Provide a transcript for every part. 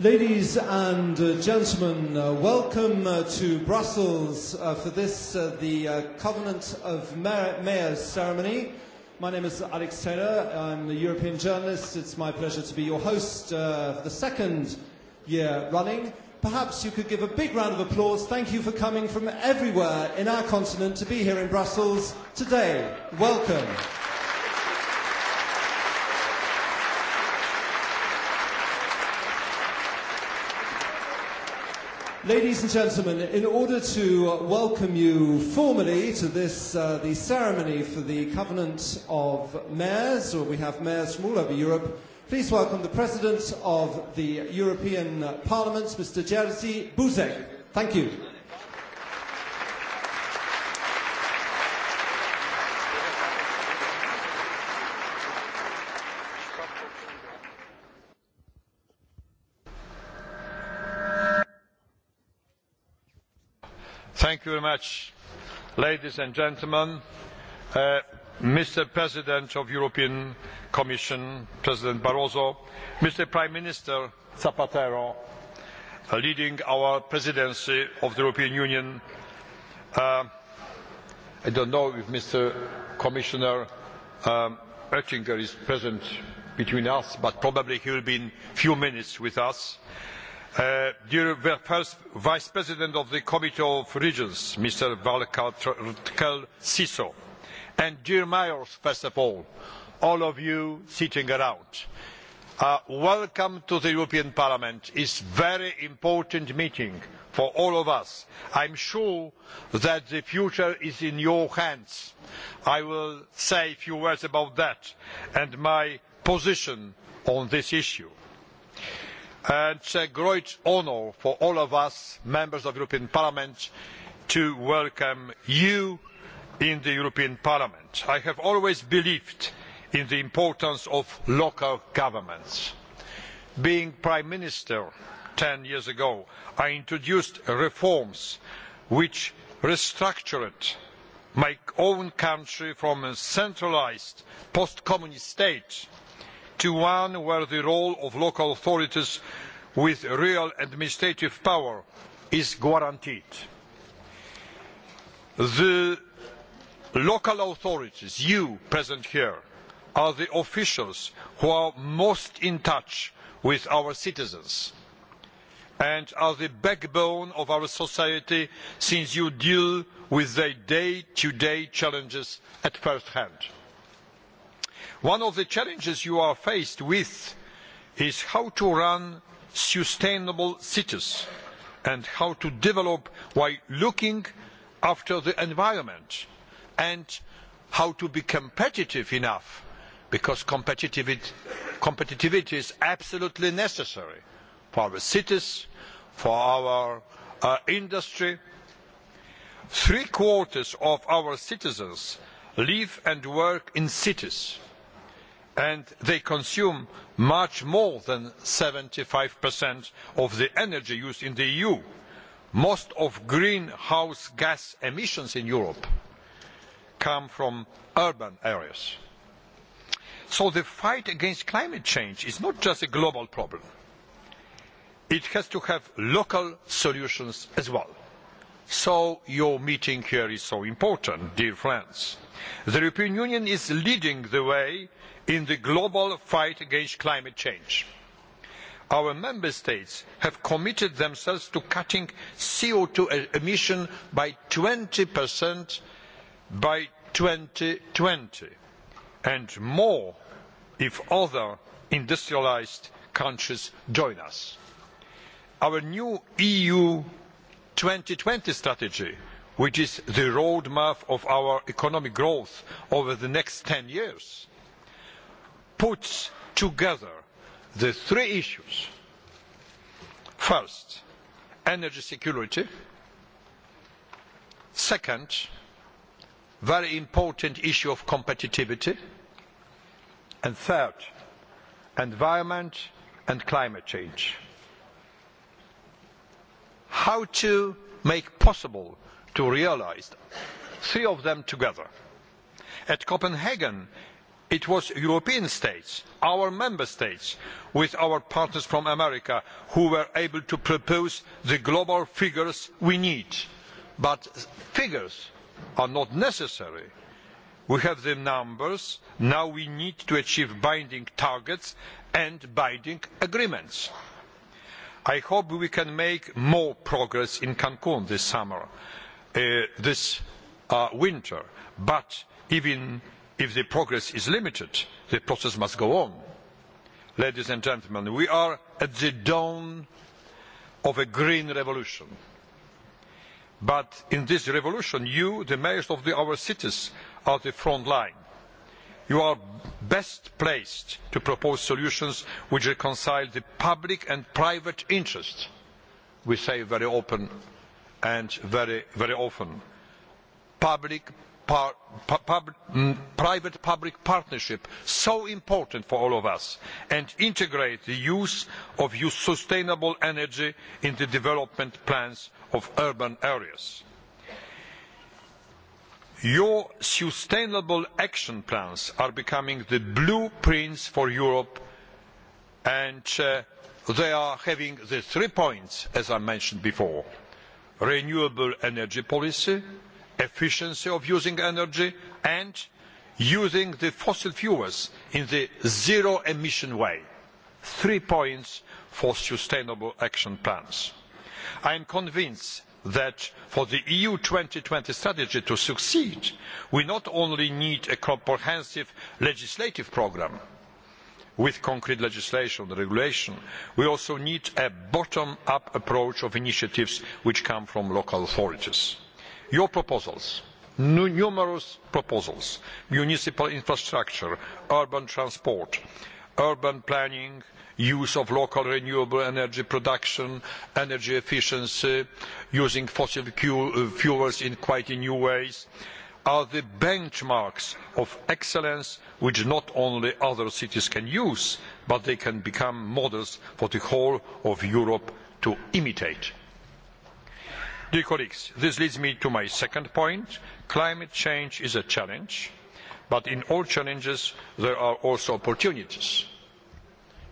Ladies and uh, gentlemen, uh, welcome uh, to Brussels for this, the Covenant of Mayors ceremony. My name is Alex Taylor. I'm a European journalist. It's my pleasure to be your host for the second year running. Perhaps you could give a big round of applause. Thank you for coming from everywhere in our continent to be here in Brussels today. Welcome. Ladies and gentlemen, in order to uh, welcome you formally to this, uh, the ceremony for the Covenant of Mayors, where we have mayors from all over Europe, please welcome the President of the European Parliament, Mr. Jerzy Buzek. Thank you. Thank you. ladies and gentlemen uh, mr president of the european commission president barroso mr prime minister zapatero uh, leading our presidency of the european union uh, i do not know if mr commissioner um, oettinger is present between us but probably he will be in a few minutes with us the uh, first vice president of the committee of regions mr valcartel siso and dear miors first of all all of you sitting around uh, welcome to the european parliament. it is a very important meeting for all of us. i am sure that the future is in your hands. i will say a few words about that and my position on this issue it's a great honour for all of us members of the european parliament to welcome you to the european parliament. i have always believed in the importance of local governments. being prime minister ten years ago i introduced reforms which restructured my own country from a centralised post communist state to one where the role of local authorities with real administrative power is guaranteed. The local authorities, you present here, are the officials who are most in touch with our citizens and are the backbone of our society since you deal with their day-to-day challenges at first hand. One of the challenges you are faced with is how to run sustainable cities and how to develop while looking after the environment and how to be competitive enough because competitivity, competitivity is absolutely necessary for our cities, for our uh, industry. Three quarters of our citizens live and work in cities and they consume much more than 75% of the energy used in the EU, most of greenhouse gas emissions in Europe come from urban areas. So the fight against climate change is not just a global problem. It has to have local solutions as well so your meeting here is so important, dear friends. The European Union is leading the way in the global fight against climate change. Our member states have committed themselves to cutting CO2 e-, emission by 20% by 2020 and more if other industrialized countries join us. Our new EU 2020 strategy, which is the roadmap of our economic growth over the next 10 years, puts together the three issues. First, energy security. Second, very important issue of competitivity. And third, environment and climate change how to make possible to realize them. Three of them together. At Copenhagen, it was European states, our member states, with our partners from America, who were able to propose the global figures we need. But figures are not necessary. We have the numbers, now we need to achieve binding targets and binding agreements i hope we can make more progress in cancun this summer uh, this uh, winter but even if the progress is limited the process must go on ladies and gentlemen we are at the dawn of a green revolution but in this revolution you the mayors of the, our cities are the front line you are best placed to propose solutions which reconcile the public and private interest, we say very open and very, very often. Public, par, pu, pub, m, mm, private public partnership, so important for all of us, and integrate the use of sustainable energy in the development plans of urban areas your sustainable action plans are becoming the blueprints for europe and uh, they are having the three points as i mentioned before renewable energy policy efficiency of using energy and using the fossil fuels in the zero emission way three points for sustainable action plans i am convinced that for the EU 2020 strategy to succeed, we not only need a comprehensive legislative program with concrete legislation and regulation, we also need a bottom-up approach of initiatives which come from local authorities. Your proposals, numerous proposals, municipal infrastructure, urban transport, urban planning, use of local renewable energy production, energy efficiency, using fossil uh, fuels in quite new ways, are the benchmarks of excellence which not only other cities can use, but they can become models for the whole of Europe to imitate. Dear colleagues, this leads me to my second point. Climate change is a challenge, but in all challenges there are also opportunities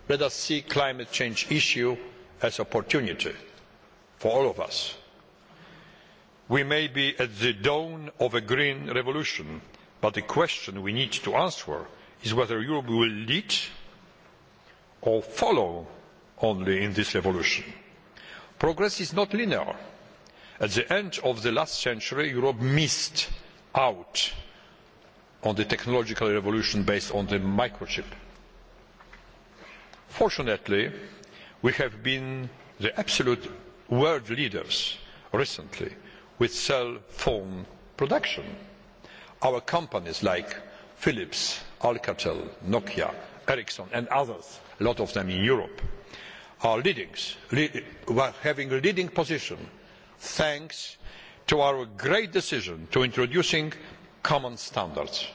let us see the climate change issue as an opportunity for all of us. We may be at the dawn of a green revolution, but the question we need to answer is whether Europe will lead or follow only in this revolution. Progress is not linear. At the end of the last century, Europe missed out on the technological revolution based on the microchip fortunately we have been the absolute world leaders recently with cell phone production. Our companies like Philips, Alcatel, Nokia, Ericsson and others, a lot of them in Europe, are leadings, lead, having a leading position thanks to our great decision to introducing common standards.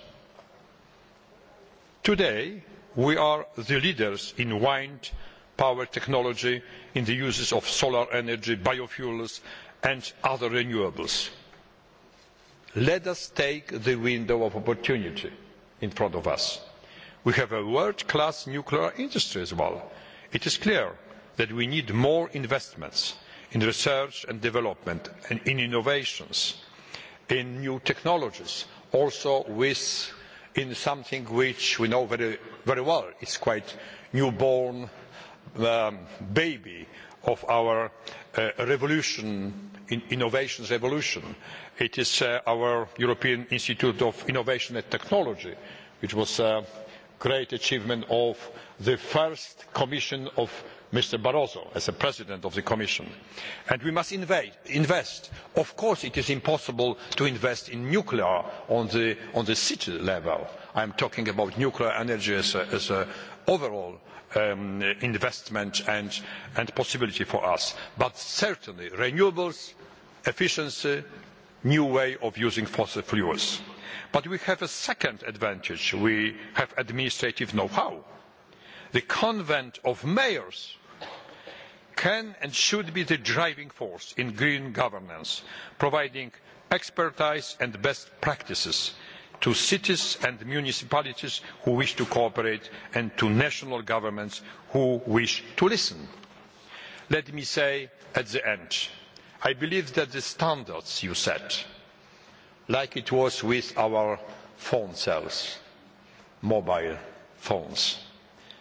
Today, we are the leaders in wind power technology in the uses of solar energy biofuels and other renewables. let us take the window of opportunity in front of us. we have a world class nuclear industry as well. it is clear that we need more investments in research and development and in innovations in new technologies also with in something which we know very, very well is quite newborn um, baby of our uh, revolution, in innovation's revolution. It is uh, our European Institute of Innovation and Technology, which was a uh, great achievement of the first commission of mr barroso as the president of the commission and we must invest. of course it is impossible to invest in nuclear on the, on the city level. i am talking about nuclear energy as an overall um, investment and, and possibility for us. but certainly renewables, efficiency, new way of using fossil fuels. but we have a second advantage. we have administrative know-how. the convent of mayors can and should be the driving force in green governance, providing expertise and best practices to cities and municipalities who wish to cooperate and to national governments who wish to listen. Let me say at the end, I believe that the standards you set, like it was with our phone cells, mobile phones,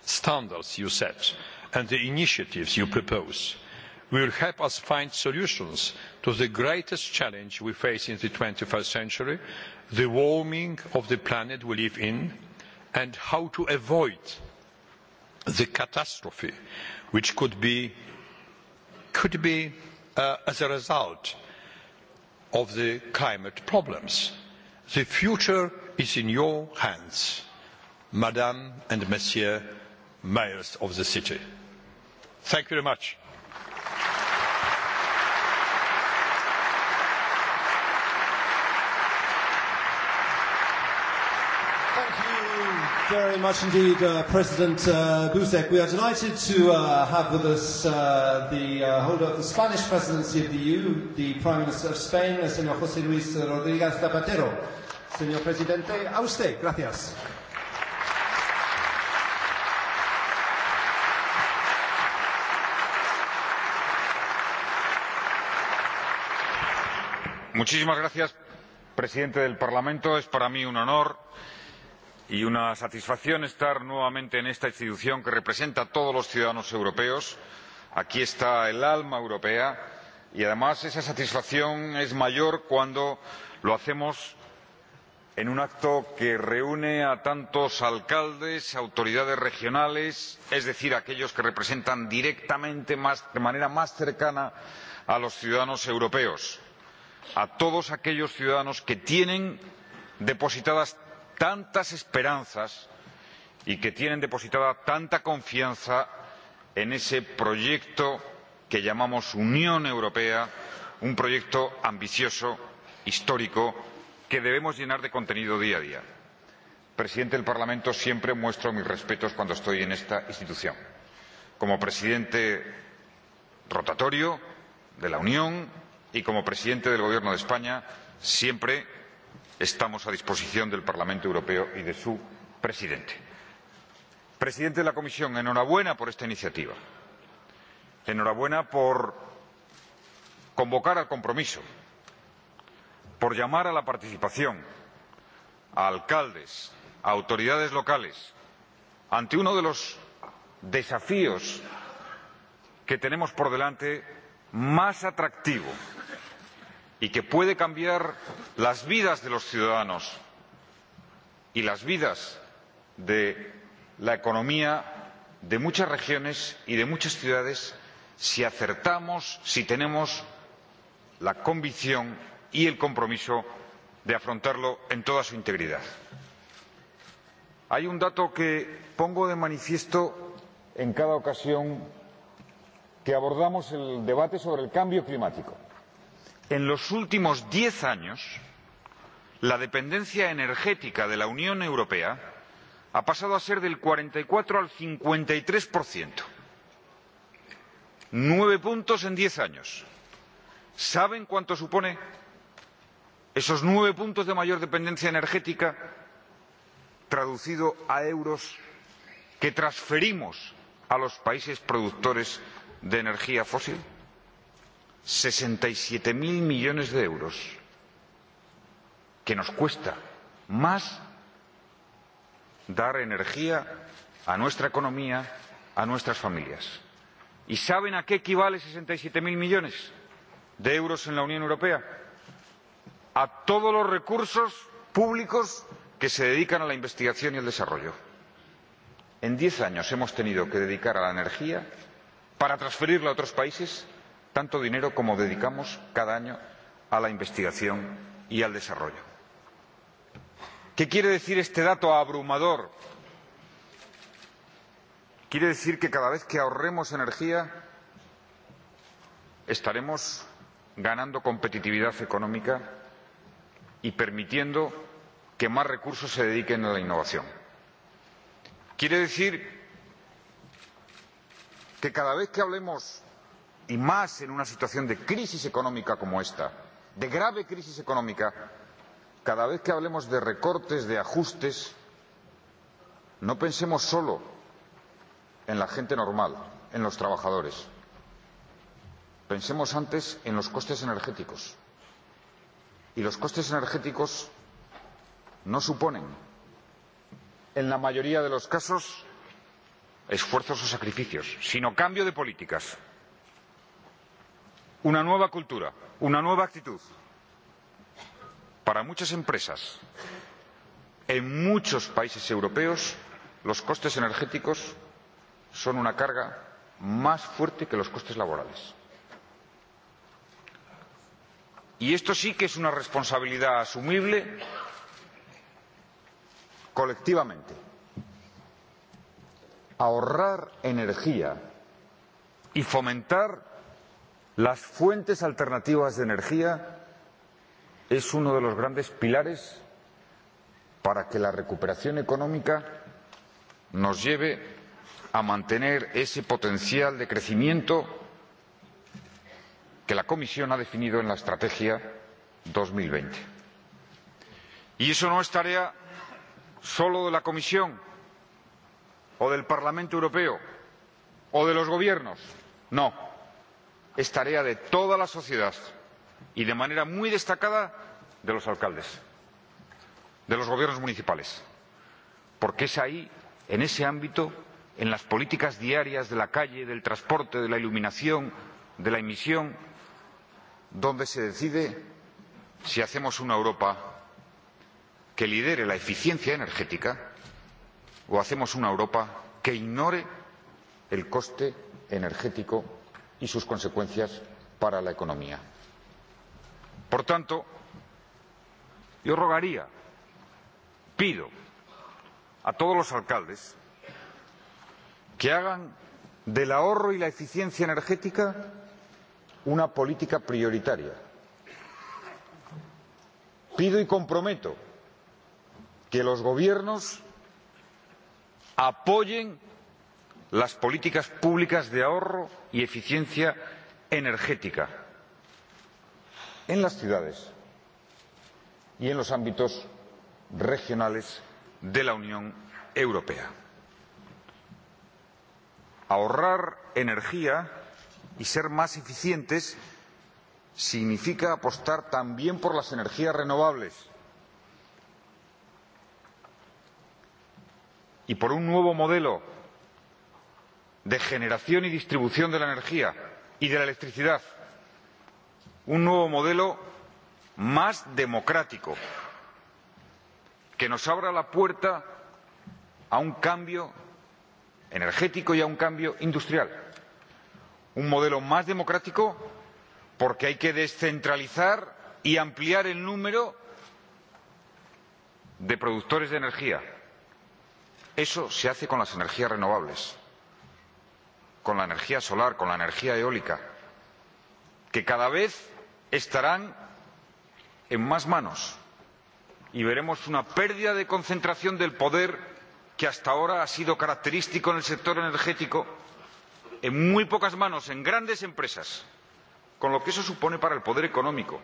standards you set and the initiatives you propose will help us find solutions to the greatest challenge we face in the 21st century, the warming of the planet we live in, and how to avoid the catastrophe which could be, could be uh, as a result of the climate problems. The future is in your hands, Madame and Monsieur Mayors of the City. Thank you very much. Thank you very much indeed, uh, President uh, Busek. We are delighted to uh, have with us uh, the uh, holder of the Spanish presidency of the EU, the Prime Minister of Spain, uh, Senor José Luis Rodríguez Zapatero. Senor Presidente, a usted. Gracias. señor presidente del parlamento es para mí un honor y una satisfacción estar nuevamente en esta institución que representa a todos los ciudadanos europeos. aquí está el alma europea y además esa satisfacción es mayor cuando lo hacemos en un acto que reúne a tantos alcaldes y autoridades regionales es decir a aquellos que representan directamente de manera más cercana a los ciudadanos europeos a todos aquellos ciudadanos que tienen depositadas tantas esperanzas y que tienen depositada tanta confianza en ese proyecto que llamamos Unión Europea, un proyecto ambicioso, histórico, que debemos llenar de contenido día a día. Presidente del Parlamento, siempre muestro mis respetos cuando estoy en esta institución. Como presidente rotatorio de la Unión, y como presidente del Gobierno de España siempre estamos a disposición del Parlamento Europeo y de su presidente. Presidente de la Comisión, enhorabuena por esta iniciativa. Enhorabuena por convocar al compromiso, por llamar a la participación a alcaldes, a autoridades locales, ante uno de los desafíos que tenemos por delante más atractivo y que puede cambiar las vidas de los ciudadanos y las vidas de la economía de muchas regiones y de muchas ciudades si acertamos, si tenemos la convicción y el compromiso de afrontarlo en toda su integridad. Hay un dato que pongo de manifiesto en cada ocasión que abordamos el debate sobre el cambio climático en los últimos diez años la dependencia energética de la Unión Europea ha pasado a ser del 44 al 53 por ciento. Nueve puntos en diez años. ¿Saben cuánto supone esos nueve puntos de mayor dependencia energética traducido a euros que transferimos a los países productores de energía fósil? sesenta y siete mil millones de euros que nos cuesta más dar energía a nuestra economía, a nuestras familias. ¿Y saben a qué equivale 67.000 millones de euros en la Unión Europea? A todos los recursos públicos que se dedican a la investigación y el desarrollo. En diez años hemos tenido que dedicar a la energía para transferirla a otros países tanto dinero como dedicamos cada año a la investigación y al desarrollo. ¿Qué quiere decir este dato abrumador? Quiere decir que cada vez que ahorremos energía estaremos ganando competitividad económica y permitiendo que más recursos se dediquen a la innovación. Quiere decir que cada vez que hablemos y más en una situación de crisis económica como esta, de grave crisis económica, cada vez que hablemos de recortes, de ajustes, no pensemos solo en la gente normal, en los trabajadores. Pensemos antes en los costes energéticos. Y los costes energéticos no suponen, en la mayoría de los casos, esfuerzos o sacrificios, sino cambio de políticas una nueva cultura, una nueva actitud. Para muchas empresas, en muchos países europeos, los costes energéticos son una carga más fuerte que los costes laborales. Y esto sí que es una responsabilidad asumible colectivamente. Ahorrar energía y fomentar Las fuentes alternativas de energía es uno de los grandes pilares para que la recuperación económica nos lleve a mantener ese potencial de crecimiento que la Comisión ha definido en la Estrategia 2020. Y eso no es tarea solo de la Comisión o del Parlamento Europeo o de los gobiernos, no es tarea de toda la sociedad y de manera muy destacada de los alcaldes, de los gobiernos municipales, porque es ahí, en ese ámbito, en las políticas diarias de la calle, del transporte, de la iluminación, de la emisión, donde se decide si hacemos una Europa que lidere la eficiencia energética o hacemos una Europa que ignore el coste energético y sus consecuencias para la economía. Por tanto, yo rogaría, pido a todos los alcaldes que hagan del ahorro y la eficiencia energética una política prioritaria. Pido y comprometo que los gobiernos apoyen las políticas públicas de ahorro y eficiencia energética en las ciudades y en los ámbitos regionales de la Unión Europea. Ahorrar energía y ser más eficientes significa apostar también por las energías renovables y por un nuevo modelo de generación y distribución de la energía y de la electricidad un nuevo modelo más democrático que nos abra la puerta a un cambio energético y a un cambio industrial un modelo más democrático porque hay que descentralizar y ampliar el número de productores de energía eso se hace con las energías renovables con la energía solar, con la energía eólica, que cada vez estarán en más manos y veremos una pérdida de concentración del poder que hasta ahora ha sido característico en el sector energético en muy pocas manos, en grandes empresas, con lo que eso supone para el poder económico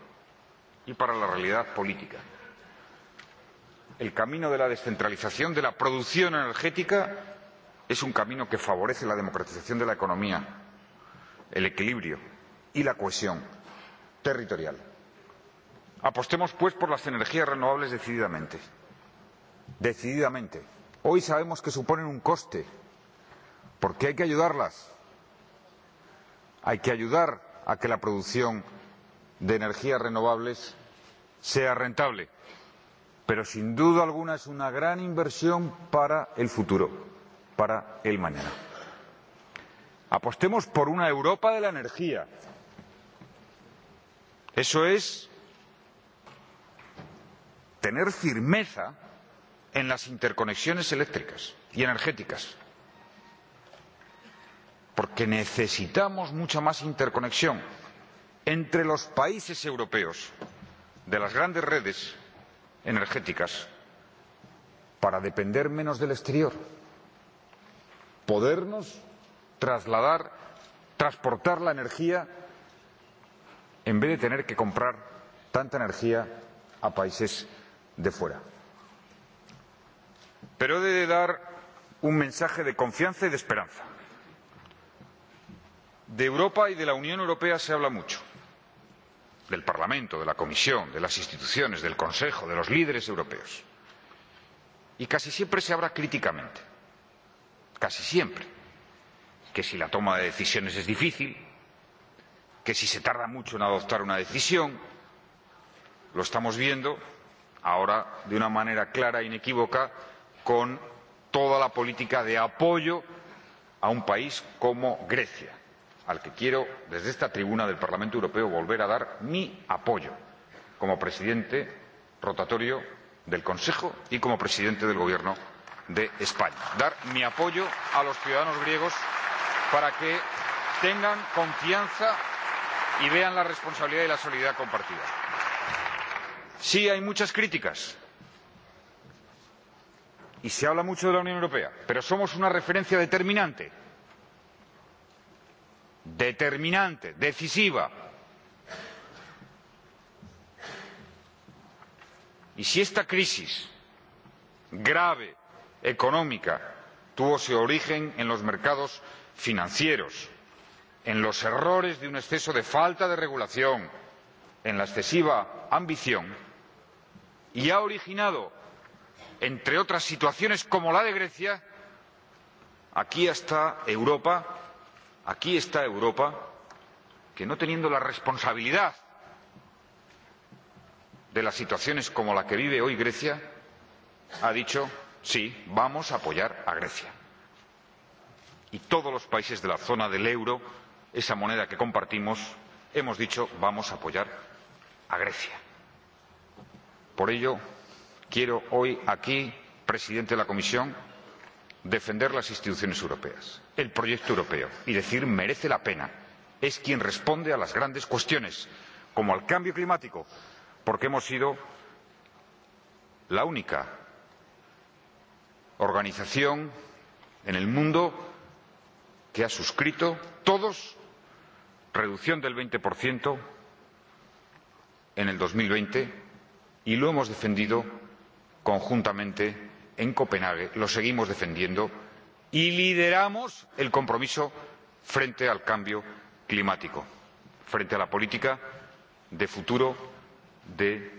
y para la realidad política. El camino de la descentralización de la producción energética es un camino que favorece la democratización de la economía, el equilibrio y la cohesión territorial. Apostemos, pues, por las energías renovables decididamente. Decididamente. Hoy sabemos que suponen un coste, porque hay que ayudarlas. Hay que ayudar a que la producción de energías renovables sea rentable. Pero sin duda alguna es una gran inversión para el futuro para el mañana. Apostemos por una Europa de la energía. Eso es tener firmeza en las interconexiones eléctricas y energéticas. Porque necesitamos mucha más interconexión entre los países europeos de las grandes redes energéticas para depender menos del exterior podernos trasladar, transportar la energía en vez de tener que comprar tanta energía a países de fuera. Pero he de dar un mensaje de confianza y de esperanza. De Europa y de la Unión Europea se habla mucho, del Parlamento, de la Comisión, de las instituciones, del Consejo, de los líderes europeos. Y casi siempre se habla críticamente casi siempre, que si la toma de decisiones es difícil, que si se tarda mucho en adoptar una decisión, lo estamos viendo ahora de una manera clara e inequívoca con toda la política de apoyo a un país como Grecia, al que quiero desde esta tribuna del Parlamento Europeo volver a dar mi apoyo como presidente rotatorio del Consejo y como presidente del Gobierno de España. Dar mi apoyo a los ciudadanos griegos para que tengan confianza y vean la responsabilidad y la solidaridad compartida. Sí, hay muchas críticas y se habla mucho de la Unión Europea, pero somos una referencia determinante, determinante, decisiva. Y si esta crisis grave económica tuvo su origen en los mercados financieros en los errores de un exceso de falta de regulación en la excesiva ambición y ha originado entre otras situaciones como la de Grecia aquí está Europa aquí está Europa que no teniendo la responsabilidad de las situaciones como la que vive hoy Grecia ha dicho sí, vamos a apoyar a Grecia. Y todos los países de la zona del euro, esa moneda que compartimos, hemos dicho vamos a apoyar a Grecia. Por ello, quiero hoy aquí, presidente de la Comisión, defender las instituciones europeas, el proyecto europeo, y decir merece la pena. Es quien responde a las grandes cuestiones, como al cambio climático, porque hemos sido la única organización en el mundo que ha suscrito todos reducción del 20% en el 2020 y lo hemos defendido conjuntamente en Copenhague, lo seguimos defendiendo y lideramos el compromiso frente al cambio climático, frente a la política de futuro de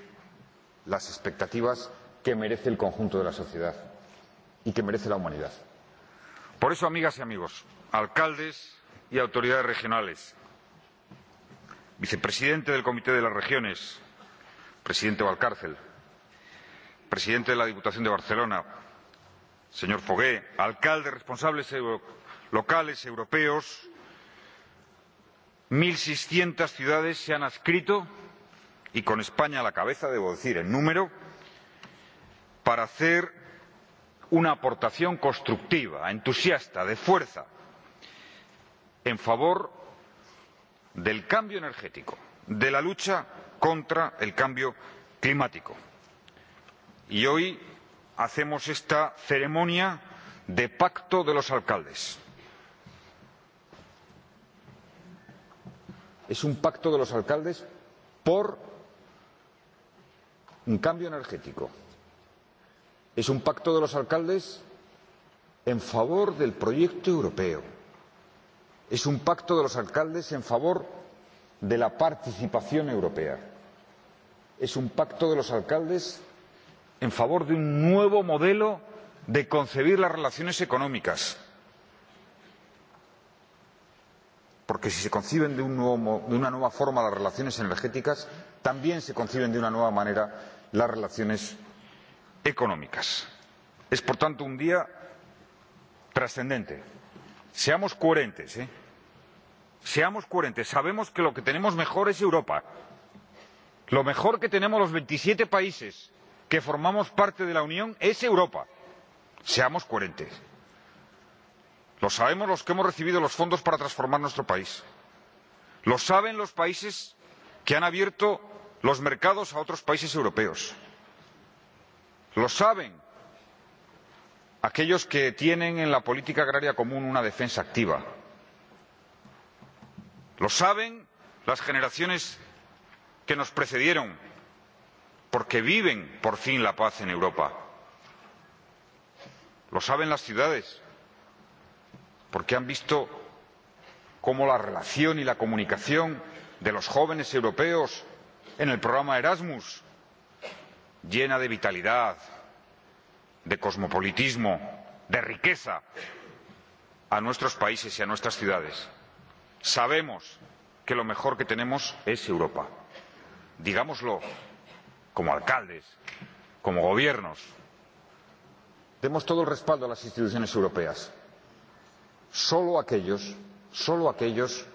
las expectativas que merece el conjunto de la sociedad y que merece la humanidad. Por eso, amigas y amigos, alcaldes y autoridades regionales, vicepresidente del Comité de las Regiones, presidente Valcárcel, presidente de la Diputación de Barcelona, señor Fogué, alcaldes, responsables euro locales, europeos, 1.600 ciudades se han adscrito, y con España a la cabeza, debo decir, en número, para hacer una aportación constructiva, entusiasta, de fuerza, en favor del cambio energético, de la lucha contra el cambio climático. Y hoy hacemos esta ceremonia de pacto de los alcaldes. Es un pacto de los alcaldes por un cambio energético, es un pacto de los alcaldes en favor del proyecto europeo. Es un pacto de los alcaldes en favor de la participación europea. Es un pacto de los alcaldes en favor de un nuevo modelo de concebir las relaciones económicas. Porque si se conciben de, un nuevo, de una nueva forma las relaciones energéticas, también se conciben de una nueva manera las relaciones económicas económicas. Es, por tanto, un día trascendente. Seamos coherentes, ¿eh? Seamos coherentes. Sabemos que lo que tenemos mejor es Europa. Lo mejor que tenemos los 27 países que formamos parte de la Unión es Europa. Seamos coherentes. Lo sabemos los que hemos recibido los fondos para transformar nuestro país. Lo saben los países que han abierto los mercados a otros países europeos lo saben aquellos que tienen en la política agraria común una defensa activa lo saben las generaciones que nos precedieron porque viven por fin la paz en Europa. Lo saben las ciudades porque han visto cómo la relación y la comunicación de los jóvenes europeos en el programa Erasmus llena de vitalidad, de cosmopolitismo, de riqueza a nuestros países y a nuestras ciudades. Sabemos que lo mejor que tenemos es Europa. Digámoslo como alcaldes, como gobiernos. Demos todo el respaldo a las instituciones europeas. Solo aquellos, solo aquellos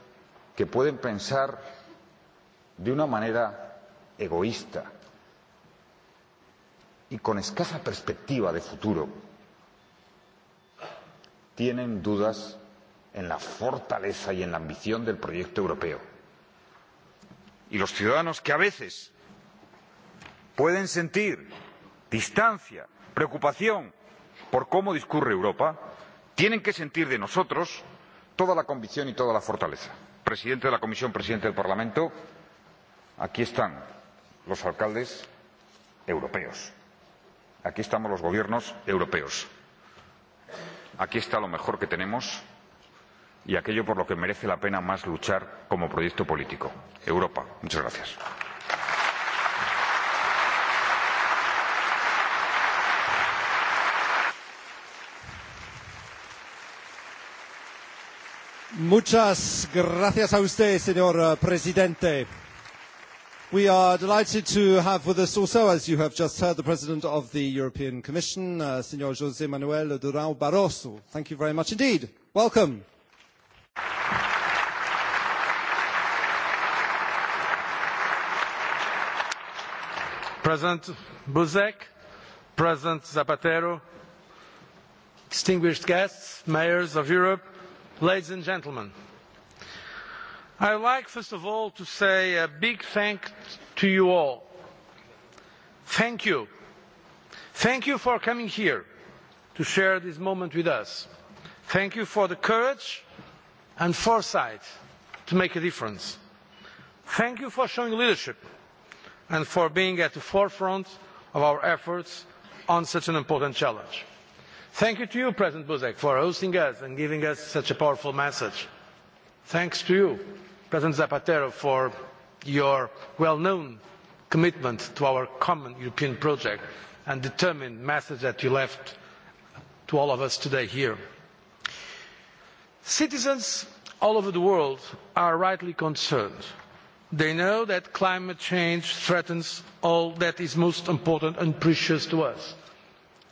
que pueden pensar de una manera egoísta, y con escasa perspectiva de futuro, tienen dudas en la fortaleza y en la ambición del proyecto europeo. Y los ciudadanos que a veces pueden sentir distancia, preocupación por cómo discurre Europa, tienen que sentir de nosotros toda la convicción y toda la fortaleza. Presidente de la Comisión, presidente del Parlamento, aquí están los alcaldes europeos. Aquí estamos los gobiernos europeos. Aquí está lo mejor que tenemos y aquello por lo que merece la pena más luchar como proyecto político. Europa. Muchas gracias. Muchas gracias a usted, señor presidente. We are delighted to have with us also, as you have just heard, the President of the European Commission, uh, Senor José Manuel Durão Barroso. Thank you very much indeed. Welcome. President Buzek, President Zapatero, distinguished guests, mayors of Europe, ladies and gentlemen, I would like, first of all, to say a big thanks to you all. Thank you. Thank you for coming here to share this moment with us. Thank you for the courage and foresight to make a difference. Thank you for showing leadership and for being at the forefront of our efforts on such an important challenge. Thank you to you, President Buzek, for hosting us and giving us such a powerful message. Thanks to you president zapatero for your well known commitment to our common european project and determined message that you left to all of us today here. citizens all over the world are rightly concerned. they know that climate change threatens all that is most important and precious to us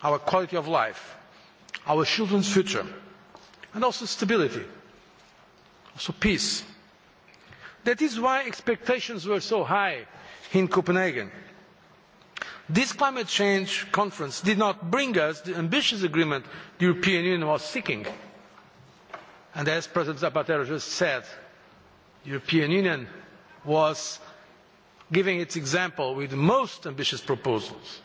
our quality of life our children's future and also stability also peace that is why expectations were so high in copenhagen. this climate change conference did not bring us the ambitious agreement the european union was seeking and as president zapatero just said the european union was giving its example with the most ambitious proposals.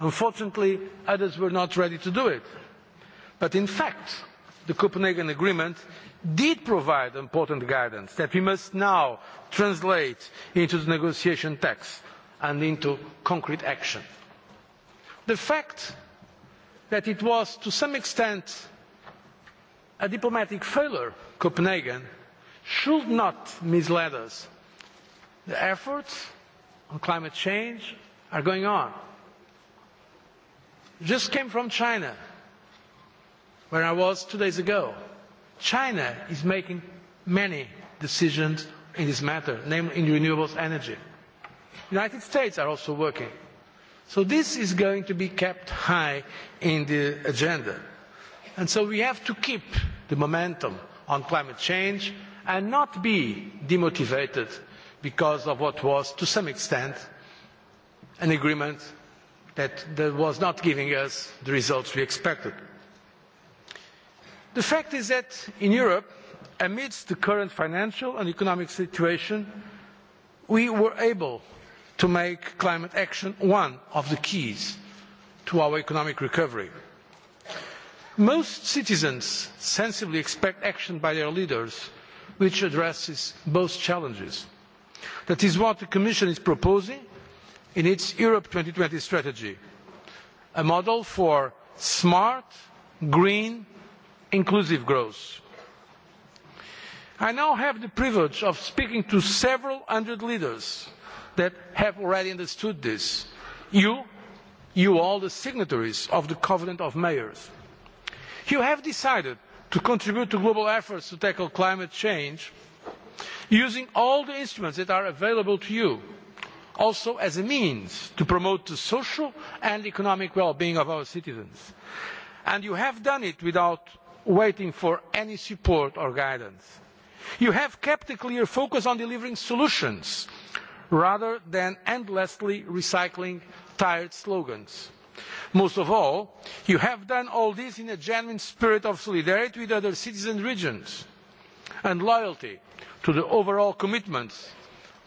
unfortunately others were not ready to do it but in fact the copenhagen agreement did provide important guidance that we must now translate into the negotiation text and into concrete action. the fact that it was to some extent a diplomatic failure copenhagen should not mislead us. the efforts on climate change are going on. i just came from china where I was two days ago. China is making many decisions in this matter, namely in renewables energy. United States are also working. So this is going to be kept high in the agenda. And so we have to keep the momentum on climate change and not be demotivated because of what was, to some extent, an agreement that was not giving us the results we expected the fact is that in europe amidst the current financial and economic situation we were able to make climate action one of the keys to our economic recovery. most citizens sensibly expect action by their leaders which addresses both challenges. that is what the commission is proposing in its europe two thousand and twenty strategy a model for smart green inclusive growth. I now have the privilege of speaking to several hundred leaders that have already understood this. You, you all, the signatories of the Covenant of Mayors. You have decided to contribute to global efforts to tackle climate change using all the instruments that are available to you, also as a means to promote the social and economic well being of our citizens. And you have done it without waiting for any support or guidance. you have kept a clear focus on delivering solutions rather than endlessly recycling tired slogans. most of all you have done all this in a genuine spirit of solidarity with other citizen regions and loyalty to the overall commitments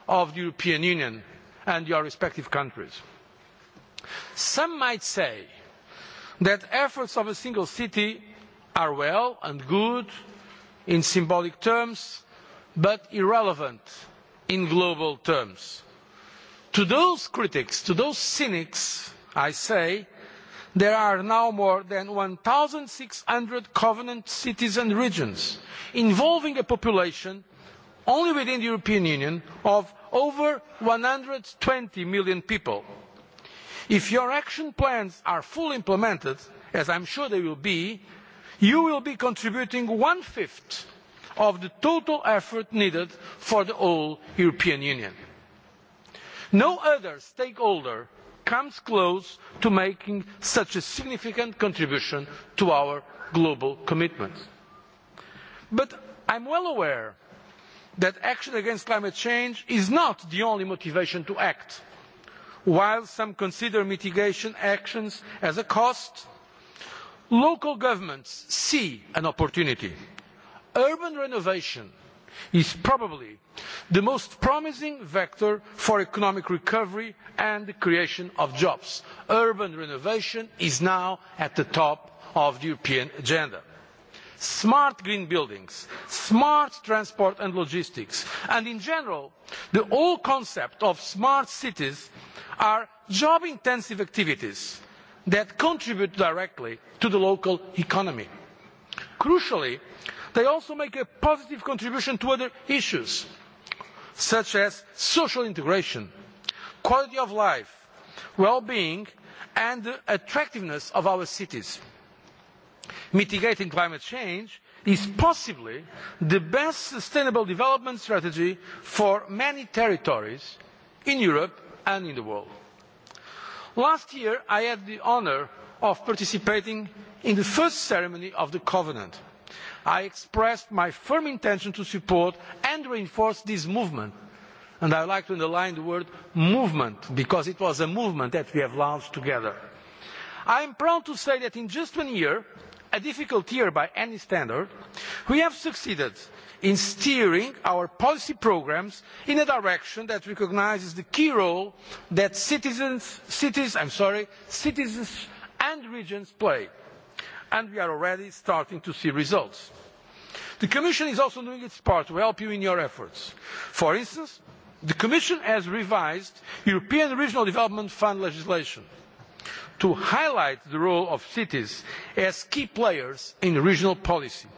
of the european union and your respective countries. some might say that efforts of a single city are well and good in symbolic terms but irrelevant in global terms. to those critics to those cynics i say there are now more than one six hundred covenant cities and regions involving a population only within the european union of over one hundred and twenty million people. if your action plans are fully implemented as i am sure they will you will be contributing one fifth of the total effort needed for the whole european union. no other stakeholder comes close to making such a significant contribution to our global commitment. but i am well aware that action against climate change is not the only motivation to act. while some consider mitigation actions as a cost local governments see an opportunity. urban renovation is probably the most promising vector for economic recovery and the creation of jobs. urban renovation is now at the top of the european agenda. smart green buildings smart transport and logistics and in general the whole concept of smart cities are job intensive activities that contribute directly to the local economy. crucially they also make a positive contribution to other issues such as social integration quality of life well being and the attractiveness of our cities. mitigating climate change is possibly the best sustainable development strategy for many territories in europe and in the world last year i had the honour of participating in the first ceremony of the covenant. i expressed my firm intention to support and reinforce this movement and i would like to underline the word movement' because it was a movement that we launched together. i am proud to say that in just one year a difficult year by any standard we have succeeded in steering our policy programmes in a direction that recognises the key role that citizens and regions play and we are already starting to see results. the commission is also doing its part to help you in your efforts. for instance the commission has revised european regional development fund legislation to highlight the role of cities as key players in regional policy.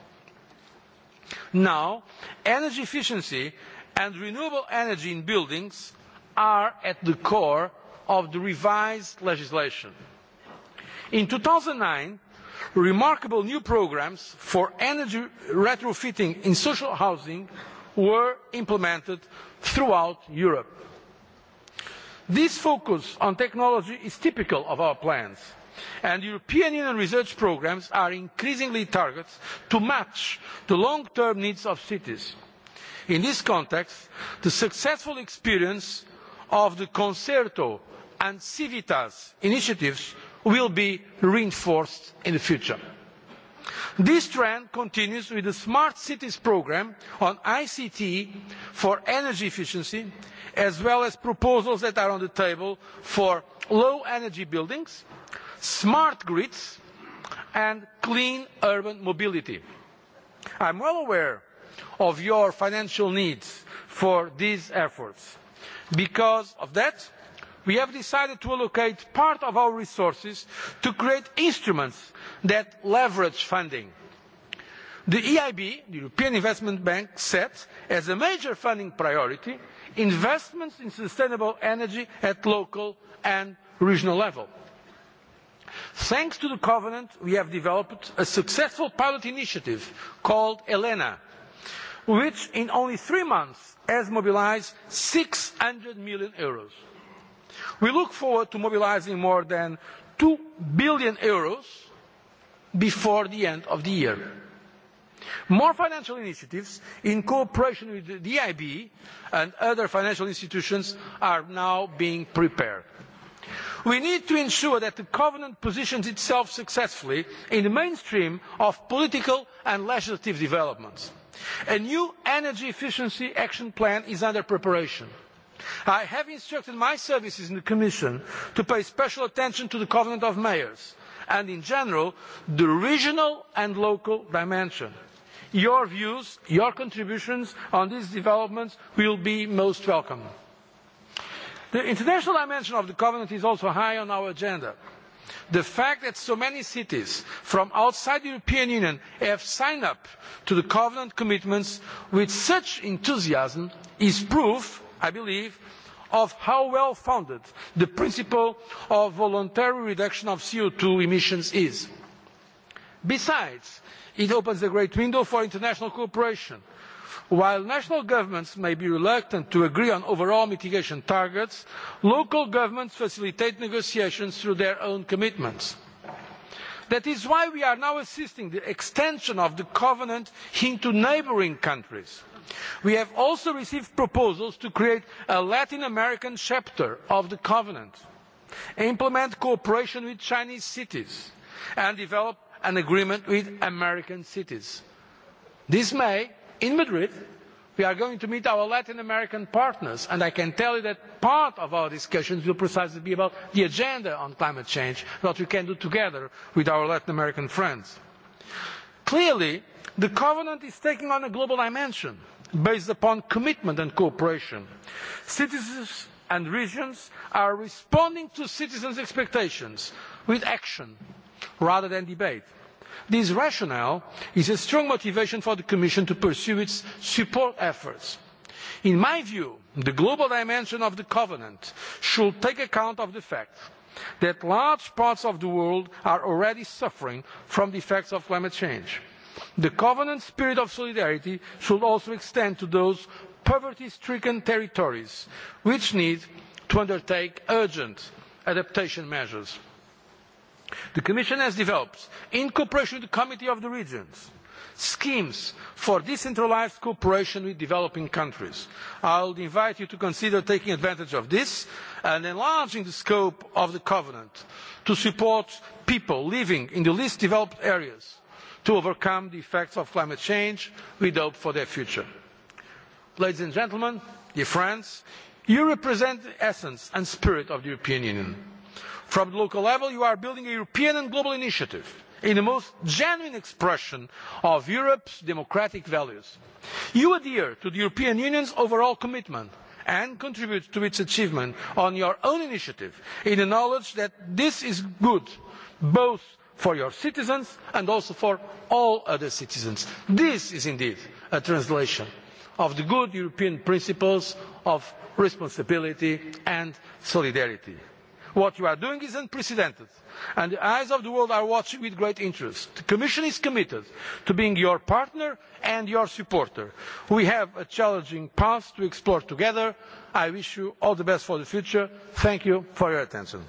now energy efficiency and renewable energy in buildings are at the core of the revised legislation. in two thousand and nine remarkable new programmes for energy retrofitting in social housing were implemented throughout europe this focus on technology is typical of our plans and european union research programmes are increasingly targeted to match the long term needs of cities. in this context the successful experience of the concerto and civitas initiatives will be reinforced in the future this trend continues with the smart cities programme on ict for energy efficiency as well as proposals that are on the table for low energy buildings smart grids and clean urban mobility. i am well aware of your financial needs for these efforts. because of that we have decided to allocate part of our resources to create instruments that leverage funding. the eib the european investment bank set as a major funding priority investments in sustainable energy at local and regional level. thanks to the covenant we have developed a successful pilot initiative called elena which in only three months has mobilised eur six hundred million. we look forward to mobilising more than eur two billion before the end of the year. More financial initiatives in cooperation with the EIB and other financial institutions are now being prepared. We need to ensure that the covenant positions itself successfully in the mainstream of political and legislative developments. A new energy efficiency action plan is under preparation. I have instructed my services in the Commission to pay special attention to the covenant of mayors and in general the regional and local dimension. Your views, your contributions on these developments will be most welcome. The international dimension of the Covenant is also high on our agenda. The fact that so many cities from outside the European Union have signed up to the Covenant commitments with such enthusiasm is proof, I believe, of how well founded the principle of voluntary reduction of co two emissions is. besides it opens a great window for international cooperation. while national governments may be reluctant to agree on overall mitigation targets local governments facilitate negotiations through their own commitments. that is why we are now assisting the extension of the covenant into neighbouring countries we have also received proposals to create a latin american chapter of the covenant implement cooperation with chinese cities and develop an agreement with american cities. this may in madrid we are going to meet our latin american partners and i can tell you that part of our discussions will precisely be about the agenda on climate change what we can do together with our latin american friends. clearly the covenant is taking on a global dimension based upon commitment and cooperation. citizens and regions are responding to citizens' expectations with action rather than debate. this rationale is a strong motivation for the commission to pursue its support efforts. in my view the global dimension of the covenant should take account of the fact that large parts of the world are already suffering from the effects of climate change the covenant spirit of solidarity should also extend to those poverty stricken territories which need to undertake urgent adaptation measures. the commission has developed in cooperation with the committee of the regions schemes for decentralised cooperation with developing countries. i would invite you to consider taking advantage of this and enlarging the scope of the covenant to support people living in the least developed areas to overcome the effects of climate change with hope for their future. ladies and gentlemen dear friends you represent the essence and spirit of the european union. from the local level you are building a european and global initiative in the most genuine expression of europe's democratic values. you adhere to the european union's overall commitment and contribute to its achievement on your own initiative in the knowledge that this is good both for your citizens and also for all other citizens. this is indeed a translation of the good european principles of responsibility and solidarity. what you are doing is unprecedented and the eyes of the world are watching with great interest. the commission is committed to being your partner and your supporter. we have a challenging path to explore together. i wish you all the best for the future. thank you for your attention.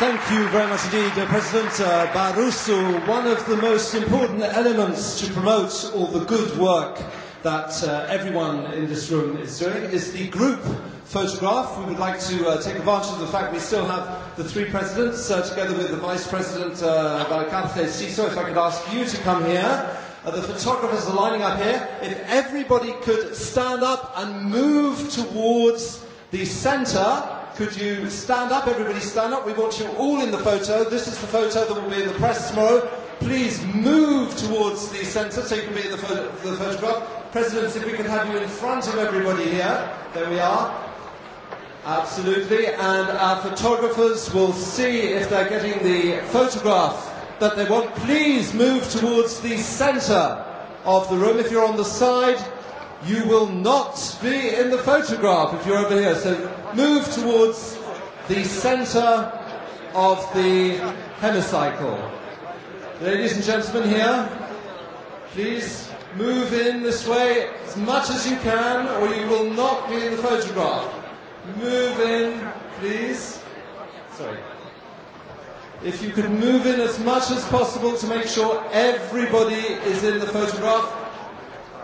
Thank you very much indeed, uh, President uh, Barusu. One of the most important elements to promote all the good work that uh, everyone in this room is doing is the group photograph. We would like to uh, take advantage of the fact we still have the three presidents uh, together with the Vice President uh, Balakarte Siso. If I could ask you to come here. Uh, the photographers are lining up here. If everybody could stand up and move towards the center could you stand up? Everybody stand up. We want you all in the photo. This is the photo that will be in the press tomorrow. Please move towards the centre so you can be in the, pho- the photograph. President, if we could have you in front of everybody here. There we are. Absolutely. And our photographers will see if they're getting the photograph that they want. Please move towards the centre of the room. If you're on the side, you will not be in the photograph if you're over here. So move towards the centre of the hemicycle. Ladies and gentlemen here, please move in this way as much as you can or you will not be in the photograph. Move in, please. Sorry. If you could move in as much as possible to make sure everybody is in the photograph.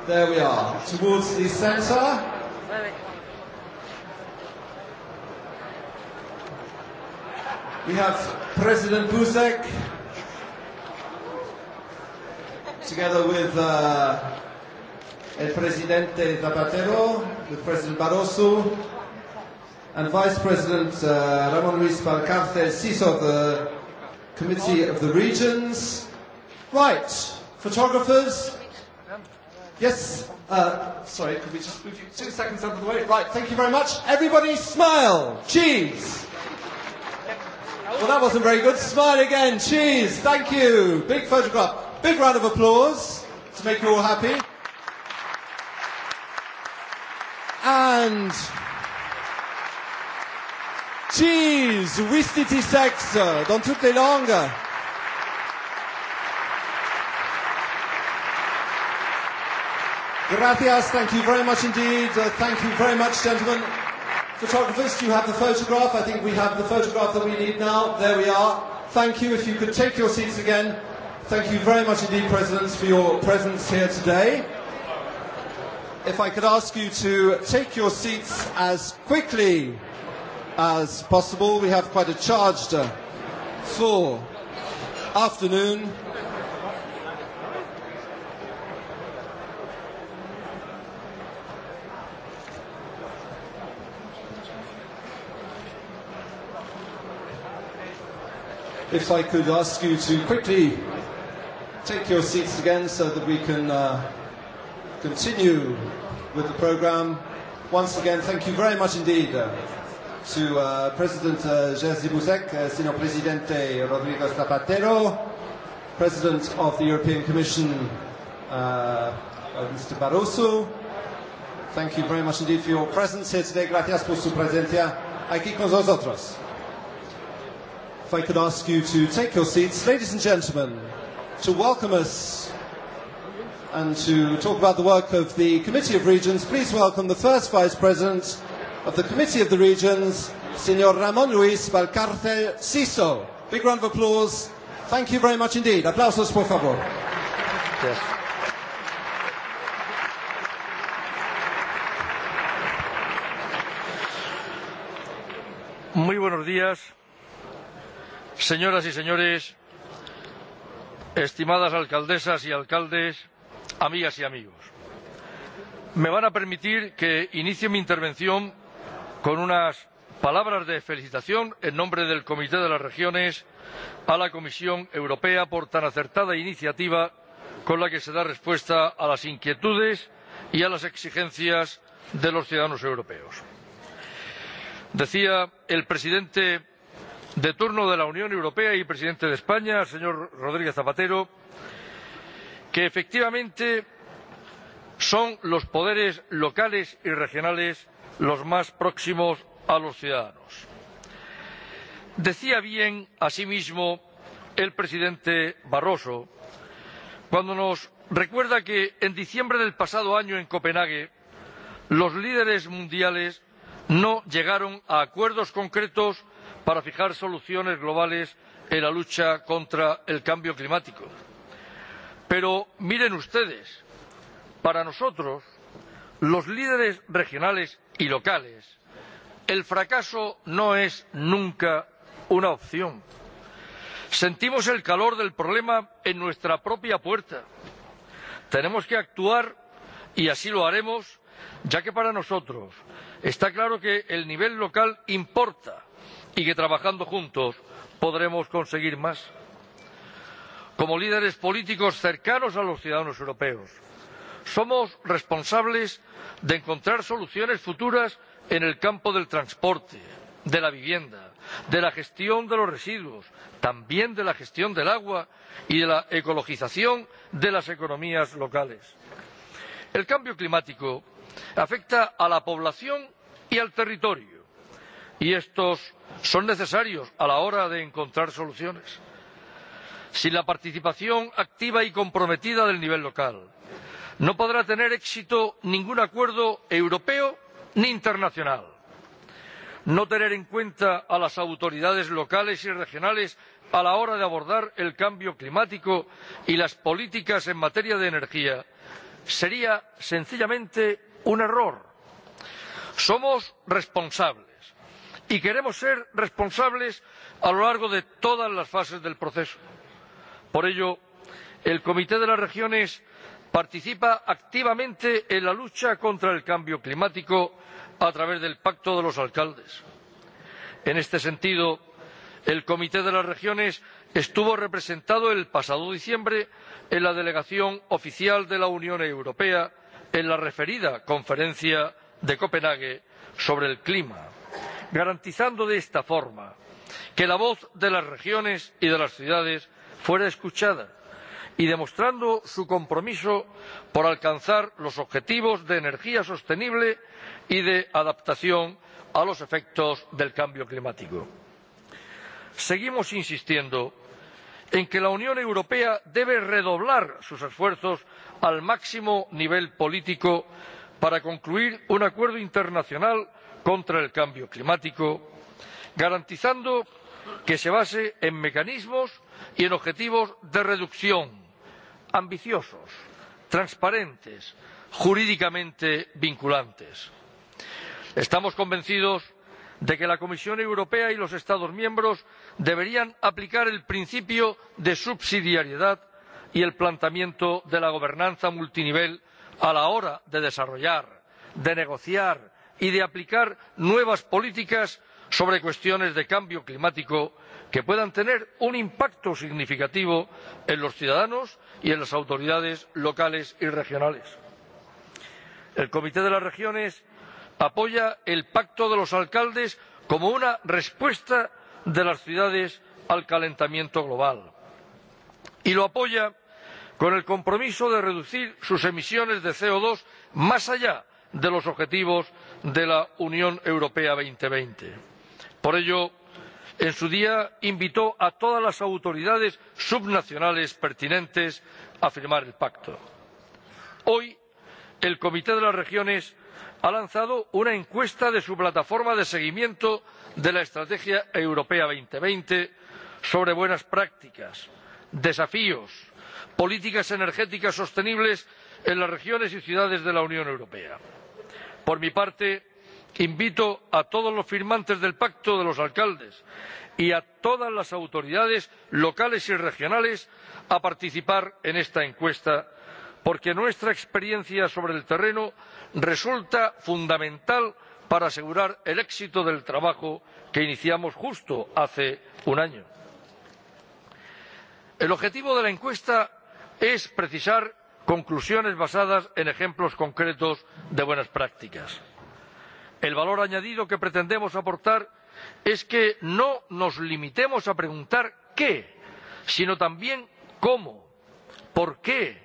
There we are, towards the centre. We have President Busek together with uh, El Presidente Zapatero, with President Barroso, and Vice President uh, Ramon Luis Balcarce, CISO of the Committee of the Regions. Right, photographers. Yes, uh, sorry, could we just move you two seconds out of the way? Right, thank you very much. Everybody smile. Cheese. Well, that wasn't very good. Smile again. Cheese. Thank you. Big photograph. Big round of applause to make you all happy. And. Cheese. Vistiti sexo. Don tutte longa. Gracias, thank you very much indeed. Uh, thank you very much, gentlemen. Photographers, do you have the photograph? I think we have the photograph that we need now. There we are. Thank you. If you could take your seats again. Thank you very much indeed, Presidents, for your presence here today. If I could ask you to take your seats as quickly as possible. We have quite a charged, uh, full afternoon. if I could ask you to quickly take your seats again so that we can uh, continue with the program. Once again, thank you very much indeed uh, to uh, President uh, Jerzy Buzek, uh, Sino Presidente uh, Rodrigo Zapatero, President of the European Commission, uh, uh, Mr. Barroso. Thank you very much indeed for your presence here today. Gracias por su presencia. Aquí con nosotros. otros if I could ask you to take your seats, ladies and gentlemen, to welcome us and to talk about the work of the Committee of Regions, please welcome the first Vice President of the Committee of the Regions, Senor Ramon Luis Balcarce Siso. Big round of applause. Thank you very much indeed. Aplausos, por favor. Yes. Muy buenos días. Señoras y señores, estimadas alcaldesas y alcaldes, amigas y amigos, me van a permitir que inicie mi intervención con unas palabras de felicitación en nombre del Comité de las Regiones a la Comisión Europea por tan acertada iniciativa con la que se da respuesta a las inquietudes y a las exigencias de los ciudadanos europeos. Decía el presidente de turno de la unión europea y presidente de españa el señor rodríguez zapatero que efectivamente son los poderes locales y regionales los más próximos a los ciudadanos. decía bien asimismo el presidente barroso cuando nos recuerda que en diciembre del pasado año en copenhague los líderes mundiales no llegaron a acuerdos concretos para fijar soluciones globales en la lucha contra el cambio climático. Pero miren ustedes, para nosotros, los líderes regionales y locales, el fracaso no es nunca una opción. Sentimos el calor del problema en nuestra propia puerta. Tenemos que actuar y así lo haremos, ya que para nosotros está claro que el nivel local importa y que trabajando juntos podremos conseguir más. Como líderes políticos cercanos a los ciudadanos europeos, somos responsables de encontrar soluciones futuras en el campo del transporte, de la vivienda, de la gestión de los residuos, también de la gestión del agua y de la ecologización de las economías locales. El cambio climático afecta a la población y al territorio y estos son necesarios a la hora de encontrar soluciones. sin la participación activa y comprometida del nivel local no podrá tener éxito ningún acuerdo europeo ni internacional. no tener en cuenta a las autoridades locales y regionales a la hora de abordar el cambio climático y las políticas en materia de energía sería sencillamente un error. somos responsables y queremos ser responsables a lo largo de todas las fases del proceso. por ello el comité de las regiones participa activamente en la lucha contra el cambio climático a través del pacto de los alcaldes. en este sentido el comité de las regiones estuvo representado el pasado diciembre en la delegación oficial de la unión europea en la referida conferencia de copenhague sobre el clima garantizando de esta forma que la voz de las regiones y de las ciudades fuera escuchada y demostrando su compromiso por alcanzar los objetivos de energía sostenible y de adaptación a los efectos del cambio climático. Seguimos insistiendo en que la Unión Europea debe redoblar sus esfuerzos al máximo nivel político para concluir un acuerdo internacional contra el cambio climático, garantizando que se base en mecanismos y en objetivos de reducción ambiciosos, transparentes, jurídicamente vinculantes. Estamos convencidos de que la Comisión Europea y los Estados miembros deberían aplicar el principio de subsidiariedad y el planteamiento de la gobernanza multinivel a la hora de desarrollar, de negociar, y de aplicar nuevas políticas sobre cuestiones de cambio climático que puedan tener un impacto significativo en los ciudadanos y en las autoridades locales y regionales. El Comité de las Regiones apoya el Pacto de los Alcaldes como una respuesta de las ciudades al calentamiento global y lo apoya con el compromiso de reducir sus emisiones de CO2 más allá de los objetivos de la unión europea dos mil veinte por ello en su día invitó a todas las autoridades subnacionales pertinentes a firmar el pacto. hoy el comité de las regiones ha lanzado una encuesta de su plataforma de seguimiento de la estrategia europea dos mil veinte sobre buenas prácticas desafíos políticas energéticas sostenibles en las regiones y ciudades de la unión europea por mi parte invito a todos los firmantes del pacto de los alcaldes y a todas las autoridades locales y regionales a participar en esta encuesta porque nuestra experiencia sobre el terreno resulta fundamental para asegurar el éxito del trabajo que iniciamos justo hace un año. el objetivo de la encuesta es precisar conclusiones basadas en ejemplos concretos de buenas prácticas. El valor añadido que pretendemos aportar es que no nos limitemos a preguntar qué, sino también cómo, por qué,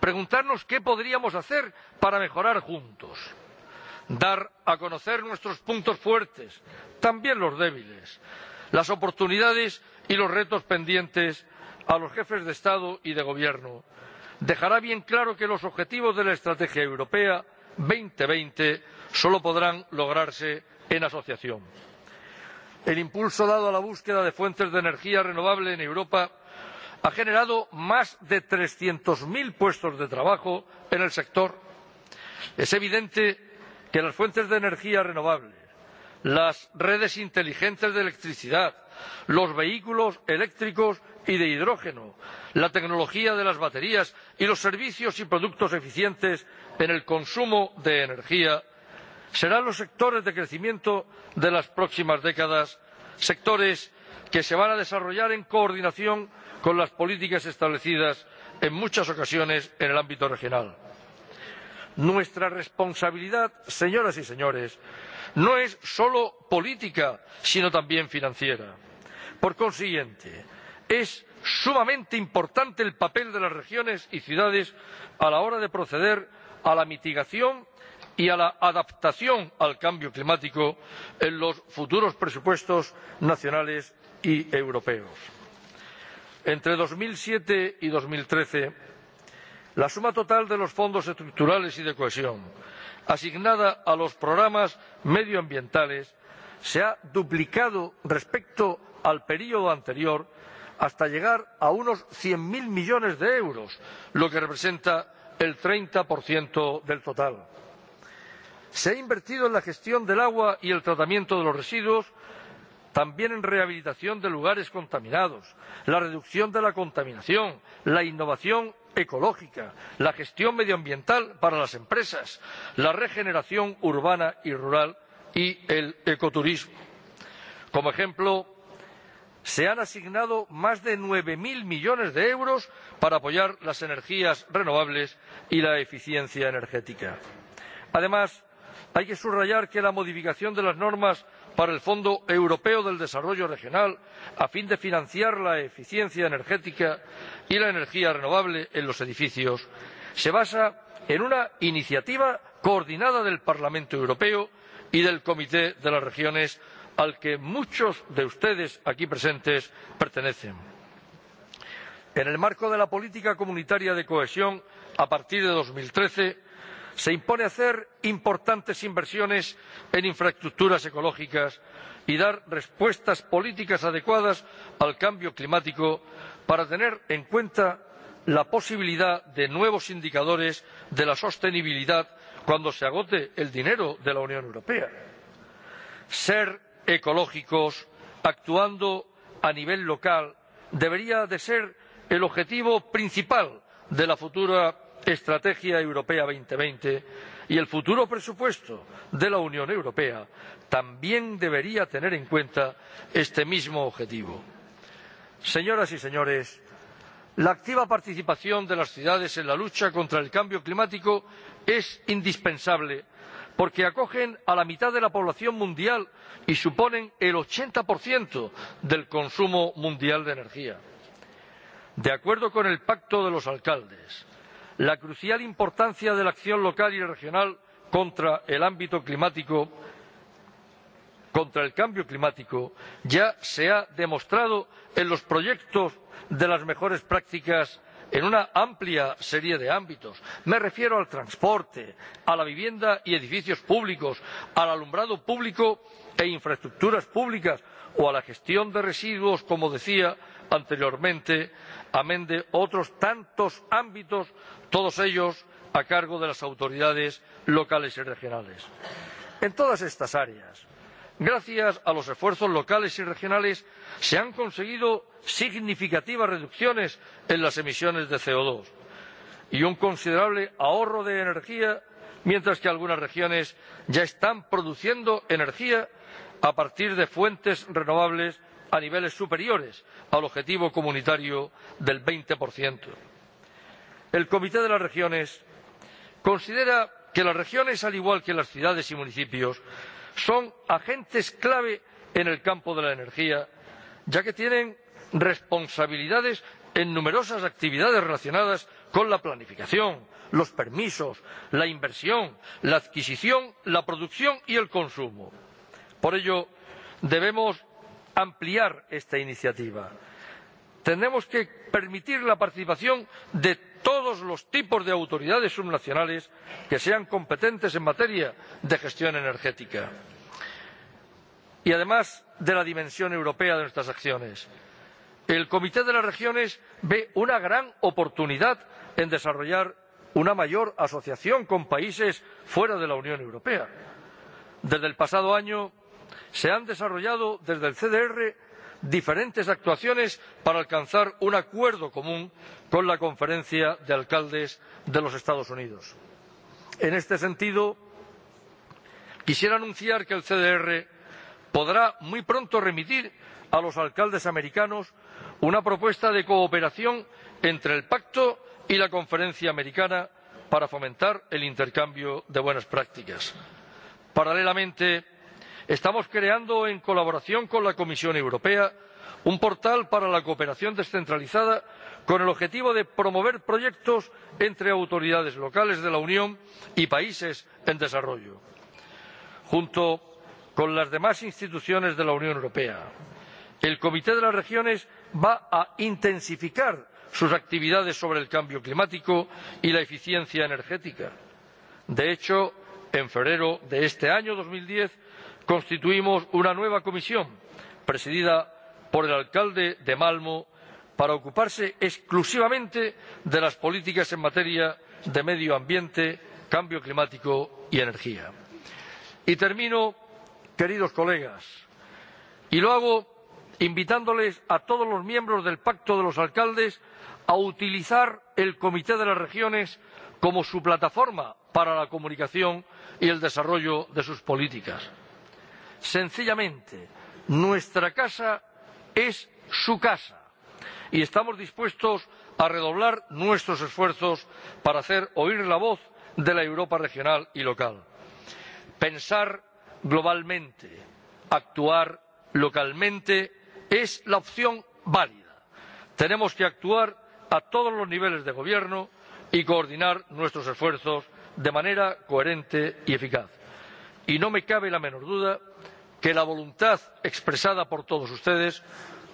preguntarnos qué podríamos hacer para mejorar juntos, dar a conocer nuestros puntos fuertes, también los débiles, las oportunidades y los retos pendientes a los jefes de Estado y de Gobierno dejará bien claro que los objetivos de la estrategia europea dos mil veinte solo podrán lograrse en asociación. el impulso dado a la búsqueda de fuentes de energía renovable en europa ha generado más de trescientos cero puestos de trabajo en el sector. es evidente que las fuentes de energía renovable las redes inteligentes de electricidad los vehículos eléctricos y de hidrógeno la tecnología de las baterías y los servicios y productos eficientes en el consumo de energía serán los sectores de crecimiento de las próximas décadas sectores que se van a desarrollar en coordinación con las políticas establecidas en muchas ocasiones en el ámbito regional. Nuestra responsabilidad, señoras y señores, no es solo política, sino también financiera. Por consiguiente, es sumamente importante el papel de las regiones y ciudades a la hora de proceder a la mitigación y a la adaptación al cambio climático en los futuros presupuestos nacionales y europeos. Entre dos mil siete y dos mil trece, la suma total de los fondos estructurales y de cohesión asignada a los programas medioambientales se ha duplicado respecto al periodo anterior hasta llegar a unos cien mil millones de euros lo que representa el treinta del total. se ha invertido en la gestión del agua y el tratamiento de los residuos también en rehabilitación de lugares contaminados la reducción de la contaminación la innovación ecológica la gestión medioambiental para las empresas la regeneración urbana y rural y el ecoturismo. como ejemplo se han asignado más de nueve mil millones de euros para apoyar las energías renovables y la eficiencia energética. Además, hay que subrayar que la modificación de las normas para el Fondo Europeo del Desarrollo Regional, a fin de financiar la eficiencia energética y la energía renovable en los edificios, se basa en una iniciativa coordinada del Parlamento Europeo y del Comité de las Regiones al que muchos de ustedes aquí presentes pertenecen. en el marco de la política comunitaria de cohesión a partir de dos mil trece se impone hacer importantes inversiones en infraestructuras ecológicas y dar respuestas políticas adecuadas al cambio climático para tener en cuenta la posibilidad de nuevos indicadores de la sostenibilidad cuando se agote el dinero de la unión europea. ser ecológicos actuando a nivel local debería de ser el objetivo principal de la futura Estrategia Europea 2020 y el futuro presupuesto de la Unión Europea también debería tener en cuenta este mismo objetivo. Señoras y señores, la activa participación de las ciudades en la lucha contra el cambio climático es indispensable porque acogen a la mitad de la población mundial y suponen el 80% del consumo mundial de energía. De acuerdo con el Pacto de los Alcaldes, la crucial importancia de la acción local y regional contra el ámbito climático, contra el cambio climático, ya se ha demostrado en los proyectos de las mejores prácticas en una amplia serie de ámbitos me refiero al transporte a la vivienda y edificios públicos al alumbrado público e infraestructuras públicas o a la gestión de residuos como decía anteriormente amén de otros tantos ámbitos todos ellos a cargo de las autoridades locales y regionales. en todas estas áreas gracias a los esfuerzos locales y regionales se han conseguido significativas reducciones en las emisiones de CO2 y un considerable ahorro de energía, mientras que algunas regiones ya están produciendo energía a partir de fuentes renovables a niveles superiores al objetivo comunitario del 20%. El Comité de las Regiones considera que las regiones, al igual que las ciudades y municipios, son agentes clave en el campo de la energía, ya que tienen responsabilidades en numerosas actividades relacionadas con la planificación, los permisos, la inversión, la adquisición, la producción y el consumo. Por ello, debemos ampliar esta iniciativa tenemos que permitir la participación de todos los tipos de autoridades subnacionales que sean competentes en materia de gestión energética y además de la dimensión europea de nuestras acciones. El Comité de las Regiones ve una gran oportunidad en desarrollar una mayor asociación con países fuera de la Unión Europea. Desde el pasado año se han desarrollado desde el CDR diferentes actuaciones para alcanzar un acuerdo común con la conferencia de alcaldes de los estados unidos. en este sentido quisiera anunciar que el cdr podrá muy pronto remitir a los alcaldes americanos una propuesta de cooperación entre el pacto y la conferencia americana para fomentar el intercambio de buenas prácticas. paralelamente estamos creando en colaboración con la comisión europea un portal para la cooperación descentralizada con el objetivo de promover proyectos entre autoridades locales de la unión y países en desarrollo junto con las demás instituciones de la unión europea. el comité de las regiones va a intensificar sus actividades sobre el cambio climático y la eficiencia energética. de hecho en febrero de este año dos mil diez constituimos una nueva comisión presidida por el alcalde de Malmo para ocuparse exclusivamente de las políticas en materia de medio ambiente, cambio climático y energía. Y termino, queridos colegas, y lo hago invitándoles a todos los miembros del Pacto de los Alcaldes a utilizar el Comité de las Regiones como su plataforma para la comunicación y el desarrollo de sus políticas sencillamente nuestra casa es su casa y estamos dispuestos a redoblar nuestros esfuerzos para hacer oír la voz de la Europa regional y local. Pensar globalmente, actuar localmente es la opción válida. Tenemos que actuar a todos los niveles de gobierno y coordinar nuestros esfuerzos de manera coherente y eficaz y no me cabe la menor duda de que la voluntad expresada por todos ustedes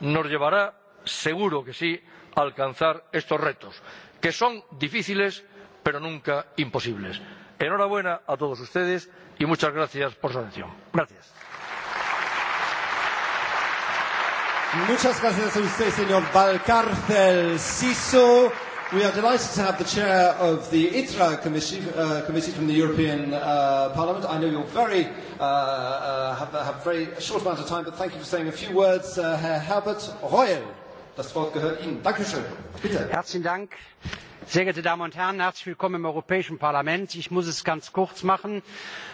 nos llevará seguro que sí a alcanzar estos retos que son difíciles pero nunca imposibles. Enhorabuena a todos ustedes y muchas gracias por su atención. Gracias. Muchas gracias a usted, señor Valcárcel Siso. We are delighted to have the chair of the ITRA committee, uh, committee from the European uh, Parliament. I know you're very uh, uh, have, have very short amount of time, but thank you for saying a few words, uh, Herr Herbert Royal. Das Wort gehört Ihnen. Dankeschön. Bitte. Herzlichen Dank. Sehr geehrte Damen und Herren, herzlich willkommen im Europäischen Parlament. Ich muss es ganz kurz machen,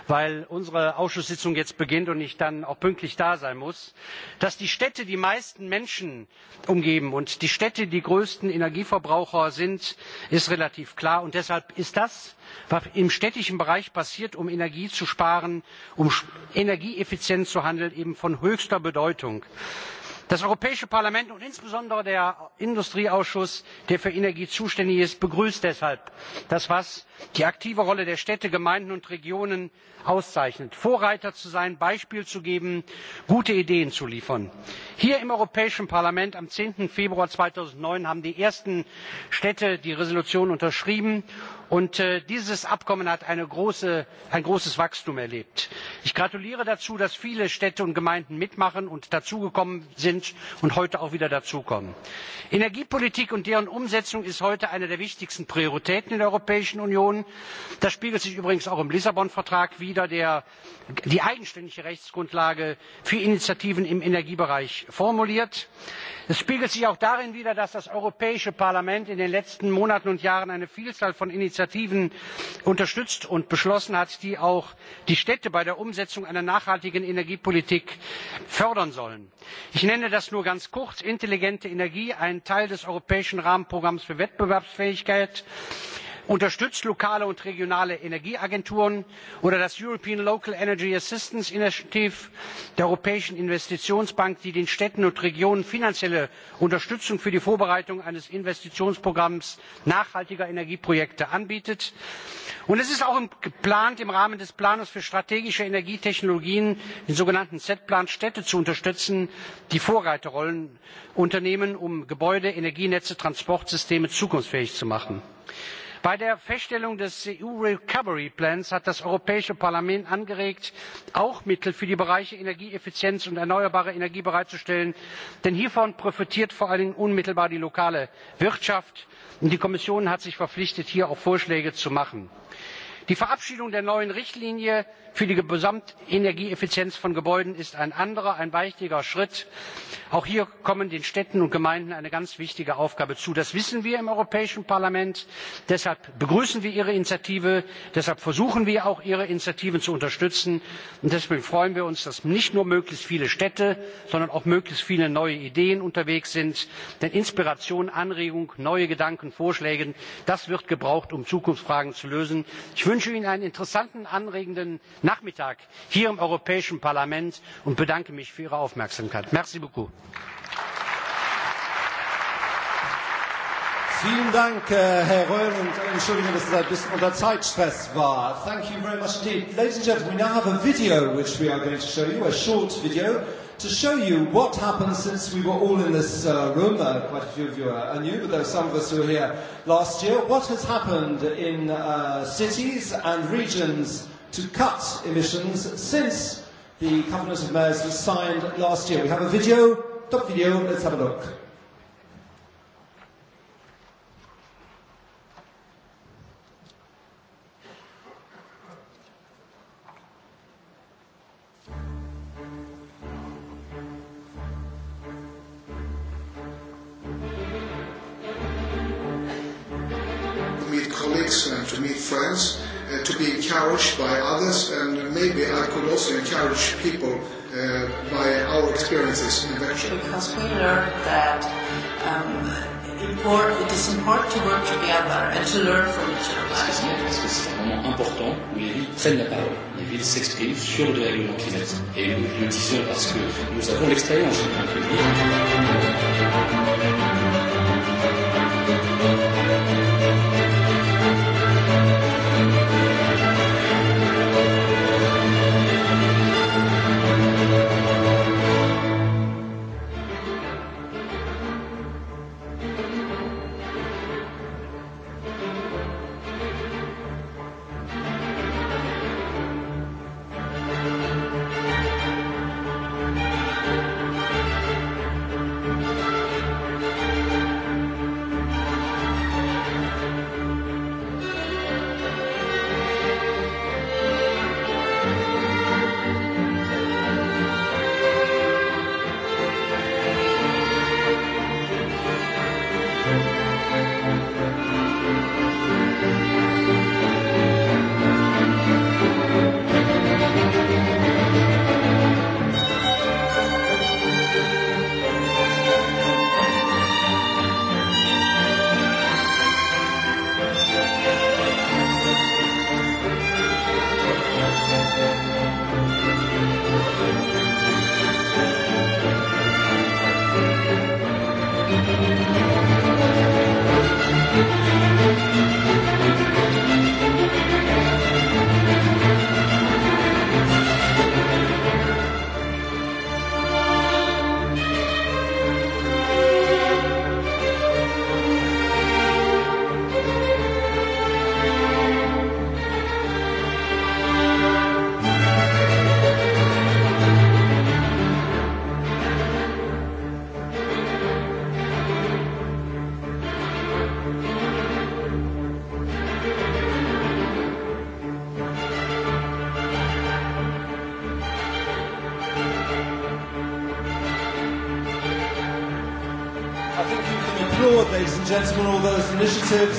weil unsere Ausschusssitzung jetzt beginnt und ich dann auch pünktlich da sein muss. Dass die Städte die meisten Menschen umgeben und die Städte die größten Energieverbraucher sind, ist relativ klar. Und deshalb ist das, was im städtischen Bereich passiert, um Energie zu sparen, um energieeffizient zu handeln, eben von höchster Bedeutung. Das Europäische Parlament und insbesondere der Industrieausschuss, der für Energie zuständig ist, begrüßt deshalb das, was die aktive Rolle der Städte, Gemeinden und Regionen auszeichnet. Vorreiter zu sein, Beispiel zu geben, gute Ideen zu liefern. Hier im Europäischen Parlament am 10. Februar 2009 haben die ersten Städte die Resolution unterschrieben und äh, dieses abkommen hat ein großes wachstum erlebt. ich gratuliere dazu dass viele städte und gemeinden mitmachen und dazugekommen sind und heute auch wieder dazukommen. energiepolitik und deren umsetzung ist heute eine der wichtigsten prioritäten in der europäischen union. das spiegelt sich übrigens auch im lissabon vertrag wider der die eigenständige rechtsgrundlage für initiativen im energiebereich formuliert. es spiegelt sich auch darin wider dass das europäische parlament in den letzten monaten und jahren eine vielzahl von initiativen unterstützt und beschlossen hat die auch die städte bei der umsetzung einer nachhaltigen energiepolitik fördern sollen. ich nenne das nur ganz kurz intelligente energie ein teil des europäischen rahmenprogramms für wettbewerbsfähigkeit ein teil des strategischen investitionsprogramms unterstützt lokale und regionale energieagenturen oder das european local energy assistance initiative der europäischen investitionsbank die den städten und regionen finanzielle unterstützung für die vorbereitung eines investitionsprogramms nachhaltiger energieprojekte anbietet und es ist auch geplant im rahmen des plans für strategische energietechnologien den sogenannten set plan städte zu unterstützen die vorreiterrollen unternehmen um gebäude energienetze transportsysteme zukunftsfähig zu machen bei der feststellung des eu recovery plans hat das europäische parlament angeregt auch mittel für die bereiche energieeffizienz und erneuerbare energie bereitzustellen denn hiervon profitiert vor allen dingen unmittelbar die lokale wirtschaft und die kommission hat sich verpflichtet hier auch vorschläge zu machen. die verabschiedung der neuen richtlinie für die gesamtenergieeffizienz von gebäuden ist ein anderer ein wichtiger schritt. auch hier kommt den städten und gemeinden eine ganz wichtige aufgabe zu. das wissen wir im europäischen parlament deshalb begrüßen wir ihre initiative deshalb versuchen wir auch ihre initiativen zu unterstützen und deswegen freuen wir uns dass nicht nur möglichst viele städte sondern auch möglichst viele neue ideen unterwegs sind denn inspiration anregung neue gedanken vorschläge das wird gebraucht um zukunftsfragen zu lösen. ich wünsche ihnen einen interessanten anregenden Nachmittag hier im Europäischen Parlament und bedanke mich für Ihre Aufmerksamkeit. Merci beaucoup. Vielen Dank, äh, Herr Röhr, und entschuldige, dass es ein bisschen unter Zeitstress war. Thank you very much indeed. Ladies and gentlemen, we now have a video which we are going to show you, a short video, to show you what happened since we were all in this uh, room. Uh, quite a few of you are new, but there are some of us who were here last year. What has happened in uh, cities and regions? to cut emissions since the Covenant of Mayors was signed last year. We have a video, top video, let's have a look. parce que c'est vraiment important, où les villes prennent la parole. Les villes s'expriment sur le dérèglement climatique. Et nous le disons parce que nous avons l'expérience.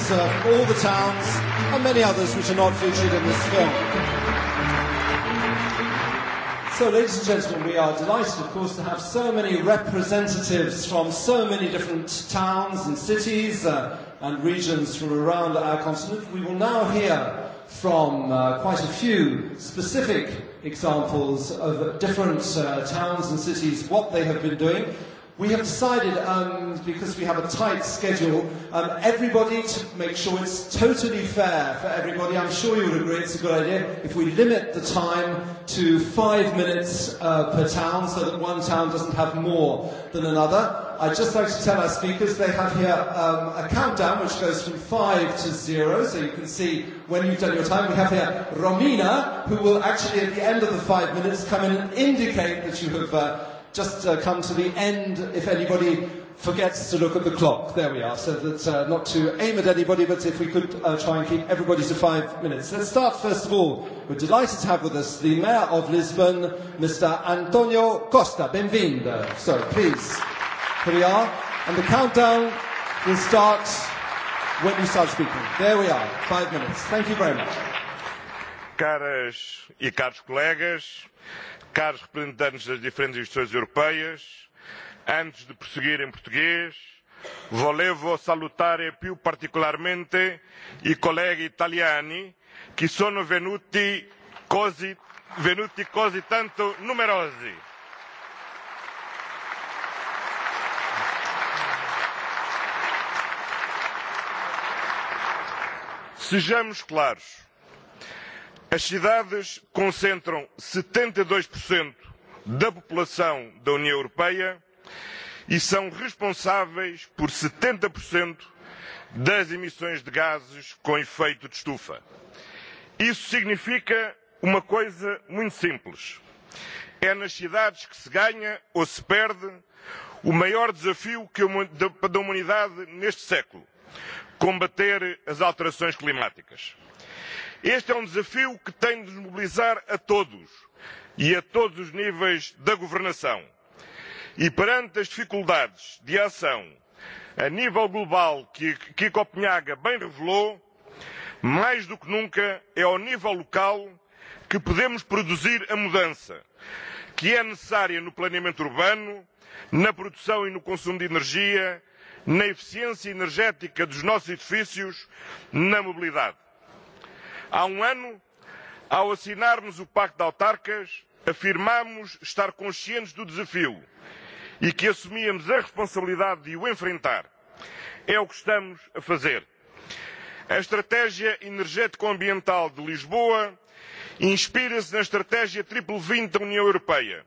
serve all the towns and many others which are not featured in this film. So, ladies and gentlemen, we are delighted, of course, to have so many representatives from so many different towns and cities uh, and regions from around our continent. We will now hear from uh, quite a few specific examples of different uh, towns and cities, what they have been doing. We have decided, um, because we have a tight schedule, um, everybody to make sure it's totally fair for everybody. I'm sure you would agree it's a good idea if we limit the time to five minutes uh, per town so that one town doesn't have more than another. I'd just like to tell our speakers they have here um, a countdown which goes from five to zero, so you can see when you've done your time. We have here Romina, who will actually, at the end of the five minutes, come in and indicate that you have. Uh, just uh, come to the end if anybody forgets to look at the clock. There we are. So that's uh, not to aim at anybody, but if we could uh, try and keep everybody to five minutes. Let's start, first of all, we're delighted to have with us the Mayor of Lisbon, Mr. Antonio Costa. Benvindo. So please, here we are. And the countdown will start when you start speaking. There we are. Five minutes. Thank you very much. Caras e caros colegas, caros representantes das diferentes instituições europeias, antes de prosseguir em português, volevo salutare più particolarmente i e colleghi italiani che sono venuti così, venuti così tanto numerosi. Sejamos claros, as cidades concentram setenta e dois da população da união europeia e são responsáveis por setenta das emissões de gases com efeito de estufa. isso significa uma coisa muito simples é nas cidades que se ganha ou se perde o maior desafio da humanidade neste século combater as alterações climáticas. Este é um desafio que tem de mobilizar a todos e a todos os níveis da governação. E perante as dificuldades de ação a nível global que, que Copenhaga bem revelou, mais do que nunca é ao nível local que podemos produzir a mudança que é necessária no planeamento urbano, na produção e no consumo de energia, na eficiência energética dos nossos edifícios, na mobilidade. Há um ano, ao assinarmos o Pacto de Autarcas, afirmamos estar conscientes do desafio e que assumíamos a responsabilidade de o enfrentar. É o que estamos a fazer. A Estratégia Energético-Ambiental de Lisboa inspira-se na Estratégia Triple 20 da União Europeia,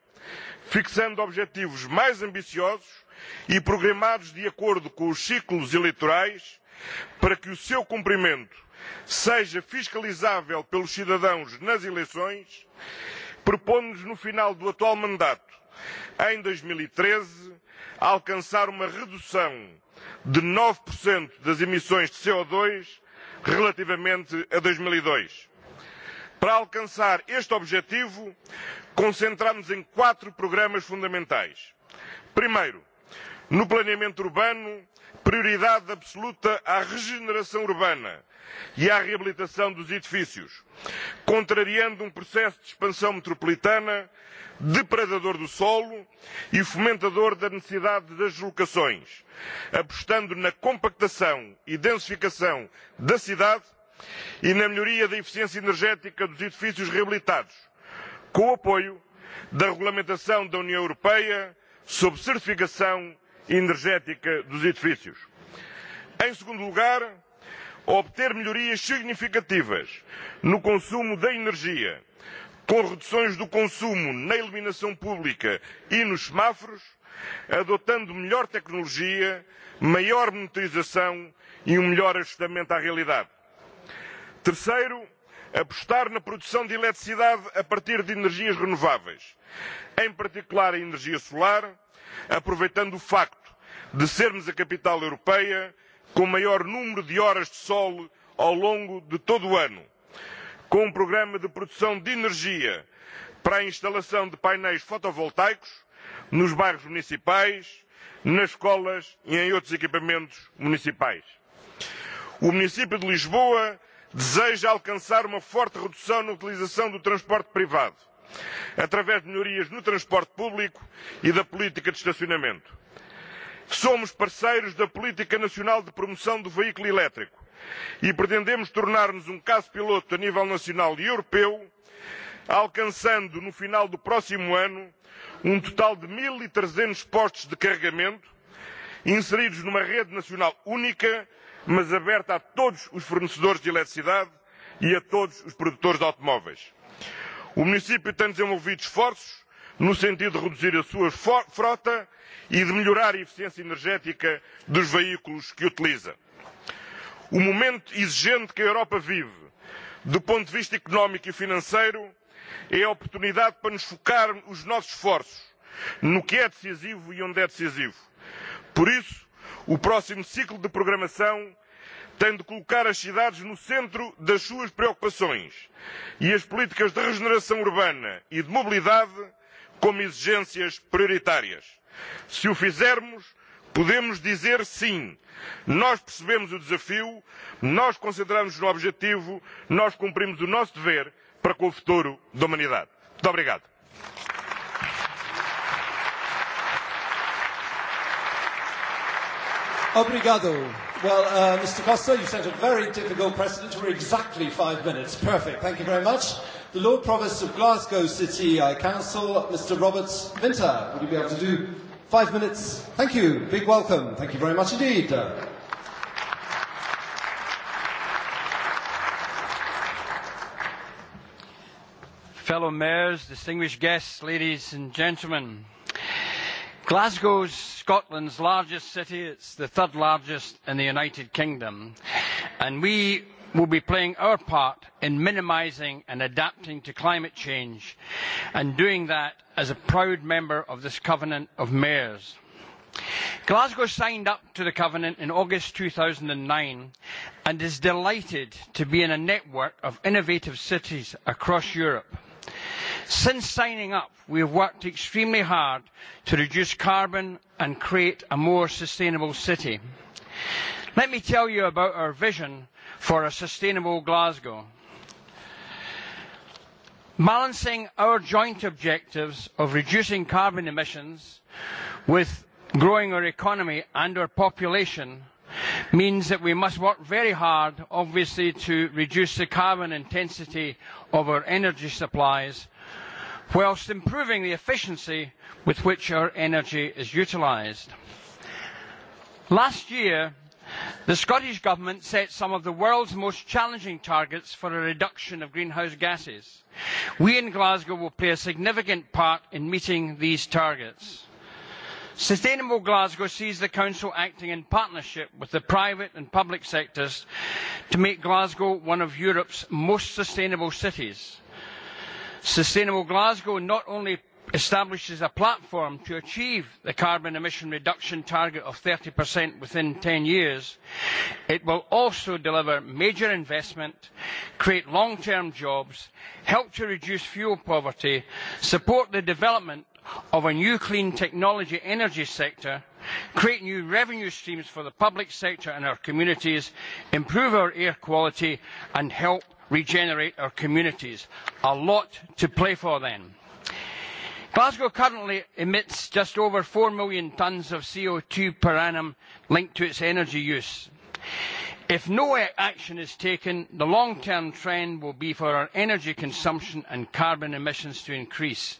fixando objetivos mais ambiciosos e programados de acordo com os ciclos eleitorais para que o seu cumprimento seja fiscalizável pelos cidadãos nas eleições, propondo-nos no final do atual mandato, em 2013, a e alcançar uma redução de 9% das emissões de CO2 relativamente a 2002. E Para alcançar este objetivo, concentramos em quatro programas fundamentais. Primeiro, no planeamento urbano, prioridade absoluta à regeneração urbana e à reabilitação dos edifícios, contrariando um processo de expansão metropolitana depredador do solo e fomentador da necessidade das locações, apostando na compactação e densificação da cidade e na melhoria da eficiência energética dos edifícios reabilitados, com o apoio da regulamentação da União Europeia sobre certificação energética dos edifícios. Em segundo lugar, obter melhorias significativas no consumo da energia, com reduções do consumo na iluminação pública e nos semáforos, adotando melhor tecnologia, maior monitorização e um melhor ajustamento à realidade. Terceiro, apostar na produção de eletricidade a partir de energias renováveis, em particular a energia solar, aproveitando o facto de sermos a capital europeia com maior número de horas de sol ao longo de todo o ano, com um programa de produção de energia para a instalação de painéis fotovoltaicos nos bairros municipais, nas escolas e em outros equipamentos municipais. O município de Lisboa deseja alcançar uma forte redução na utilização do transporte privado, através de melhorias no transporte público e da política de estacionamento. Somos parceiros da Política Nacional de Promoção do Veículo Elétrico e pretendemos tornar-nos um caso piloto a nível nacional e europeu, alcançando no final do próximo ano um total de 1.300 e postos de carregamento inseridos numa rede nacional única mas aberta a todos os fornecedores de eletricidade e a todos os produtores de automóveis. O município tem desenvolvido esforços no sentido de reduzir a sua frota e de melhorar a eficiência energética dos veículos que utiliza. O momento exigente que a Europa vive, do ponto de vista económico e financeiro, é a oportunidade para nos focar os nossos esforços no que é decisivo e onde é decisivo. Por isso, O próximo ciclo de programação tem de colocar as cidades no centro das suas preocupações e as políticas de regeneração urbana e de mobilidade como exigências prioritárias. Se o fizermos, podemos dizer sim. Nós percebemos o desafio, nós concentramos no objetivo, nós cumprimos o nosso dever para com o futuro da humanidade. Muito obrigado. Obrigado. Well, uh, Mr. Costa, you set a very difficult precedent for exactly five minutes. Perfect. Thank you very much. The Lord Provost of Glasgow City I Council, Mr. Robert Winter, would you be able to do five minutes? Thank you. Big welcome. Thank you very much indeed. Uh. Fellow mayors, distinguished guests, ladies and gentlemen, Glasgow's Scotland's largest city. It's the third largest in the United Kingdom. And we will be playing our part in minimising and adapting to climate change and doing that as a proud member of this Covenant of Mayors. Glasgow signed up to the Covenant in August 2009 and is delighted to be in a network of innovative cities across Europe. Since signing up, we have worked extremely hard to reduce carbon and create a more sustainable city. Let me tell you about our vision for a sustainable Glasgow. Balancing our joint objectives of reducing carbon emissions with growing our economy and our population means that we must work very hard, obviously, to reduce the carbon intensity of our energy supplies whilst improving the efficiency with which our energy is utilised. Last year, the Scottish Government set some of the world's most challenging targets for a reduction of greenhouse gases. We in Glasgow will play a significant part in meeting these targets. Sustainable Glasgow sees the Council acting in partnership with the private and public sectors to make Glasgow one of Europe's most sustainable cities. Sustainable Glasgow not only establishes a platform to achieve the carbon emission reduction target of 30% within 10 years, it will also deliver major investment, create long-term jobs, help to reduce fuel poverty, support the development of a new clean technology energy sector, create new revenue streams for the public sector and our communities, improve our air quality, and help regenerate our communities. A lot to play for then. Glasgow currently emits just over 4 million tonnes of CO2 per annum linked to its energy use. If no action is taken, the long-term trend will be for our energy consumption and carbon emissions to increase.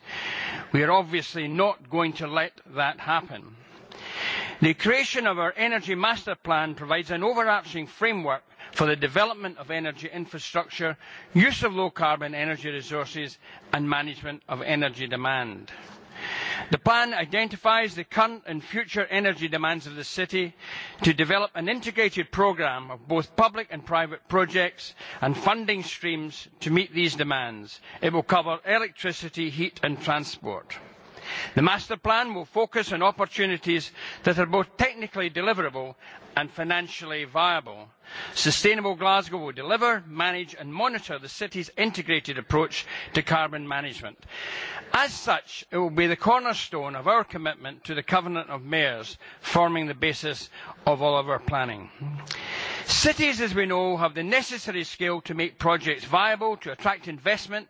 We are obviously not going to let that happen. The creation of our Energy Master Plan provides an overarching framework for the development of energy infrastructure, use of low-carbon energy resources, and management of energy demand. The plan identifies the current and future energy demands of the city to develop an integrated programme of both public and private projects and funding streams to meet these demands. It will cover electricity, heat and transport. The master plan will focus on opportunities that are both technically deliverable and financially viable. Sustainable Glasgow will deliver, manage and monitor the city's integrated approach to carbon management. As such, it will be the cornerstone of our commitment to the Covenant of Mayors, forming the basis of all of our planning. Mm-hmm. Cities, as we know, have the necessary skill to make projects viable, to attract investment.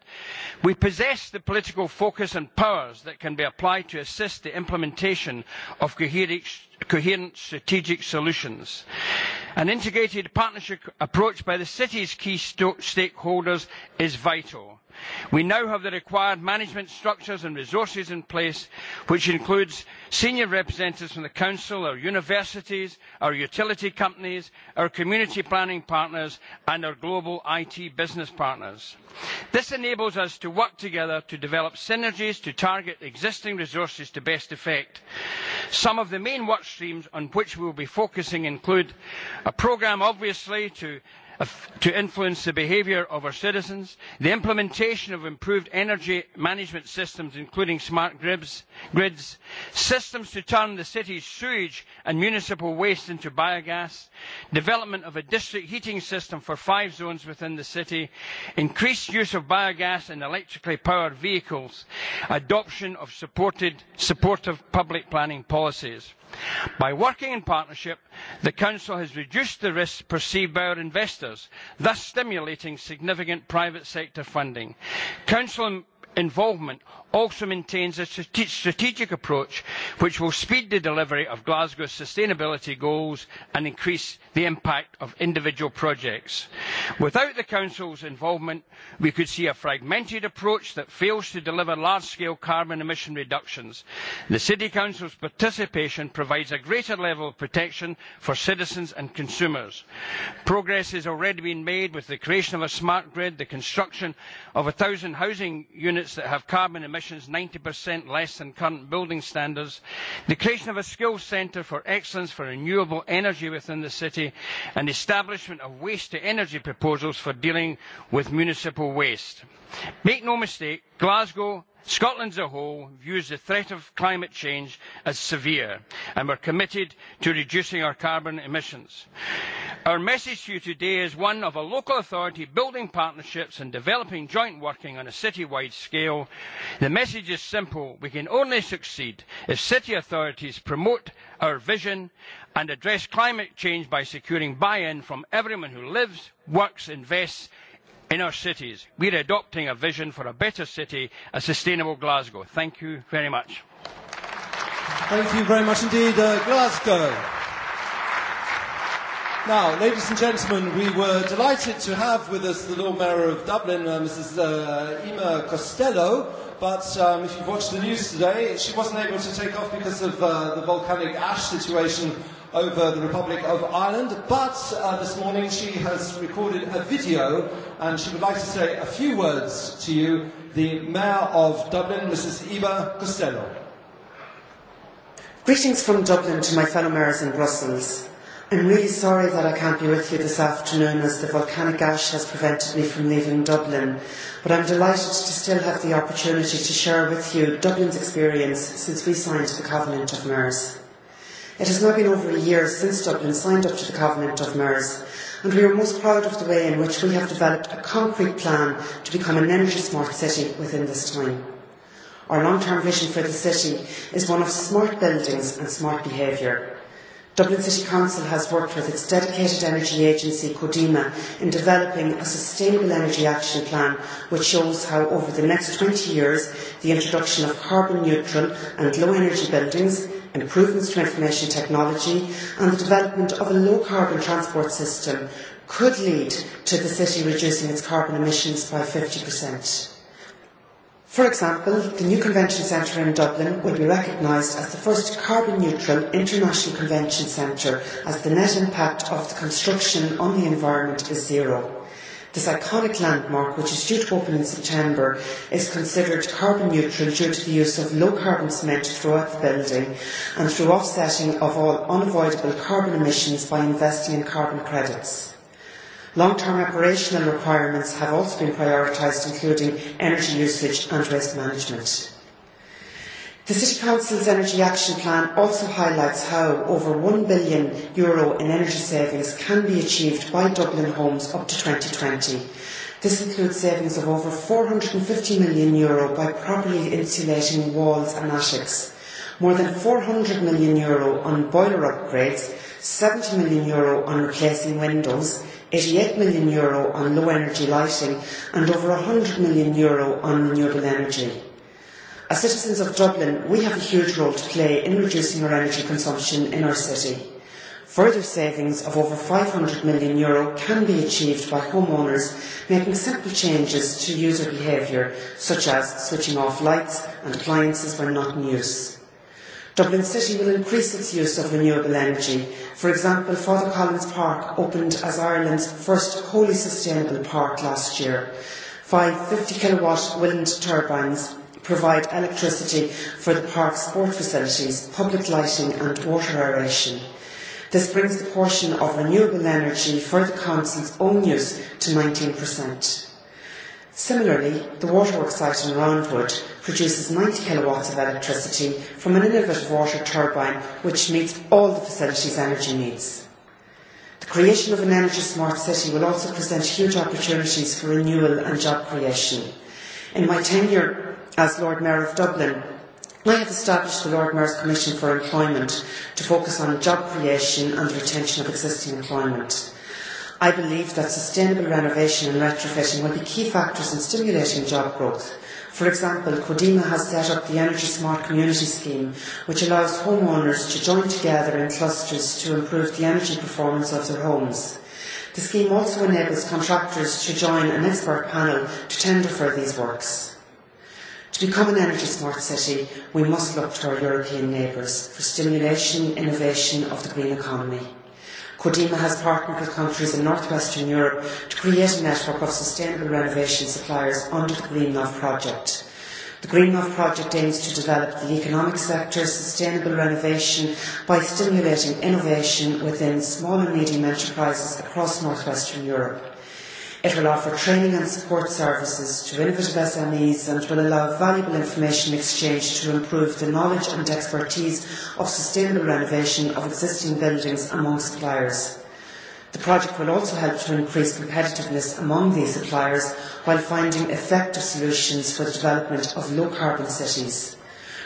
We possess the political focus and powers that can be applied to assist the implementation of coherent strategic solutions. An integrated partnership approach by the city's key stakeholders is vital. We now have the required management structures and resources in place, which includes senior representatives from the council, our universities, our utility companies, our community planning partners, and our global IT business partners. This enables us to work together to develop synergies to target existing resources to best effect. Some of the main work streams on which we will be focusing include a program, obviously, to to influence the behaviour of our citizens. The implementation of improved energy management systems, including smart grids, grids systems to turn the city's sewage and municipal waste into biogas, development of a district heating system for five zones within the city, increased use of biogas in electrically powered vehicles, adoption of supported, supportive public planning policies. By working in partnership, the Council has reduced the risks perceived by our investors, thus stimulating significant private sector funding. Council involvement also maintains a strategic approach which will speed the delivery of Glasgow's sustainability goals and increase the impact of individual projects. Without the Council's involvement, we could see a fragmented approach that fails to deliver large-scale carbon emission reductions. The City Council's participation provides a greater level of protection for citizens and consumers. Progress has already been made with the creation of a smart grid, the construction of 1,000 housing units units that have carbon emissions 90% less than current building standards, the creation of a skills centre for excellence for renewable energy within the city, and the establishment of waste to energy proposals for dealing with municipal waste. Make no mistake, Glasgow Scotland as a whole views the threat of climate change as severe and we're committed to reducing our carbon emissions. Our message to you today is one of a local authority building partnerships and developing joint working on a city-wide scale. The message is simple. We can only succeed if city authorities promote our vision and address climate change by securing buy-in from everyone who lives, works, invests, in our cities. We're adopting a vision for a better city, a sustainable Glasgow. Thank you very much. Thank you very much indeed, uh, Glasgow. Now, ladies and gentlemen, we were delighted to have with us the Lord Mayor of Dublin, uh, Mrs. Uh, Ema Costello. But um, if you've watched the news today, she wasn't able to take off because of uh, the volcanic ash situation over the Republic of Ireland. But uh, this morning she has recorded a video and she would like to say a few words to you, the Mayor of Dublin, Mrs. Eva Costello. Greetings from Dublin to my fellow mayors in Brussels. I'm really sorry that I can't be with you this afternoon as the volcanic ash has prevented me from leaving Dublin, but I'm delighted to still have the opportunity to share with you Dublin's experience since we signed the Covenant of Mayors. It has now been over a year since Dublin signed up to the Covenant of Mers, and we are most proud of the way in which we have developed a concrete plan to become an energy smart city within this time. Our long term vision for the city is one of smart buildings and smart behaviour. Dublin City Council has worked with its dedicated energy agency, CODEMA, in developing a sustainable energy action plan which shows how over the next 20 years the introduction of carbon neutral and low energy buildings, and improvements to information technology and the development of a low carbon transport system could lead to the city reducing its carbon emissions by 50%. For example, the new convention centre in Dublin will be recognised as the first carbon neutral international convention centre as the net impact of the construction on the environment is zero. This iconic landmark, which is due to open in September, is considered carbon neutral due to the use of low carbon cement throughout the building and through offsetting of all unavoidable carbon emissions by investing in carbon credits. Long-term operational requirements have also been prioritised, including energy usage and waste management. The City Council's Energy Action Plan also highlights how over €1 billion Euro in energy savings can be achieved by Dublin homes up to 2020. This includes savings of over €450 million Euro by properly insulating walls and attics, more than €400 million Euro on boiler upgrades, €70 million Euro on replacing windows, €88 million Euro on low energy lighting and over €100 million Euro on renewable energy. As citizens of Dublin, we have a huge role to play in reducing our energy consumption in our city. Further savings of over €500 million Euro can be achieved by homeowners making simple changes to user behaviour, such as switching off lights and appliances when not in use. Dublin City will increase its use of renewable energy. For example, Father Collins Park opened as Ireland's first wholly sustainable park last year. Five 50 kilowatt wind turbines provide electricity for the park's sport facilities, public lighting and water aeration. This brings the portion of renewable energy for the council's own use to 19%. Similarly, the waterworks site in Roundwood produces 90 kilowatts of electricity from an innovative water turbine which meets all the facility's energy needs. The creation of an energy smart city will also present huge opportunities for renewal and job creation. In my tenure as Lord Mayor of Dublin. I have established the Lord Mayor's Commission for Employment to focus on job creation and the retention of existing employment. I believe that sustainable renovation and retrofitting will be key factors in stimulating job growth. For example, Codima has set up the Energy Smart Community Scheme, which allows homeowners to join together in clusters to improve the energy performance of their homes. The scheme also enables contractors to join an expert panel to tender for these works. To become an energy smart city, we must look to our European neighbours for stimulation innovation of the green economy. Codima has partnered with countries in northwestern Europe to create a network of sustainable renovation suppliers under the Green Love Project. The Green Love Project aims to develop the economic sector's sustainable renovation by stimulating innovation within small and medium enterprises across northwestern Europe. It will offer training and support services to innovative SMEs and will allow valuable information exchange to improve the knowledge and expertise of sustainable renovation of existing buildings among suppliers. The project will also help to increase competitiveness among these suppliers while finding effective solutions for the development of low carbon cities.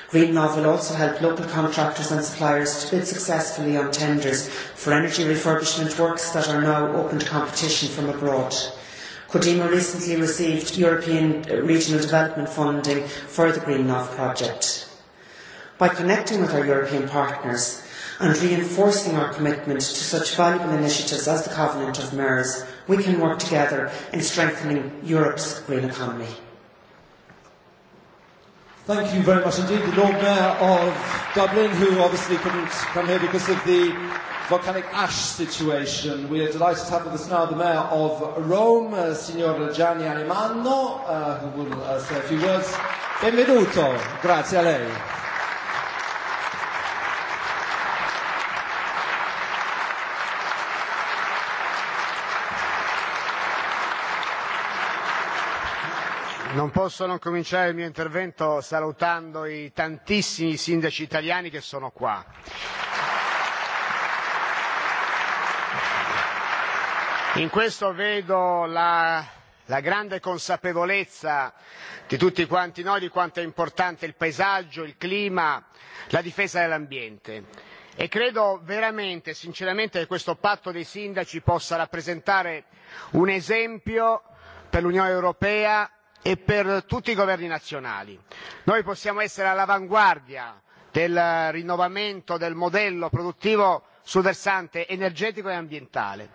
Greenlaw will also help local contractors and suppliers to bid successfully on tenders for energy refurbishment works that are now open to competition from abroad. Codima recently received European Regional Development funding for the Greenlaw project. By connecting with our European partners and reinforcing our commitment to such valuable initiatives as the Covenant of Mayors, we can work together in strengthening Europe's green economy. Thank you very much indeed. The Lord Mayor of Dublin, who obviously couldn't come here because of the volcanic ash situation. We are delighted to have with us now the Mayor of Rome, uh, Signor Gianni Animano, uh, who will uh, say a few words. Benvenuto. Grazie a lei. Non posso non cominciare il mio intervento salutando i tantissimi sindaci italiani che sono qua. In questo vedo la, la grande consapevolezza di tutti quanti noi di quanto è importante il paesaggio, il clima, la difesa dell'ambiente. E credo veramente, sinceramente, che questo patto dei sindaci possa rappresentare un esempio per l'Unione Europea e per tutti i governi nazionali. Noi possiamo essere all'avanguardia del rinnovamento del modello produttivo sul versante energetico e ambientale.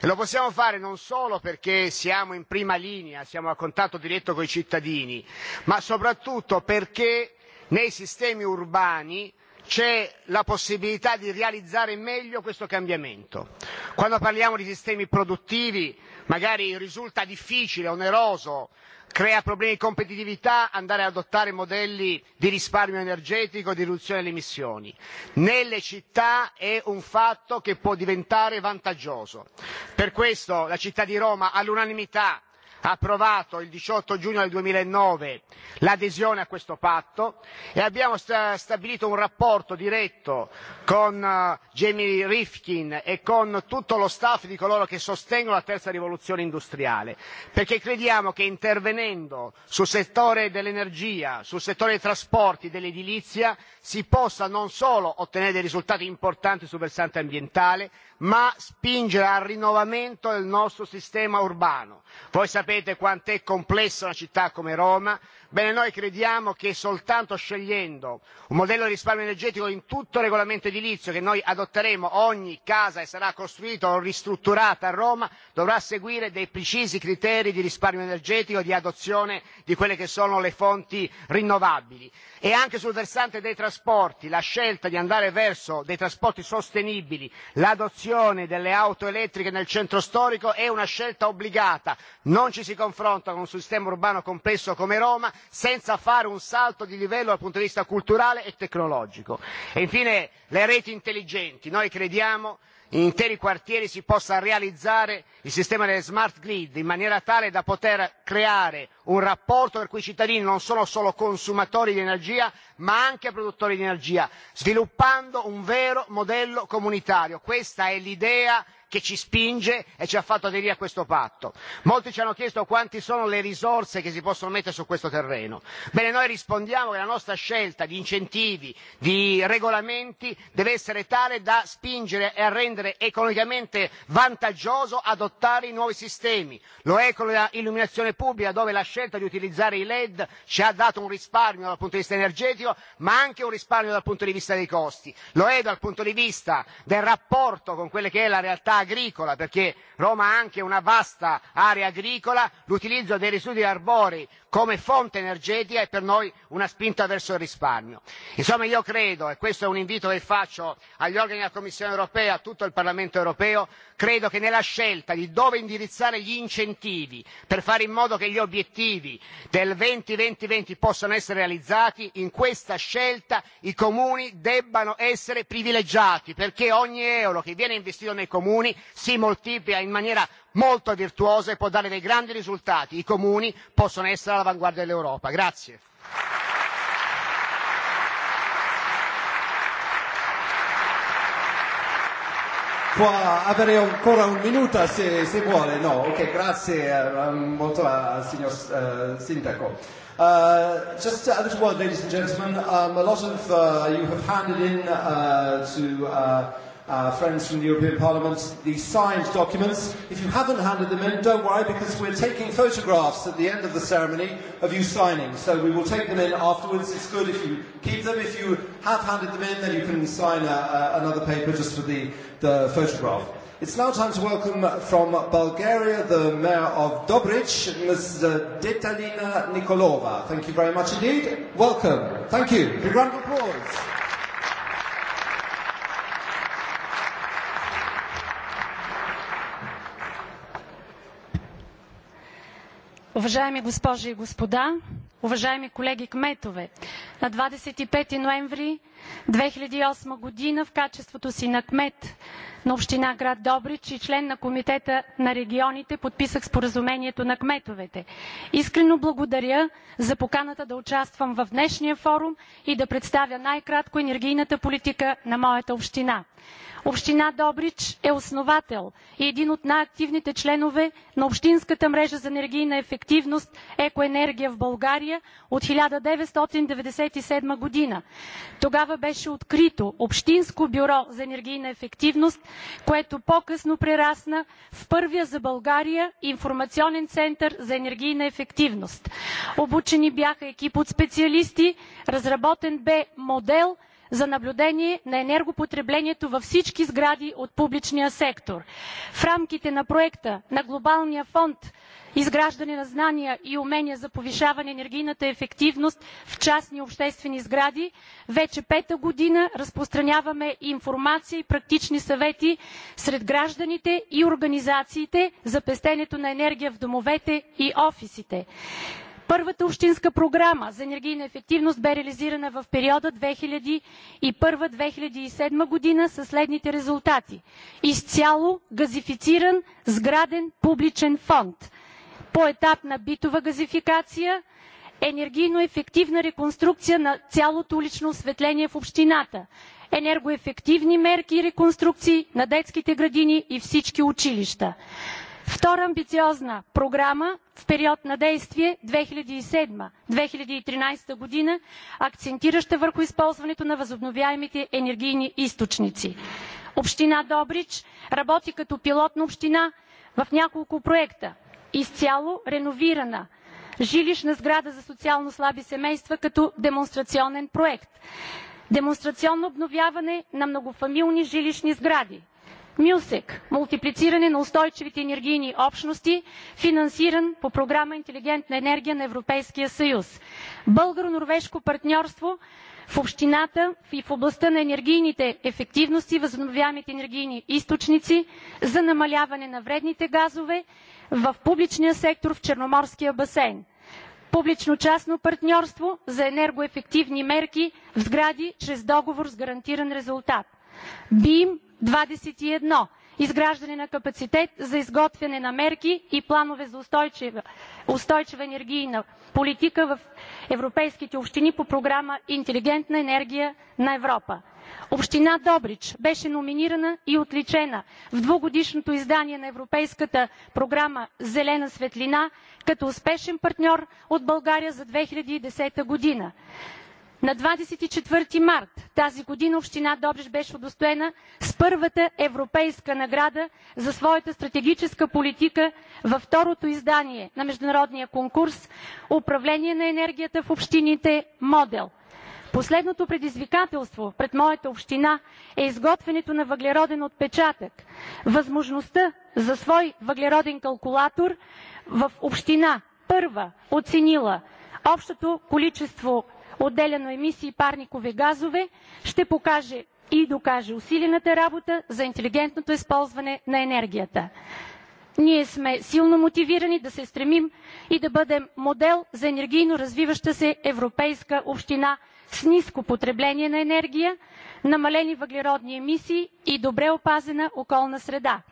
E lo possiamo fare non solo perché siamo in prima linea, siamo a contatto diretto con i cittadini, ma soprattutto perché nei sistemi urbani c'è la possibilità di realizzare meglio questo cambiamento. Quando parliamo di sistemi produttivi, magari risulta difficile, oneroso, crea problemi di competitività andare ad adottare modelli di risparmio energetico, di riduzione delle emissioni. Nelle città è un fatto che può diventare vantaggioso. Per questo la città di Roma all'unanimità ha approvato il 18 giugno del 2009 l'adesione a questo patto e abbiamo sta- stabilito un rapporto diretto con uh, Jamie Rifkin e con tutto lo staff di coloro che sostengono la terza rivoluzione industriale, perché crediamo che intervenendo sul settore dell'energia, sul settore dei trasporti, dell'edilizia, si possa non solo ottenere dei risultati importanti sul versante ambientale, ma spingere al rinnovamento del nostro sistema urbano. voi sapete quant'è complessa una città come roma. Bene, noi crediamo che soltanto scegliendo un modello di risparmio energetico in tutto il regolamento edilizio che noi adotteremo ogni casa e sarà costruita o ristrutturata a Roma dovrà seguire dei precisi criteri di risparmio energetico di adozione di quelle che sono le fonti rinnovabili. E anche sul versante dei trasporti la scelta di andare verso dei trasporti sostenibili, l'adozione delle auto elettriche nel centro storico è una scelta obbligata. Non ci si confronta con un sistema urbano complesso come Roma senza fare un salto di livello dal punto di vista culturale e tecnologico. E infine le reti intelligenti. Noi crediamo in interi quartieri si possa realizzare il sistema delle smart grid in maniera tale da poter creare un rapporto per cui i cittadini non sono solo consumatori di energia ma anche produttori di energia, sviluppando un vero modello comunitario. Questa è l'idea che ci spinge e ci ha fatto aderire a questo patto. Molti ci hanno chiesto quanti sono le risorse che si possono mettere su questo terreno. Bene, noi rispondiamo che la nostra scelta di incentivi, di regolamenti deve essere tale da spingere e a rendere economicamente vantaggioso adottare i nuovi sistemi. Lo è con l'illuminazione pubblica dove la scelta di utilizzare i LED ci ha dato un risparmio dal punto di vista energetico ma anche un risparmio dal punto di vista dei costi. Lo è dal punto di vista del rapporto con quelle che è la realtà agricola, perché Roma ha anche una vasta area agricola, l'utilizzo dei residui arbori come fonte energetica e per noi una spinta verso il risparmio. Insomma io credo e questo è un invito che faccio agli organi della Commissione europea e a tutto il Parlamento europeo credo che nella scelta di dove indirizzare gli incentivi per fare in modo che gli obiettivi del 2020-2020 possano essere realizzati in questa scelta i comuni debbano essere privilegiati perché ogni euro che viene investito nei comuni si moltiplica in maniera molto virtuosa e può dare dei grandi risultati. I comuni possono essere all'avanguardia dell'Europa. Grazie. Può avere ancora un minuto se, se vuole, no? Ok, grazie uh, molto al signor uh, Sindaco. Uh, just to add as well, ladies and gentlemen, um, a lot of uh, you have handed in uh, to uh, uh, friends from the European Parliament, the signed documents. If you haven't handed them in, don't worry, because we're taking photographs at the end of the ceremony of you signing. So we will take them in afterwards. It's good if you keep them. If you have handed them in, then you can sign a, uh, a, uh, another paper just for the, the photograph. It's now time to welcome from Bulgaria the mayor of Dobrich, Ms. Uh, Detalina Nikolova. Thank you very much indeed. Welcome. Thank you. Big round of applause. Уважаеми госпожи и господа, уважаеми колеги кметове, на 25 ноември 2008 година в качеството си на кмет на община град Добрич и член на комитета на регионите подписах споразумението на кметовете. Искрено благодаря за поканата да участвам в днешния форум и да представя най-кратко енергийната политика на моята община. Община Добрич е основател и един от най-активните членове на Общинската мрежа за енергийна ефективност Екоенергия в България от 1997 година. Тогава тогава беше открито Общинско бюро за енергийна ефективност, което по-късно прерасна в първия за България информационен център за енергийна ефективност. Обучени бяха екип от специалисти, разработен бе модел – за наблюдение на енергопотреблението във всички сгради от публичния сектор. В рамките на проекта на Глобалния фонд Изграждане на знания и умения за повишаване енергийната ефективност в частни обществени сгради, вече пета година разпространяваме информация и практични съвети сред гражданите и организациите за пестенето на енергия в домовете и офисите. Първата общинска програма за енергийна ефективност бе реализирана в периода 2001-2007 година със следните резултати. Изцяло газифициран сграден публичен фонд. Поетапна битова газификация, енергийно ефективна реконструкция на цялото улично осветление в общината, енергоефективни мерки и реконструкции на детските градини и всички училища. Втора амбициозна програма в период на действие 2007-2013 година, акцентираща върху използването на възобновяемите енергийни източници. Община Добрич работи като пилотна община в няколко проекта. Изцяло реновирана жилищна сграда за социално слаби семейства като демонстрационен проект. Демонстрационно обновяване на многофамилни жилищни сгради – Мюсек – мултиплициране на устойчивите енергийни общности, финансиран по програма «Интелигентна енергия» на Европейския съюз. Българо-норвежко партньорство в общината и в областта на енергийните ефективности, възобновяемите енергийни източници за намаляване на вредните газове в публичния сектор в Черноморския басейн. Публично-частно партньорство за енергоефективни мерки в сгради чрез договор с гарантиран резултат. БИМ 21 – изграждане на капацитет за изготвяне на мерки и планове за устойчива, устойчива енергийна политика в европейските общини по програма «Интелигентна енергия на Европа». Община Добрич беше номинирана и отличена в двугодишното издание на Европейската програма «Зелена светлина» като успешен партньор от България за 2010 година. На 24 март тази година община Добрич беше удостоена с първата европейска награда за своята стратегическа политика във второто издание на международния конкурс «Управление на енергията в общините – модел». Последното предизвикателство пред моята община е изготвянето на въглероден отпечатък. Възможността за свой въглероден калкулатор в община първа оценила общото количество отделяно емисии и парникови газове, ще покаже и докаже усилената работа за интелигентното използване на енергията. Ние сме силно мотивирани да се стремим и да бъдем модел за енергийно развиваща се европейска община с ниско потребление на енергия, намалени въглеродни емисии и добре опазена околна среда –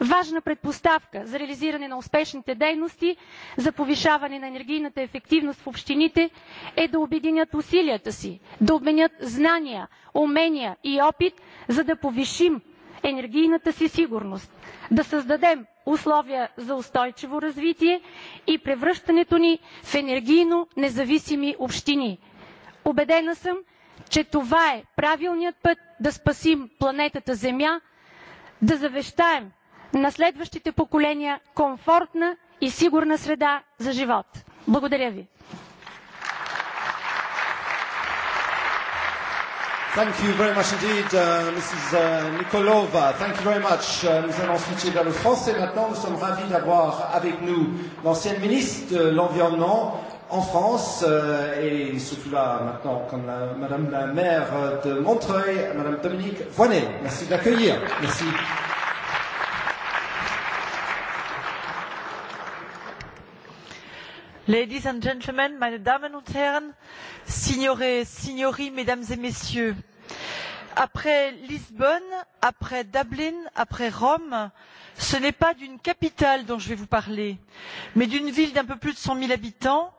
Важна предпоставка за реализиране на успешните дейности за повишаване на енергийната ефективност в общините е да обединят усилията си, да обменят знания, умения и опит, за да повишим енергийната си сигурност, да създадем условия за устойчиво развитие и превръщането ни в енергийно независими общини. Обедена съм, че това е правилният път да спасим планетата Земя, да завещаем на следващите поколения комфортна и сигурна среда за живот. Благодаря ви. Thank you very much indeed, uh, Mrs. Uh, Nikolova. Thank you very much. Uh, nous allons switcher vers le français. Maintenant, nous sommes ravis d'avoir avec nous l'ancienne ministre de l'Environnement en France euh, et surtout là maintenant comme la, Madame la maire de Montreuil, Madame Dominique Voinet. Merci de l'accueillir. Merci. Merci. Ladies and gentlemen, meine Damen und Herren, Signore, Signori, Mesdames et Messieurs. Après Lisbonne, après Dublin, après Rome, ce n'est pas d'une capitale dont je vais vous parler, mais d'une ville d'un peu plus de 100,000 habitants.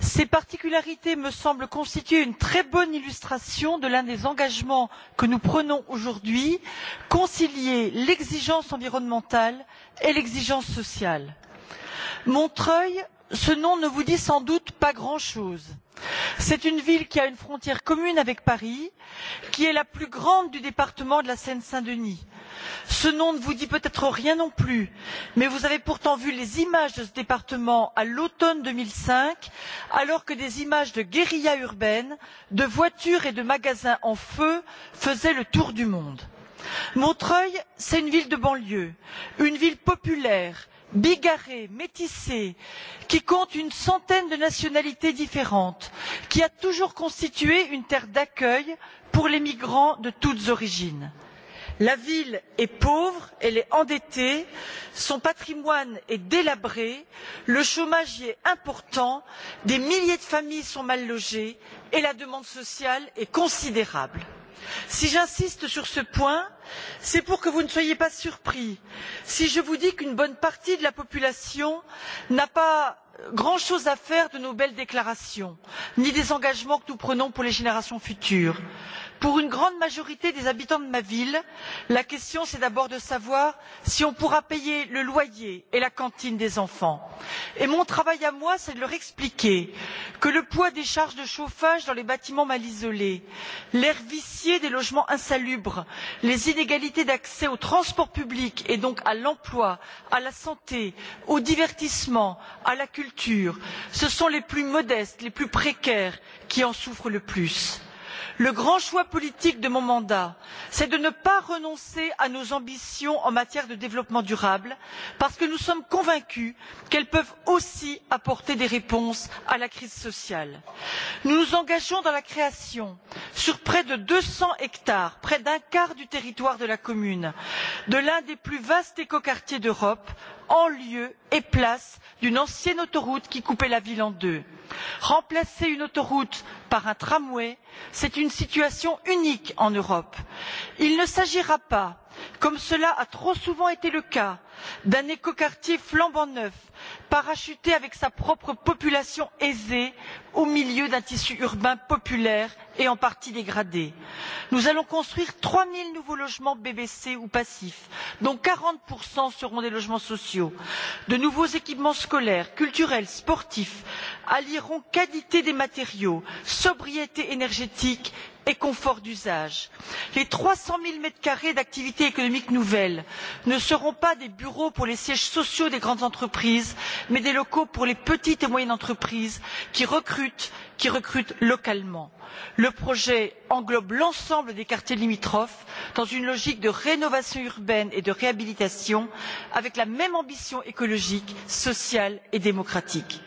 Ces particularités me semblent constituer une très bonne illustration de l'un des engagements que nous prenons aujourd'hui: concilier l'exigence environnementale et l'exigence sociale. Montreuil, ce nom ne vous dit sans doute pas grand chose. C'est une ville qui a une frontière commune avec Paris, qui est la plus grande du département de la Seine Saint Denis. Ce nom ne vous dit peut être rien non plus, mais vous avez pourtant vu les images de ce département à l'automne deux mille cinq, alors que des images de guérilla urbaine, de voitures et de magasins en feu faisaient le tour du monde. Montreuil, c'est une ville de banlieue, une ville populaire, bigarrée métissée qui compte une centaine de nationalités différentes qui a toujours constitué une terre d'accueil pour les migrants de toutes origines. la ville est pauvre elle est endettée son patrimoine est délabré le chômage y est important des milliers de familles sont mal logées et la demande sociale est considérable si j'insiste sur ce point c'est pour que vous ne soyez pas surpris si je vous dis qu'une bonne partie de la population n'a pas grand chose à faire de nos belles déclarations ni des engagements que nous prenons pour les générations futures pour une grande majorité des habitants de ma ville la question c'est d'abord de savoir si on pourra payer le loyer et la cantine des enfants et mon travail à moi c'est de leur expliquer que le poids des charges de chauffage dans les bâtiments mal isolés l'air vicié des logements insalubres les inégalités d'accès aux transports publics et donc à l'emploi à la santé au divertissement à la culture ce sont les plus modestes les plus précaires qui en souffrent le plus le grand choix politique de mon mandat c'est de ne pas renoncer à nos ambitions en matière de développement durable parce que nous sommes convaincus qu'elles peuvent aussi apporter des réponses à la crise sociale. nous nous engageons dans la création sur près de deux cents hectares près d'un quart du territoire de la commune de l'un des plus vastes écoquartiers d'europe en lieu et place d'une ancienne autoroute qui coupait la ville en deux. remplacer une autoroute par un tramway c'est une situation unique en europe. il ne s'agira pas comme cela a trop souvent été le cas d'un écoquartier flambant neuf parachuté avec sa propre population aisée au milieu d'un tissu urbain populaire et en partie dégradé. nous allons construire trois zéro nouveaux logements bbc ou passifs dont quarante seront des logements sociaux. de nouveaux équipements scolaires culturels sportifs allieront qualité des matériaux sobriété énergétique et confort d'usage. les trois cents zéro mètres carrés d'activités économiques nouvelles ne seront pas des bureaux pour les sièges sociaux des grandes entreprises services mais des locaux pour les petites et moyennes entreprises qui recrutent localement. le projet englobe l'ensemble des quartiers limitrophes dans une logique de rénovation urbaine et de réhabilitation avec la même ambition écologique sociale et démocratique.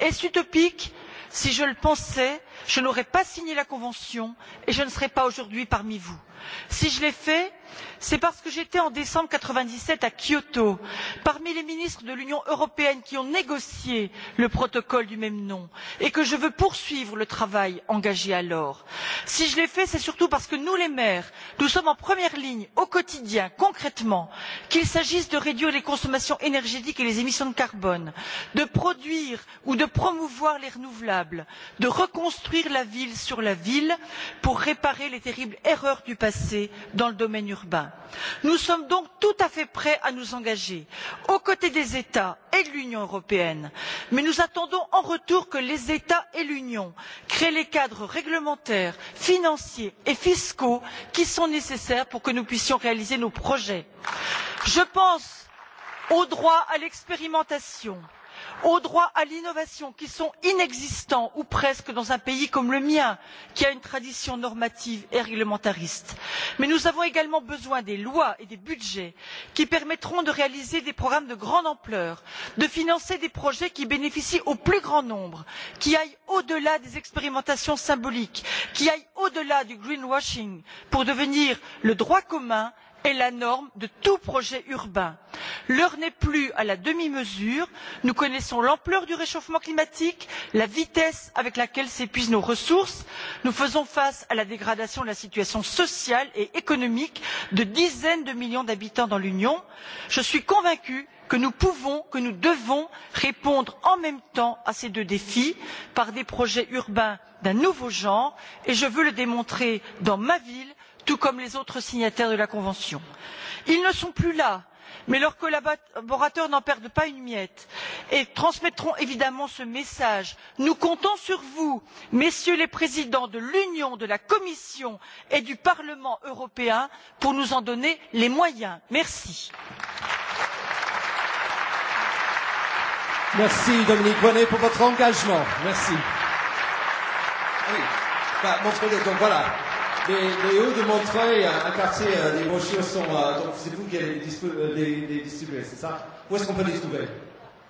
est ce utopique? si je le pensais je n'aurais pas signé la convention et je ne serais pas aujourd'hui parmi vous si je l'ai fait c'est parce que j'étais en décembre mille neuf cent quatre vingt dix sept à kyoto parmi les ministres de l'union européenne qui ont négocié le protocole du même nom et que je veux poursuivre le travail engagé alors. si je l'ai fait c'est surtout parce que nous les maires nous sommes en première ligne au quotidien concrètement qu'il s'agisse de réduire les consommations énergétiques et les émissions de carbone de produire ou de promouvoir les renouvelables de reconstruire la ville sur la ville pour réparer les terribles erreurs du passées dans le domaine urbain. nous sommes donc tout à fait prêts à nous engager aux côtés des états et de l'union européenne mais nous attendons en retour que les états et l'union créent les cadres réglementaires financiers et fiscaux qui sont nécessaires pour que nous puissions réaliser nos projets. je pense au droit à l'expérimentation au droit à l'innovation qui sont inexistants ou presque dans un pays comme le mien qui a une tradition normative et réglementariste. mais nous avons également besoin des lois et des budgets qui permettront de réaliser des programmes de grande ampleur de financer des projets qui bénéficient au plus grand nombre qui aillent au delà des expérimentations symboliques qui aillent au delà du greenwashing pour devenir le droit commun et la norme de tout projet urbain l'heure n'est plus à la demi mesure nous connaissons l'ampleur du réchauffement climatique la vitesse avec laquelle s'épuisent nos ressources nous faisons face à la dégradation de la situation sociale et économique de dizaines de millions d'habitants dans l'union. je suis convaincue que nous pouvons que nous devons répondre en même temps à ces deux défis par des projets urbains d'un nouveau genre et je veux le démontrer dans ma ville tout comme les autres signataires de la convention. ils ne sont plus là mais leurs collaborateurs n'en perdent pas une miette et transmettront évidemment ce message nous comptons sur vous messieurs les présidents de l'union de la commission et du parlement européen pour nous en donner les moyens. merci. merci dominique bonnet pour votre engagement. merci. Ah Des, des hauts de Montreuil, un quartier, euh, des brochures sont. Euh, donc c'est vous qui allez les, dispu- euh, les, les distribuer, c'est ça Où est-ce qu'on peut les trouver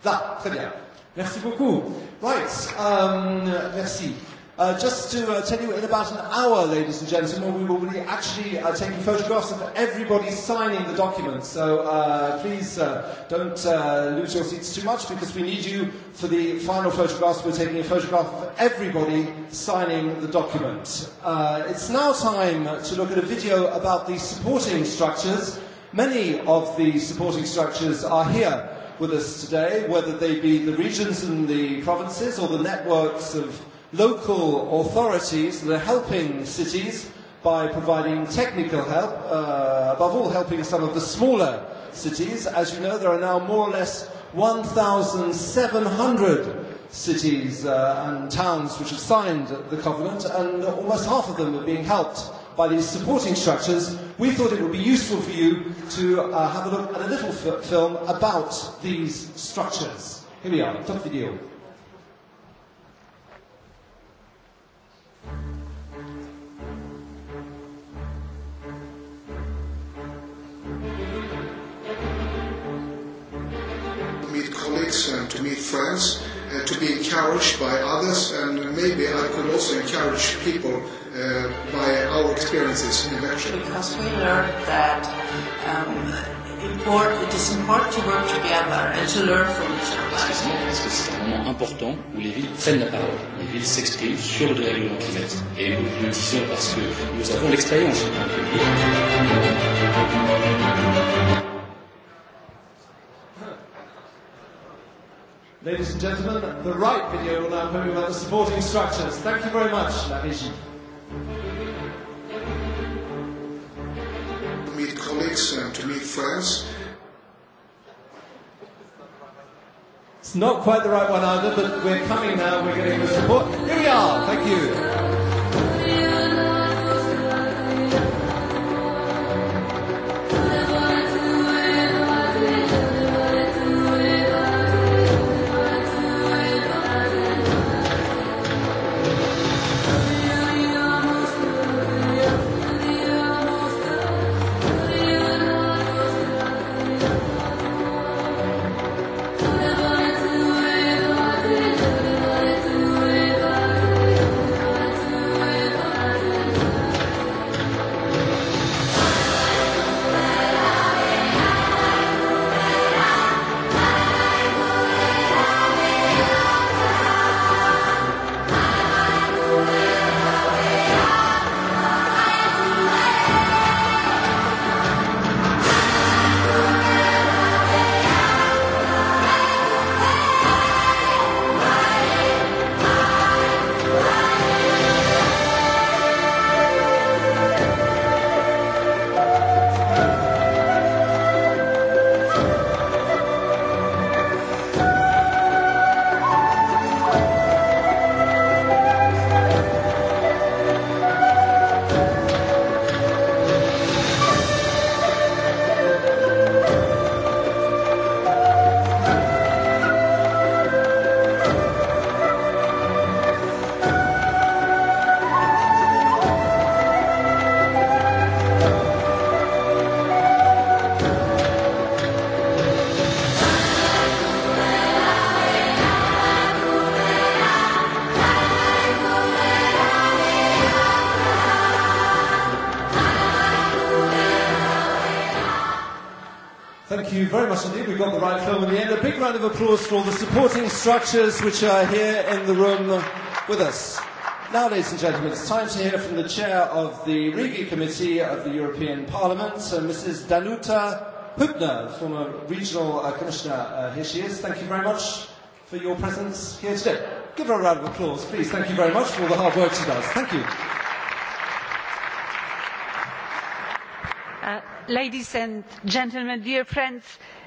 Là, très bien. Merci beaucoup. Right, um, merci. Uh, just to uh, tell you, in about an hour, ladies and gentlemen, we will be actually uh, taking photographs of everybody signing the documents. So uh, please uh, don't uh, lose your seats too much because we need you for the final photographs. We're taking a photograph of everybody signing the document. Uh, it's now time to look at a video about the supporting structures. Many of the supporting structures are here with us today, whether they be the regions and the provinces or the networks of local authorities that are helping cities by providing technical help, uh, above all helping some of the smaller cities. As you know, there are now more or less 1,700 cities uh, and towns which have signed the covenant, and almost half of them are being helped by these supporting structures. We thought it would be useful for you to uh, have a look at a little f- film about these structures. Here we are, top video. meet colleagues and to meet friends and to be encouraged by others and maybe I could also encourage people uh, by our experiences in election. Because we learned that um, import, it is important to work together and to learn from each other. Parce que c'est un moment important où les villes prennent la parole il s'exprime sur le dérèglement climatique. Et nous le disons parce que nous avons l'expérience. Ladies and gentlemen, the right video will now tell you about the supporting structures. Thank you very much, La Vision. To meet colleagues and to meet friends. It's not quite the right one either, but we're coming now. We're getting the support. Here we are. Thank you. round of applause for all the supporting structures which are here in the room with us. Now, ladies and gentlemen, it's time to hear from the chair of the Riga Committee of the European Parliament, uh, Mrs. Danuta Hübner, former regional uh, commissioner. Uh, here she is. Thank you very much for your presence here today. Give her a round of applause, please. Thank you very much for all the hard work she does. Thank you. Uh, ladies and gentlemen, dear friends,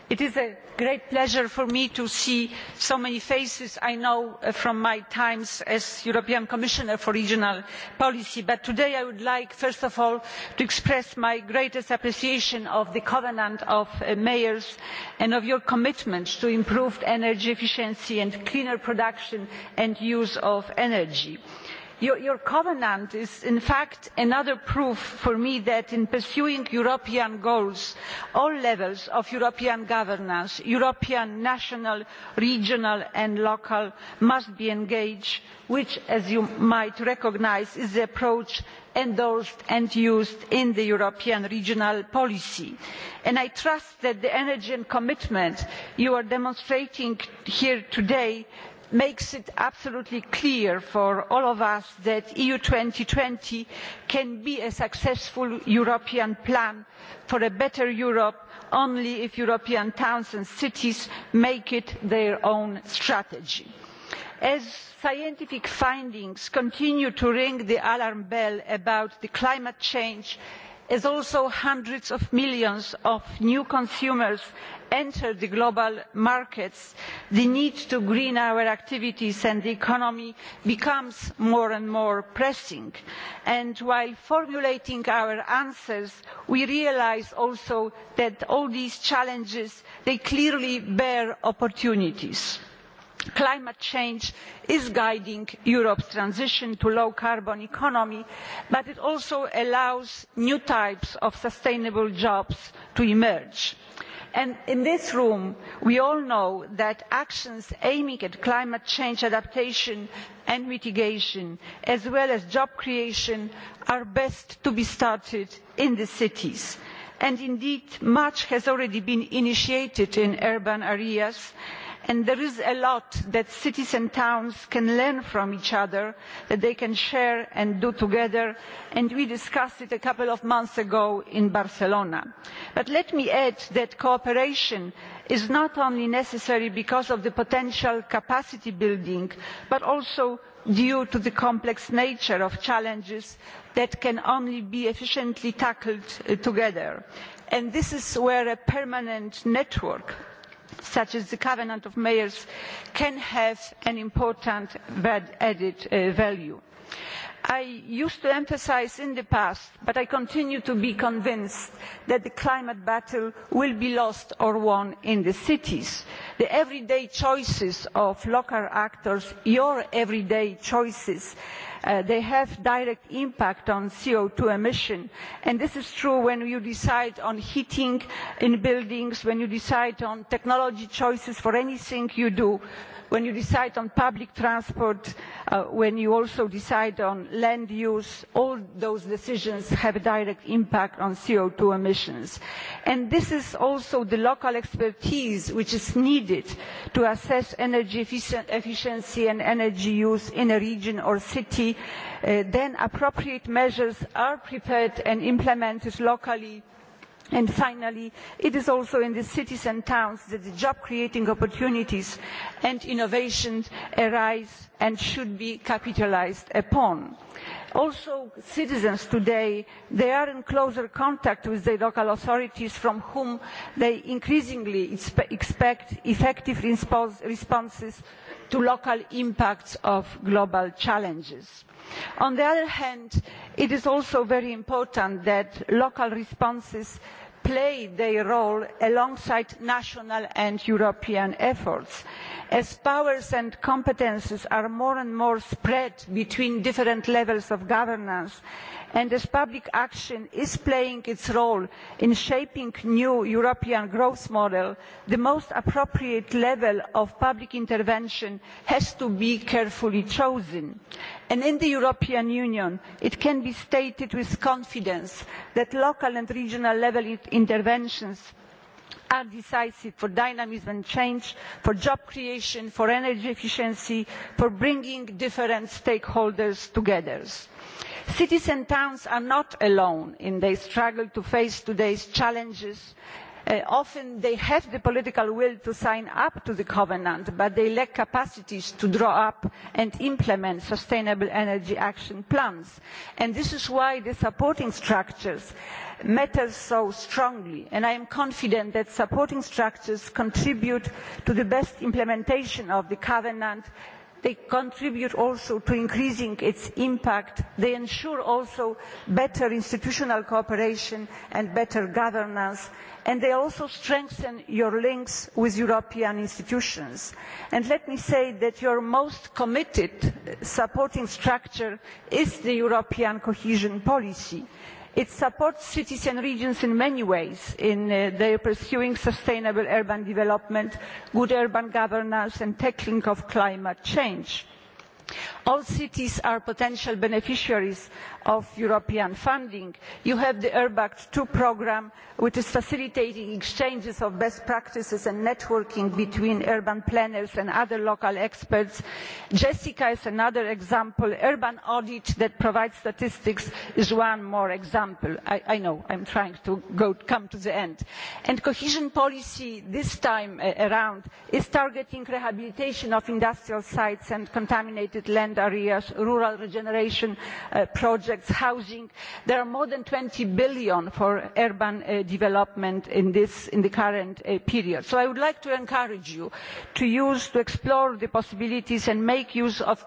it is a great pleasure for me to see so many faces i know uh, from my time as european commissioner for regional policy but today i would like first of all to express my greatest appreciation of the covenant of uh, mayors and of your commitment to improved energy efficiency and cleaner production and use of energy your covenant is in fact another proof for me that in pursuing european goals all levels of european governance european national regional and local must be engaged which as you might recognise is the approach endorsed and used in the european regional policy. i trust that the energy and commitment you are demonstrating here today makes it absolutely clear for all of us that eu two thousand and twenty can be a successful european plan for a better europe only if european towns and cities make it their own strategy. as scientific findings continue to ring the alarm bell about climate change and as also hundreds of millions of new consumers enter the global markets the need to green our activities and the economy becomes more and more pressing and while formulating our answers we realise also that all these challenges clearly bear opportunities climate change is guiding europe's transition to a low carbon economy but it also allows new types of sustainable jobs to emerge. in this room we all know that actions aiming at climate change adaptation and mitigation as well as job creation are best to be started in the cities. indeed much has already been initiated in urban areas and and there is a lot that cities and towns can learn from each other that they can share and do together and we discussed it a couple of months ago in barcelona. but let me add that cooperation is not only necessary because of the potential capacity building but also due to the complex nature of challenges that can only be efficiently tackled uh, together and this is where a permanent network such as the covenant of mayors can have an important added uh, value. i used to emphasise in the past but i continue to be convinced that the climate battle will be lost or won in the cities. the everyday choices of local actors your everyday choices Uh, they have a direct impact on co two emissions and this is true when you decide on heating in buildings when you decide on technology choices for anything you do when you decide on public transport uh, when you also decide on land use all those decisions have a direct impact on co two emissions and this is also the local expertise which is needed to assess energy efficiency and energy use in a region or city Uh, then appropriate measures are prepared and implemented locally and finally it is also in the cities and towns that the job creating opportunities and innovations arise and should be capitalised upon also citizens today they are in closer contact with the local authorities from whom they increasingly expect effective responses to local impacts of global challenges. on the other hand it is also very important that local responses play their role alongside national and european efforts as powers and competences are more and more spread between different levels of governance and as public action is playing its role in shaping the new european growth model the most appropriate level of public intervention has to be carefully chosen. in the european union it can be stated with confidence that local and regional level interventions are decisive for dynamism and change for job creation for energy efficiency for bringing different stakeholders together. cities and towns are not alone in their struggle to face today's challenges and Uh, often they have the political will to sign up to the covenant but they lack capacities to draw up and implement sustainable energy action plans and this is why the supporting structures matter so strongly and i am confident that supporting structures contribute to the best implementation of the covenant and they contribute also to increasing its impact they ensure also better institutional cooperation and better governance and they also strengthen your links with european institutions and let me say that your most committed supporting structure is the european cohesion policy it supports cities and regions in many ways in uh, their pursuing sustainable urban development good urban governance and tackling of climate change. all cities are potential beneficiaries of european funding you have the erbact two programme which is facilitating exchanges of best practices and networking between urban planners and other local experts jessica is another example urban audit that provides statistics is one more example i know i am trying to come to the end and cohesion policy this time uh, around is targeting rehabilitation of industrial sites and contaminated land areas rural regeneration uh, projects complex housing there are more than eur twenty billion for urban uh, development in the current uh, period. so i would like to encourage you to explore the possibilities and make use of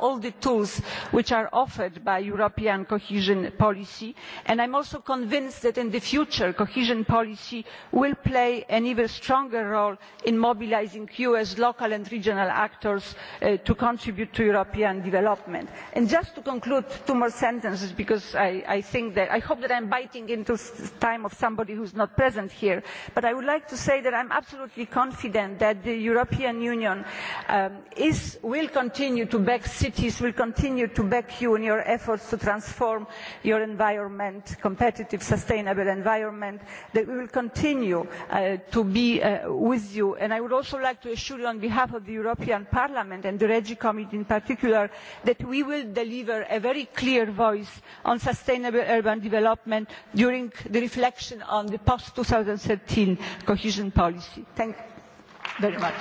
all the tools which are offered by european cohesion policy and i am also convinced that in the future cohesion policy will play an even stronger role in mobilising you as local and regional actors uh, to contribute to european development. and just to conclude two sentences because I, I think that I hope that I'm biting into the time of somebody who's not present here. But I would like to say that I'm absolutely confident that the European Union um, is, will continue to back cities, will continue to back you in your efforts to transform your environment, competitive, sustainable environment, that we will continue uh, to be uh, with you. And I would also like to assure you on behalf of the European Parliament and the Regi Committee in particular that we will deliver a very clear their voice on sustainable urban development during the reflection on the post-2013 cohesion policy. Thank you very much.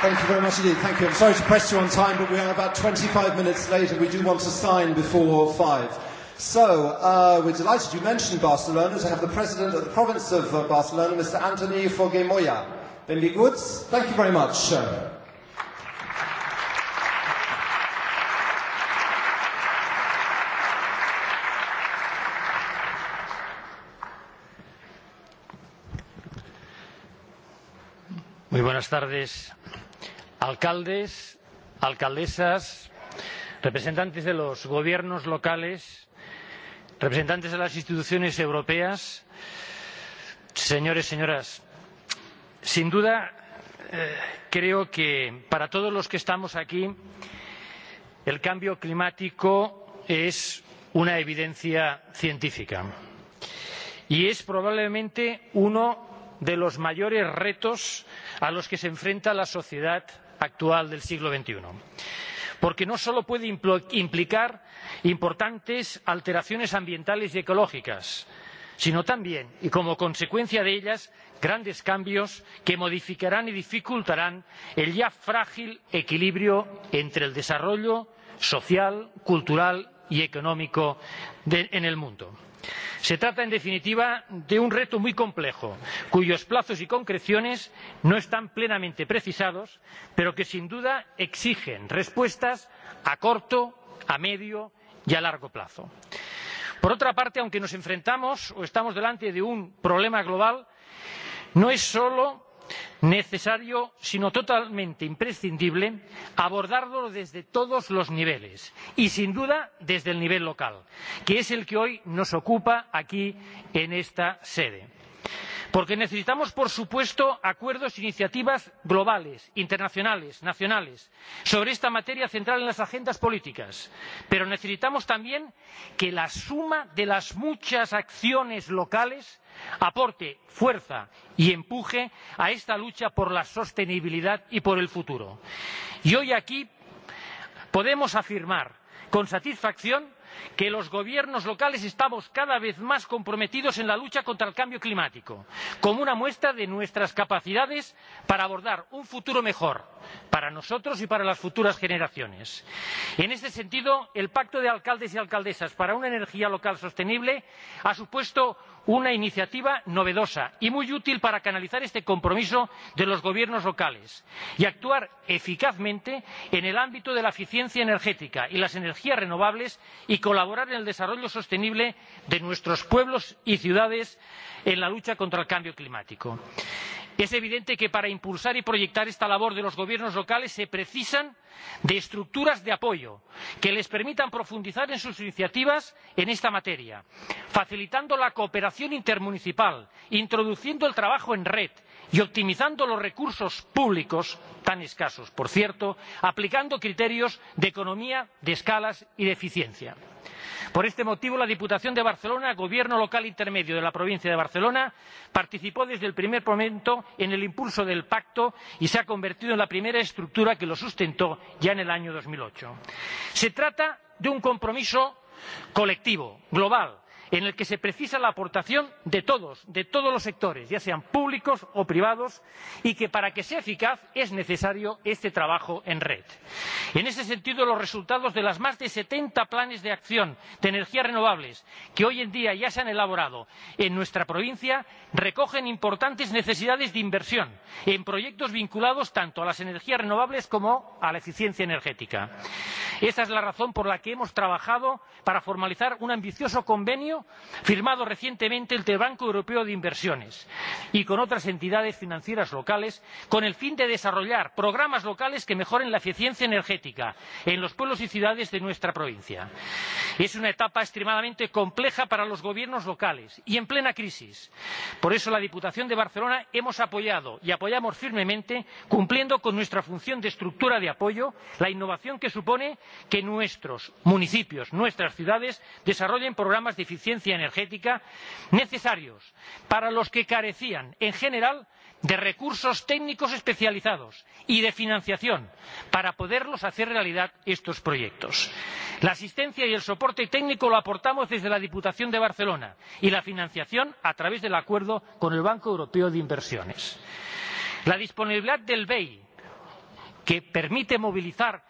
Thank you very much indeed. Thank you. I'm sorry to press you on time, but we are about 25 minutes late and we do want to sign before five. So, uh, we're delighted you mentioned Barcelona to have the president of the province of uh, Barcelona, Mr. Antony Foguemoya. Benvinguts. Thank you very much. Uh, Muy buenas tardes, alcaldes, alcaldesas, representantes de los gobiernos locales, representantes de las instituciones europeas, señores, señoras. Sin duda, eh, creo que para todos los que estamos aquí, el cambio climático es una evidencia científica y es probablemente uno de los mayores retos a los que se enfrenta la sociedad actual del siglo xxi porque no solo puede implicar importantes alteraciones ambientales y ecológicas sino también y como consecuencia de ellas grandes cambios que modificarán y dificultarán el ya frágil equilibrio entre el desarrollo social cultural y económico en el mundo se trata en definitiva de un reto muy complejo cuyos plazos y concreciones no están plenamente precisados pero que sin duda exigen respuestas a corto a medio y a largo plazo. por otra parte aunque nos enfrentamos o estamos delante de un problema global no es solo necesario sino totalmente imprescindible abordarlo desde todos los niveles y sin duda desde el nivel local que es el que hoy nos ocupa aquí en esta sede. Porque necesitamos, por supuesto, acuerdos e iniciativas globales, internacionales, nacionales, sobre esta materia central en las agendas políticas. Pero necesitamos también que la suma de las muchas acciones locales aporte fuerza y empuje a esta lucha por la sostenibilidad y por el futuro. y hoy aquí podemos afirmar con satisfacción que los gobiernos locales estamos cada vez más comprometidos en la lucha contra el cambio climático como una muestra de nuestras capacidades para abordar un futuro mejor para nosotros y para las futuras generaciones. en este sentido el pacto de alcaldes y alcaldesas para una energía local sostenible ha supuesto una iniciativa novedosa y muy útil para canalizar este compromiso de los gobiernos locales y actuar eficazmente en el ámbito de la eficiencia energética y las energías renovables y colaborar en el desarrollo sostenible de nuestros pueblos y ciudades en la lucha contra el cambio climático. también es evidente que para impulsar y proyectar esta labor de los gobiernos locales se precisan de estructuras de apoyo que les permitan profundizar en sus iniciativas en esta materia facilitando la cooperación intermunicipal introduciendo el trabajo en red y optimizando los recursos públicos tan escasos por cierto aplicando criterios de economía de escala y de eficiencia. por este motivo la diputación de barcelona gobierno local intermedio de la provincia de barcelona participó desde el primer momento en el impulso del pacto y se ha convertido en la primera estructura que lo sustentó ya en el año. dos mil ocho se trata de un compromiso colectivo global en el que se precisa la aportación de todos de todos los sectores ya sean públicos o privados y que para que sea eficaz es necesario este trabajo en red. en ese sentido los resultados de los más de setenta planes de acción de energías renovables que hoy en día ya se han elaborado en nuestra provincia recogen importantes necesidades de inversión en proyectos vinculados tanto a las energías renovables como a la eficiencia energética. esa es la razón por la que hemos trabajado para formalizar un ambicioso convenio firmado recientemente entre el Banco Europeo de Inversiones y con otras entidades financieras locales, con el fin de desarrollar programas locales que mejoren la eficiencia energética en los pueblos y ciudades de nuestra provincia. Es una etapa extremadamente compleja para los gobiernos locales y en plena crisis. Por eso la Diputación de Barcelona hemos apoyado y apoyamos firmemente, cumpliendo con nuestra función de estructura de apoyo, la innovación que supone que nuestros municipios, nuestras ciudades, desarrollen programas de eficiencia eficiencia energética necesarios para los que carecían en general de recursos técnicos especializados y de financiación para poderlos hacer realidad estos proyectos. La asistencia y el soporte técnico lo aportamos desde la Diputación de Barcelona y la financiación a través del acuerdo con el Banco Europeo de Inversiones. La disponibilidad del BEI que permite movilizar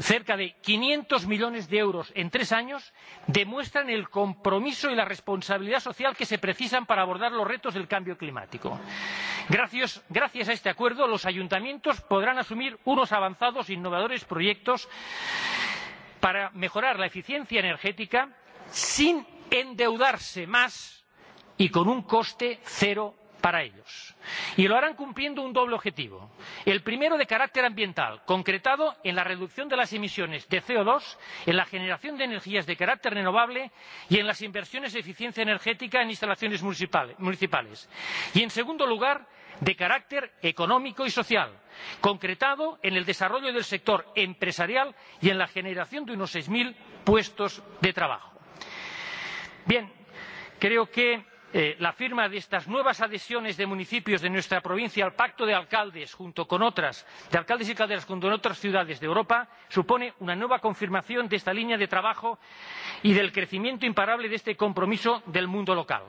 cerca de quinientos millones de euros en tres años demuestran el compromiso y la responsabilidad social que se precisan para abordar los retos del cambio climático. Gracias, gracias a este acuerdo los ayuntamientos podrán asumir unos avanzados e innovadores proyectos para mejorar la eficiencia energética sin endeudarse más y con un coste cero para ellos. Y lo harán cumpliendo un doble objetivo. El primero de carácter ambiental, concretado en la reducción de las emisiones de CO2, en la generación de energías de carácter renovable y en las inversiones de eficiencia energética en instalaciones municipales. Y en segundo lugar, de carácter económico y social, concretado en el desarrollo del sector empresarial y en la generación de unos 6.000 puestos de trabajo. Bien, creo que Eh, la firma de estas nuevas adhesiones de municipios de nuestra provincia al pacto de alcaldes de alcaldes y alcaldesas junto con otras ciudades de europa supone una nueva confirmación de esta línea de trabajo y del crecimiento imparable de este compromiso del mundo local.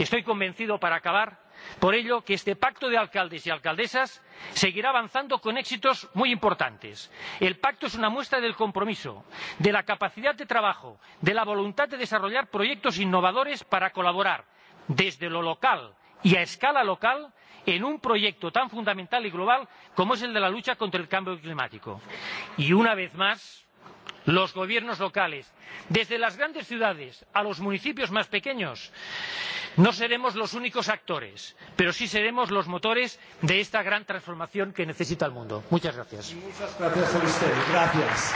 estoy convencido para acabar por ello de que este pacto de alcaldes y alcaldesas seguirá avanzando con éxitos muy importantes. el pacto es una muestra del compromiso de la capacidad de trabajo de la voluntad de desarrollar proyectos innovadores para colaborar desde lo local y a escala local en un proyecto tan fundamental y global como es el de la lucha contra el cambio climático. Y una vez más, los gobiernos locales, desde las grandes ciudades a los municipios más pequeños, no seremos los únicos actores, pero sí seremos los motores de esta gran transformación que necesita el mundo. Muchas gracias. Muchas gracias, a usted. gracias.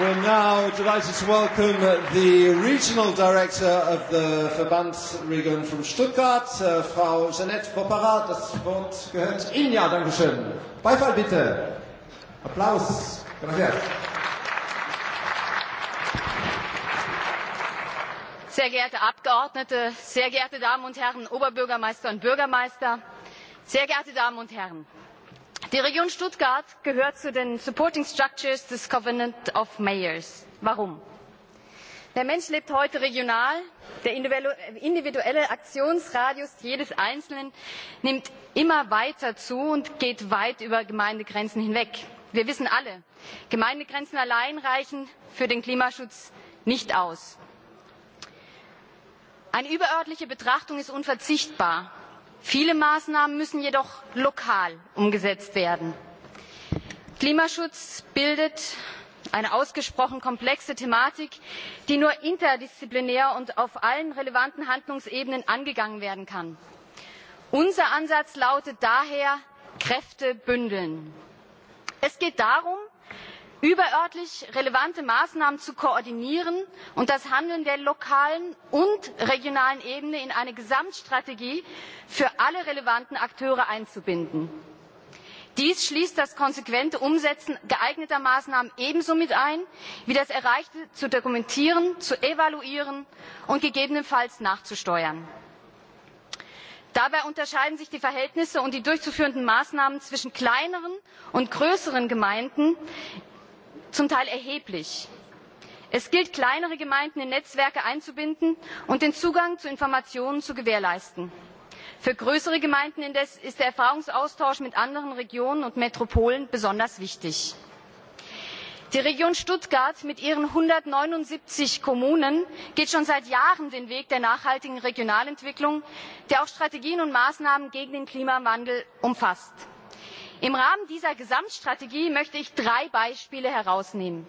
We're now delighted to welcome the regional director of the Verbandsregion from Stuttgart, uh, Frau Jeanette Popara. Das Wort gehört Ihnen ja, danke schön. Beifall bitte. Applaus. Sehr geehrte Abgeordnete, sehr geehrte Damen und Herren, Oberbürgermeister und Bürgermeister, sehr geehrte Damen und Herren. Die Region Stuttgart gehört zu den Supporting Structures des Covenant of Mayors. Warum? Der Mensch lebt heute regional. Der individuelle Aktionsradius jedes Einzelnen nimmt immer weiter zu und geht weit über Gemeindegrenzen hinweg. Wir wissen alle, Gemeindegrenzen allein reichen für den Klimaschutz nicht aus. Eine überörtliche Betrachtung ist unverzichtbar viele maßnahmen müssen jedoch lokal umgesetzt werden. klimaschutz bildet eine ausgesprochen komplexe thematik die nur interdisziplinär und auf allen relevanten handlungsebenen angegangen werden kann. unser ansatz lautet daher kräfte bündeln. es geht darum überörtlich relevante maßnahmen zu koordinieren und das handeln der lokalen und regionalen ebene in eine gesamtstrategie für alle relevanten akteure einzubinden. dies schließt das konsequente umsetzen geeigneter maßnahmen ebenso mit ein wie das erreichte zu dokumentieren zu evaluieren und gegebenenfalls nachzusteuern. dabei unterscheiden sich die verhältnisse und die durchzuführenden maßnahmen zwischen kleineren und größeren gemeinden zum teil erheblich. es gilt kleinere gemeinden in netzwerke einzubinden und den zugang zu informationen zu gewährleisten. für größere gemeinden indes ist der erfahrungsaustausch mit anderen regionen und metropolen besonders wichtig. die region stuttgart mit ihren einhundertneunundsiebzig kommunen geht schon seit jahren den weg der nachhaltigen regionalentwicklung der auch strategien und maßnahmen gegen den klimawandel umfasst. Im Rahmen dieser Gesamtstrategie möchte ich drei Beispiele herausnehmen.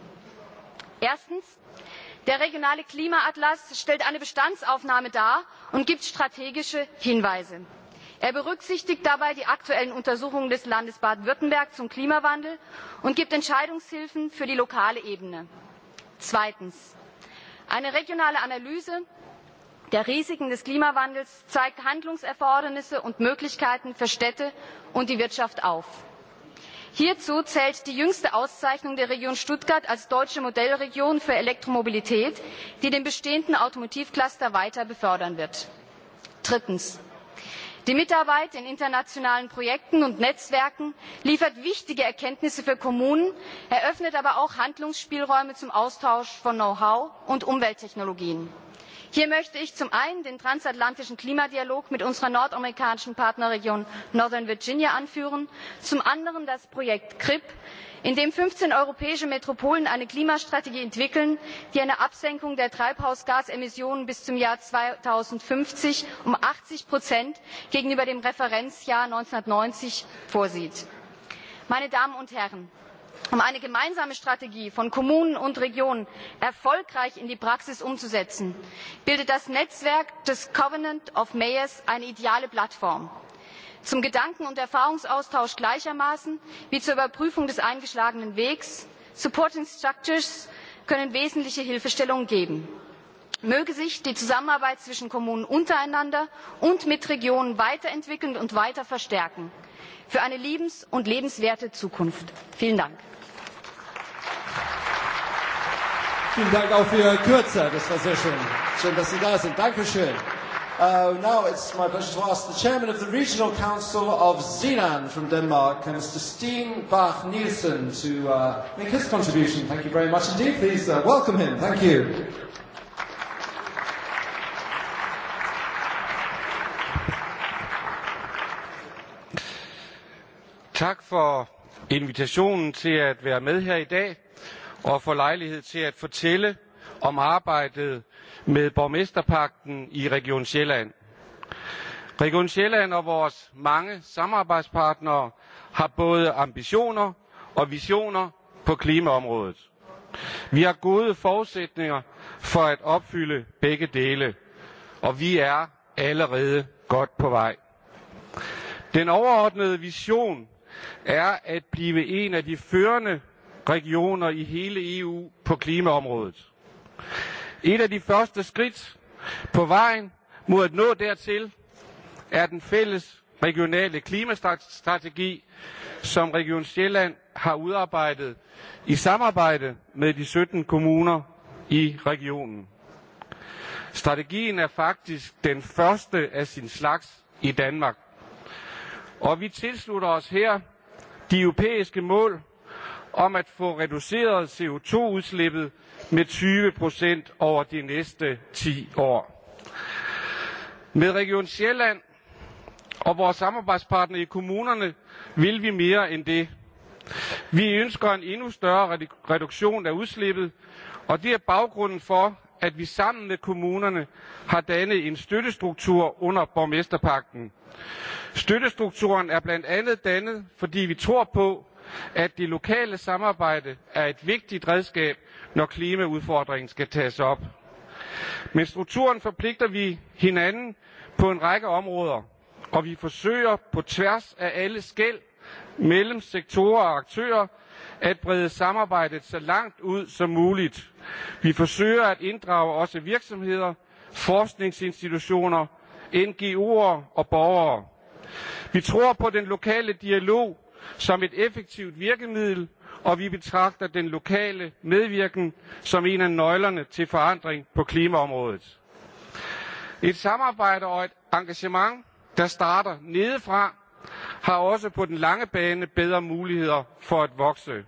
Erstens. Der regionale Klimaatlas stellt eine Bestandsaufnahme dar und gibt strategische Hinweise. Er berücksichtigt dabei die aktuellen Untersuchungen des Landes Baden-Württemberg zum Klimawandel und gibt Entscheidungshilfen für die lokale Ebene. Zweitens. Eine regionale Analyse der risiken des klimawandels zeigt handlungserfordernisse und möglichkeiten für städte und die wirtschaft auf. hierzu zählt die jüngste auszeichnung der region stuttgart als deutsche modellregion für elektromobilität die den bestehenden automotivcluster weiter befördern wird. drittens die mitarbeit in internationalen projekten und netzwerken liefert wichtige erkenntnisse für kommunen eröffnet aber auch handlungsspielräume zum austausch von know how und umwelttechnologien hier möchte ich zum einen den transatlantischen klimadialog mit unserer nordamerikanischen partnerregion northern virginia anführen zum anderen das projekt crib in dem fünfzehn europäische metropolen eine klimastrategie entwickeln die eine absenkung der treibhausgasemissionen bis zum jahr zweitausendfünfzig um achtzig gegenüber dem referenzjahr eintausendneunhundertneunzig vorsieht. meine damen und herren! um eine gemeinsame strategie von kommunen und regionen erfolgreich in die praxis umzusetzen bildet das netzwerk des covenant of mayors eine ideale plattform zum gedanken und erfahrungsaustausch gleichermaßen wie zur überprüfung des eingeschlagenen wegs supporting structures können wesentliche hilfestellungen geben. möge sich die zusammenarbeit zwischen kommunen untereinander und mit regionen weiterentwickeln und weiter verstärken für eine lebens und lebenswerte Zukunft. Vielen Dank. Vielen Dank auch für Ihr Kürzer. Das war sehr schön. Schön, dass Sie da sind. Dankeschön. Uh, now it's my pleasure to ask the Chairman of the Regional Council of Zeeland from Denmark, Mr. Steen Bach Nielsen, to uh, make his contribution. Thank you very much indeed. Please uh, welcome him. Thank you. Thank you. Tak for invitationen til at være med her i dag og for lejlighed til at fortælle om arbejdet med borgmesterpakten i Region Sjælland. Region Sjælland og vores mange samarbejdspartnere har både ambitioner og visioner på klimaområdet. Vi har gode forudsætninger for at opfylde begge dele, og vi er allerede godt på vej. Den overordnede vision er at blive en af de førende regioner i hele EU på klimaområdet. Et af de første skridt på vejen mod at nå dertil er den fælles regionale klimastrategi, som Region Sjælland har udarbejdet i samarbejde med de 17 kommuner i regionen. Strategien er faktisk den første af sin slags i Danmark. Og vi tilslutter os her de europæiske mål om at få reduceret CO2-udslippet med 20 procent over de næste 10 år. Med Region Sjælland og vores samarbejdspartner i kommunerne vil vi mere end det. Vi ønsker en endnu større reduktion af udslippet, og det er baggrunden for, at vi sammen med kommunerne har dannet en støttestruktur under borgmesterpakken. Støttestrukturen er blandt andet dannet, fordi vi tror på, at det lokale samarbejde er et vigtigt redskab, når klimaudfordringen skal tages op. Med strukturen forpligter vi hinanden på en række områder, og vi forsøger på tværs af alle skæld mellem sektorer og aktører at brede samarbejdet så langt ud som muligt. Vi forsøger at inddrage også virksomheder, forskningsinstitutioner, NGO'er og borgere. Vi tror på den lokale dialog som et effektivt virkemiddel, og vi betragter den lokale medvirken som en af nøglerne til forandring på klimaområdet. Et samarbejde og et engagement, der starter nedefra, har også på den lange bane bedre muligheder for at vokse.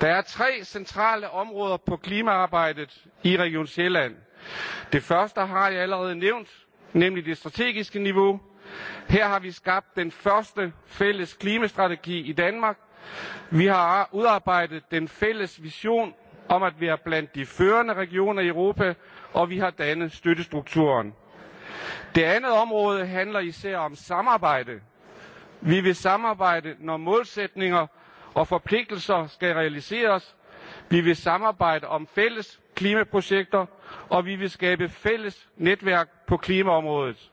Der er tre centrale områder på klimaarbejdet i Region Sjælland. Det første har jeg allerede nævnt, nemlig det strategiske niveau. Her har vi skabt den første fælles klimastrategi i Danmark. Vi har udarbejdet den fælles vision om, at vi er blandt de førende regioner i Europa, og vi har dannet støttestrukturen. Det andet område handler især om samarbejde. Vi vil samarbejde, når målsætninger og forpligtelser skal realiseres. Vi vil samarbejde om fælles klimaprojekter, og vi vil skabe fælles netværk på klimaområdet.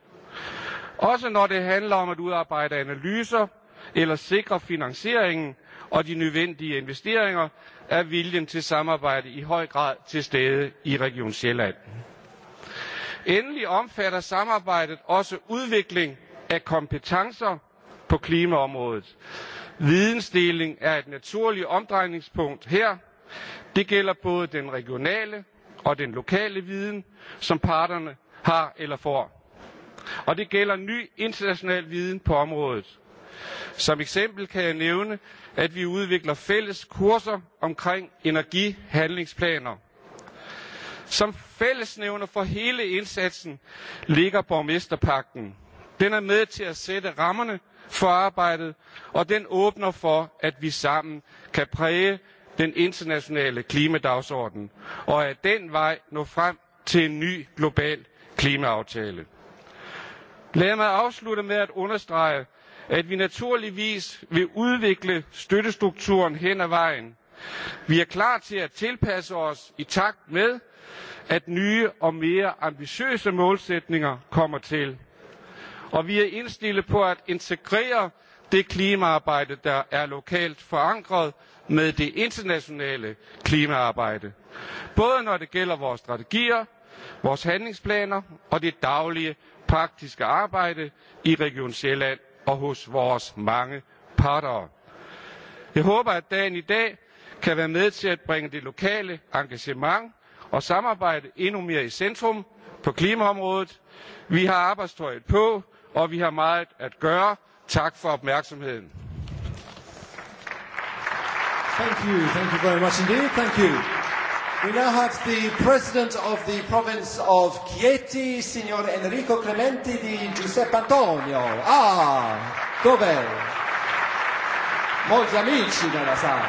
Også når det handler om at udarbejde analyser eller sikre finansieringen og de nødvendige investeringer, er viljen til samarbejde i høj grad til stede i Region Sjælland. Endelig omfatter samarbejdet også udvikling af kompetencer på klimaområdet. Vidensdeling er et naturligt omdrejningspunkt her. Det gælder både den regionale og den lokale viden, som parterne har eller får. Og det gælder ny international viden på området. Som eksempel kan jeg nævne, at vi udvikler fælles kurser omkring energihandlingsplaner. Som fællesnævner for hele indsatsen ligger borgmesterpakken. Den er med til at sætte rammerne for arbejdet, og den åbner for, at vi sammen kan præge den internationale klimadagsorden, og at den vej nå frem til en ny global klimaaftale. Lad mig afslutte med at understrege, at vi naturligvis vil udvikle støttestrukturen hen ad vejen. Vi er klar til at tilpasse os i takt med, at nye og mere ambitiøse målsætninger kommer til og vi er indstillet på at integrere det klimaarbejde, der er lokalt forankret med det internationale klimaarbejde. Både når det gælder vores strategier, vores handlingsplaner og det daglige praktiske arbejde i Region Sjælland og hos vores mange partnere. Jeg håber, at dagen i dag kan være med til at bringe det lokale engagement og samarbejde endnu mere i centrum på klimaområdet. Vi har arbejdstøjet på, og vi har meget at gøre. Tak for opmærksomheden. Thank you. Thank you very much indeed. Thank you. We now have the president of the province of Chieti, Signor Enrico Clementi di Giuseppe Antonio. Ah, dov'è? Molti amici nella sala.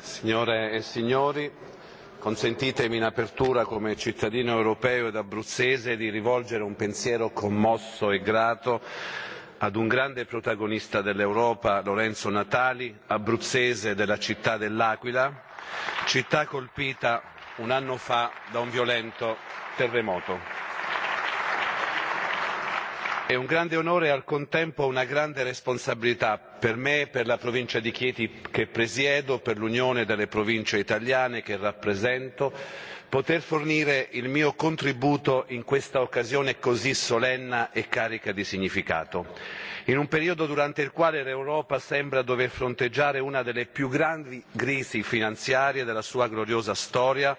Signore e signori, consentitemi in apertura come cittadino europeo ed abruzzese di rivolgere un pensiero commosso e grato ad un grande protagonista dell'europa lorenzo natali abruzzese della città dell'aquila città colpita un anno fa da un violento terremoto è un grande onore e al contempo una grande responsabilità per me e per la provincia di chieti che presiedo per l'unione delle province italiane che rappresento poter fornire il mio contributo in questa occasione così solenne e carica di significato in un periodo durante il quale l'europa sembra dover fronteggiare una delle più grandi crisi finanziarie della sua gloriosa storia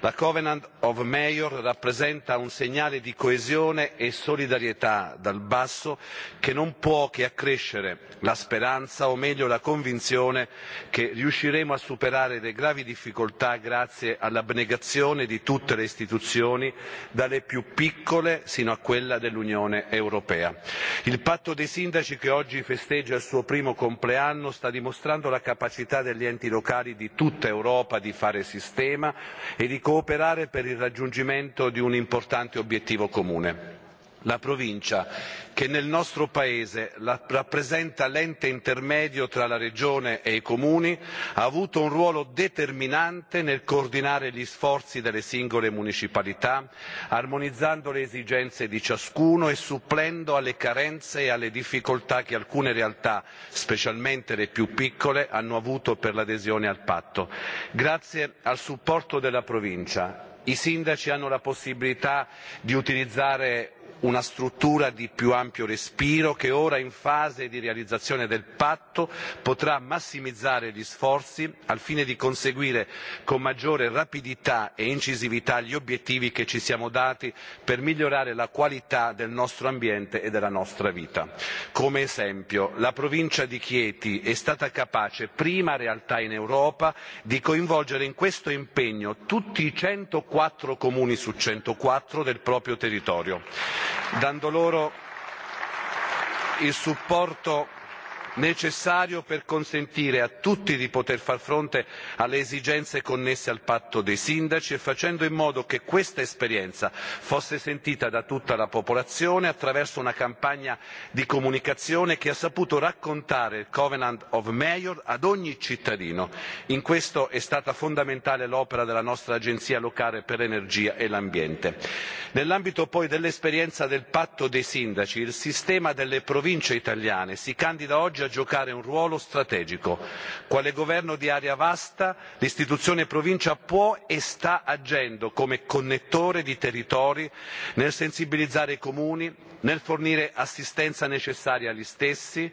la covenant of mayors rappresenta un segnale di coesione e solidarietà dal basso che non può che accrescere la speranza o meglio la convinzione che riusciremo a superare le gravi difficoltà grazie all'abnegazione collaborazione di tutte le istituzioni dalle più piccole sino a quella dell'unione europea. il patto dei sindaci che oggi festeggia il suo primo compleanno sta dimostrando la capacità degli enti locali di tutta europa di fare sistema e di cooperare per il raggiungimento di un importante obiettivo comune la provincia che nel nostro paese rappresenta l'ente intermedio tra la regione e i comuni ha avuto un ruolo determinante nel coordinare gli sforzi delle singole municipalità armonizzando le esigenze di ciascuno e supplendo alle carenze e alle difficoltà che alcune realtà specialmente le più piccole hanno avuto per l'adesione al patto. grazie al supporto della provincia i sindaci hanno la possibilità di utilizzare una struttura di più ampio respiro che ora in fase di realizzazione del patto potrà massimizzare gli sforzi al fine di conseguire con maggiore rapidità e incisività gli obiettivi che ci siamo dati per migliorare la qualità del nostro ambiente e della nostra vita. Come esempio, la provincia di Chieti è stata capace, prima realtà in Europa, di coinvolgere in questo impegno tutti i 104 comuni su 104 del proprio territorio dando loro il supporto necessario per consentire a tutti di poter far fronte alle esigenze connesse al patto dei sindaci e facendo in modo che questa esperienza fosse sentita da tutta la popolazione attraverso una campagna di comunicazione che ha saputo raccontare il covenant of mayor ad ogni cittadino. in questo è stata fondamentale l'opera della nostra agenzia locale per l'energia e l'ambiente. nell'ambito poi dell'esperienza del patto dei sindaci il sistema delle province italiane si candida oggi ad un nuovo concorso a giocare un ruolo strategico. quale governo di area vasta l'istituzione provincia può e sta agendo come connettore di territori nel sensibilizzare i comuni nel fornire assistenza necessaria agli stessi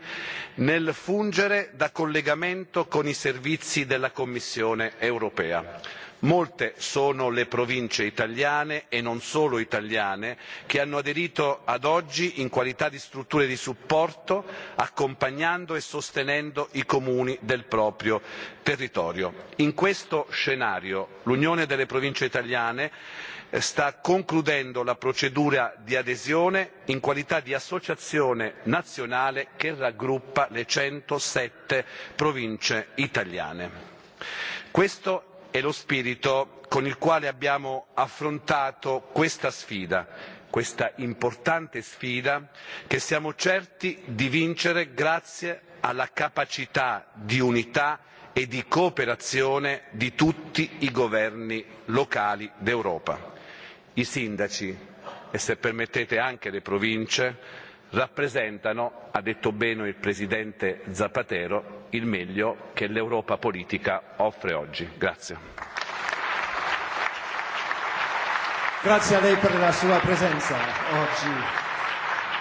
nel fungere da collegamento con i servizi della commissione europea molte sono le province italiane e non solo italiane che hanno aderito ad oggi in qualità di strutture di supporto accompagnando e sostenendo i comuni del proprio territorio. in questo scenario l'unione delle province italiane eh, sta concludendo la procedura di adesione in qualità di associazione nazionale che raggruppa le centosette province italiane. questo e lo spirito con il quale abbiamo affrontato questa sfida, questa importante sfida che siamo certi di vincere grazie alla capacità di unità e di cooperazione di tutti i governi locali d'Europa. I sindaci e se permettete anche le province rappresentano, ha detto bene il presidente Zapatero, il meglio che l'Europa politica offre oggi. Grazie. Grazie a lei per la sua presenza oggi.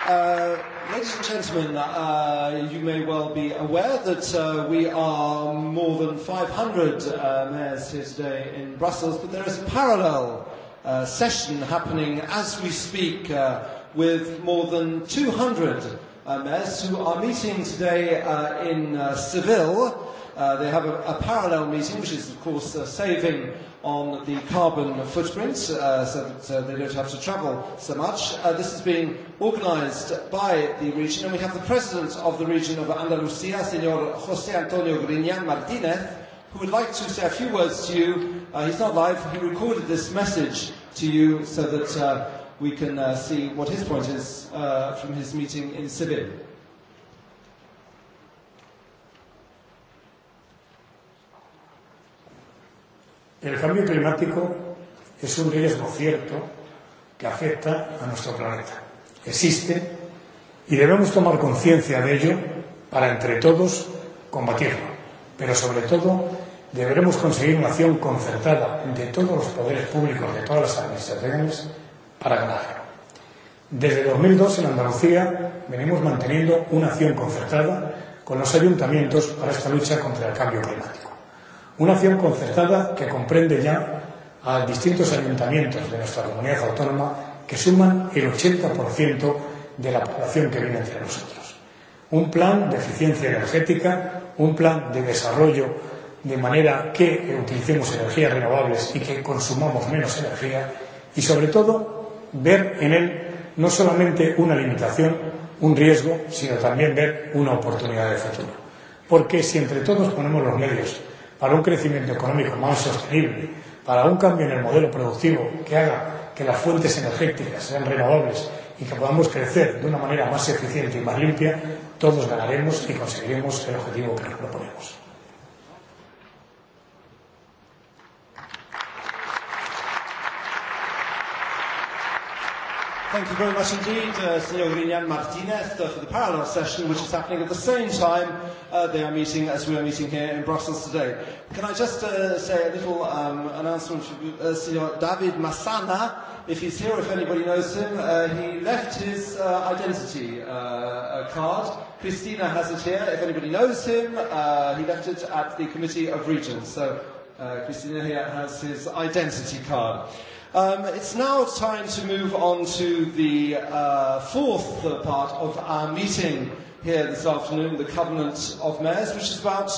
Uh, ladies and gentlemen, uh, you may well be aware that uh, we are more than 500 uh, mayors here today in Brussels, but there is a parallel uh, session happening as we speak uh, with more than 200 Uh, Hermes, who are meeting today uh, in uh, Seville. Uh, they have a, a parallel meeting, which is, of course, uh, saving on the carbon footprint uh, so that uh, they don't have to travel so much. Uh, this is being organized by the region, and we have the president of the region of Andalusia, Senor Jose Antonio Grignan Martinez, who would like to say a few words to you. Uh, he's not live, he recorded this message to you so that. Uh, we can uh, see what his point is uh, from his meeting in Sibin. El cambio climático es un riesgo cierto que afecta a nuestro planeta. Existe y debemos tomar conciencia de ello para entre todos combatirlo. Pero sobre todo deberemos conseguir una acción concertada de todos los poderes públicos, de todas las administraciones para Cartagena. Desde 2002 en Andalucía venimos manteniendo una acción concertada con los ayuntamientos para esta lucha contra el cambio climático. Una acción concertada que comprende ya a distintos ayuntamientos de nuestra comunidad autónoma que suman el 80% de la población que vive entre nosotros. Un plan de eficiencia energética, un plan de desarrollo de manera que utilicemos energías renovables y que consumamos menos energía y sobre todo ver en él no solamente una limitación, un riesgo, sino también ver una oportunidad de futuro. Porque si entre todos ponemos los medios para un crecimiento económico más sostenible, para un cambio en el modelo productivo que haga que las fuentes energéticas sean renovables y que podamos crecer de una manera más eficiente y más limpia, todos ganaremos y conseguiremos el objetivo que nos proponemos. Thank you very much indeed, uh, Senor Vignan Martinez, uh, for the parallel session which is happening at the same time uh, they are meeting as we are meeting here in Brussels today. Can I just uh, say a little um, announcement for uh, Senor David Massana, if he's here, if anybody knows him, uh, he left his uh, identity uh, uh, card. Christina has it here, if anybody knows him, uh, he left it at the Committee of Regions. So uh, Christina here has his identity card. Um, it's now time to move on to the uh, fourth part of our meeting here this afternoon, the Covenant of Mayors, which is about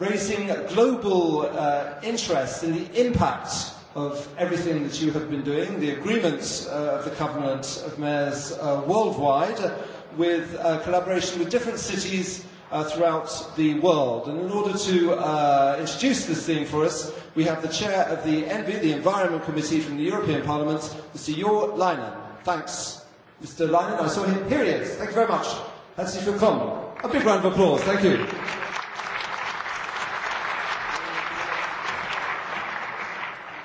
raising global uh, interest in the impact of everything that you have been doing, the agreements uh, of the Covenant of Mayors uh, worldwide, uh, with uh, collaboration with different cities uh, throughout the world. And in order to uh, introduce this theme for us, we have the chair of the Envy, the Environment Committee from the European Parliament, Mr. Jor Leinen. Thanks, Mr. Leinen. I saw him. Here he is. Thank you very much. Herzlich willkommen. A big round of applause. Thank you. Thank you.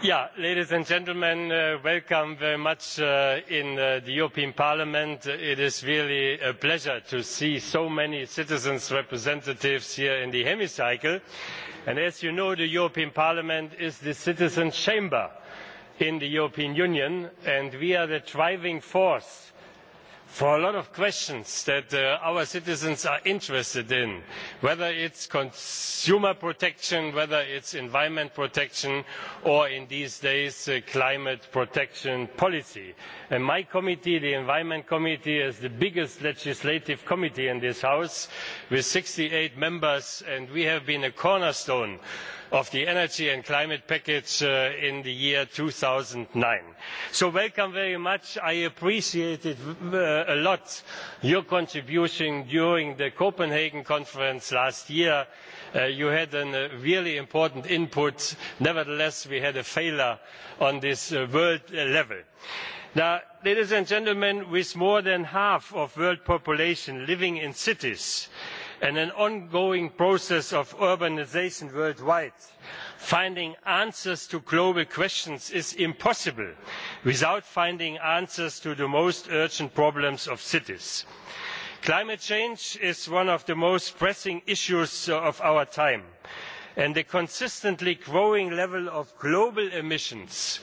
Ja, ladies and gentlemen uh, welcome very much uh, in uh, the european parliament. it is really a pleasure to see so many citizens' representatives here in the hemicycle and as you know the european parliament is the citizens' chamber in the european union and we are the driving force for a lot of questions that uh, our citizens are interested in whether it is consumer protection whether it is environment protection or in these days uh, climate protection policy. my committee the environment committee is the biggest legislative committee in this house with sixty eight members and we have been a cornerstone of the energy and climate package uh, in the year. two thousand and nine so welcome very much i appreciated uh, a lot your contribution during the copenhagen conference last year. Uh, you had really important input. nevertheless we had a failure on this world level. ladies and gentlemen with more than half of the world population living in cities and an ongoing process of urbanisation worldwide finding answers to global questions is impossible without finding answers to the most urgent problems of cities. climate change is one of the most pressing issues uh, of our time and the consistently growing level of global emissions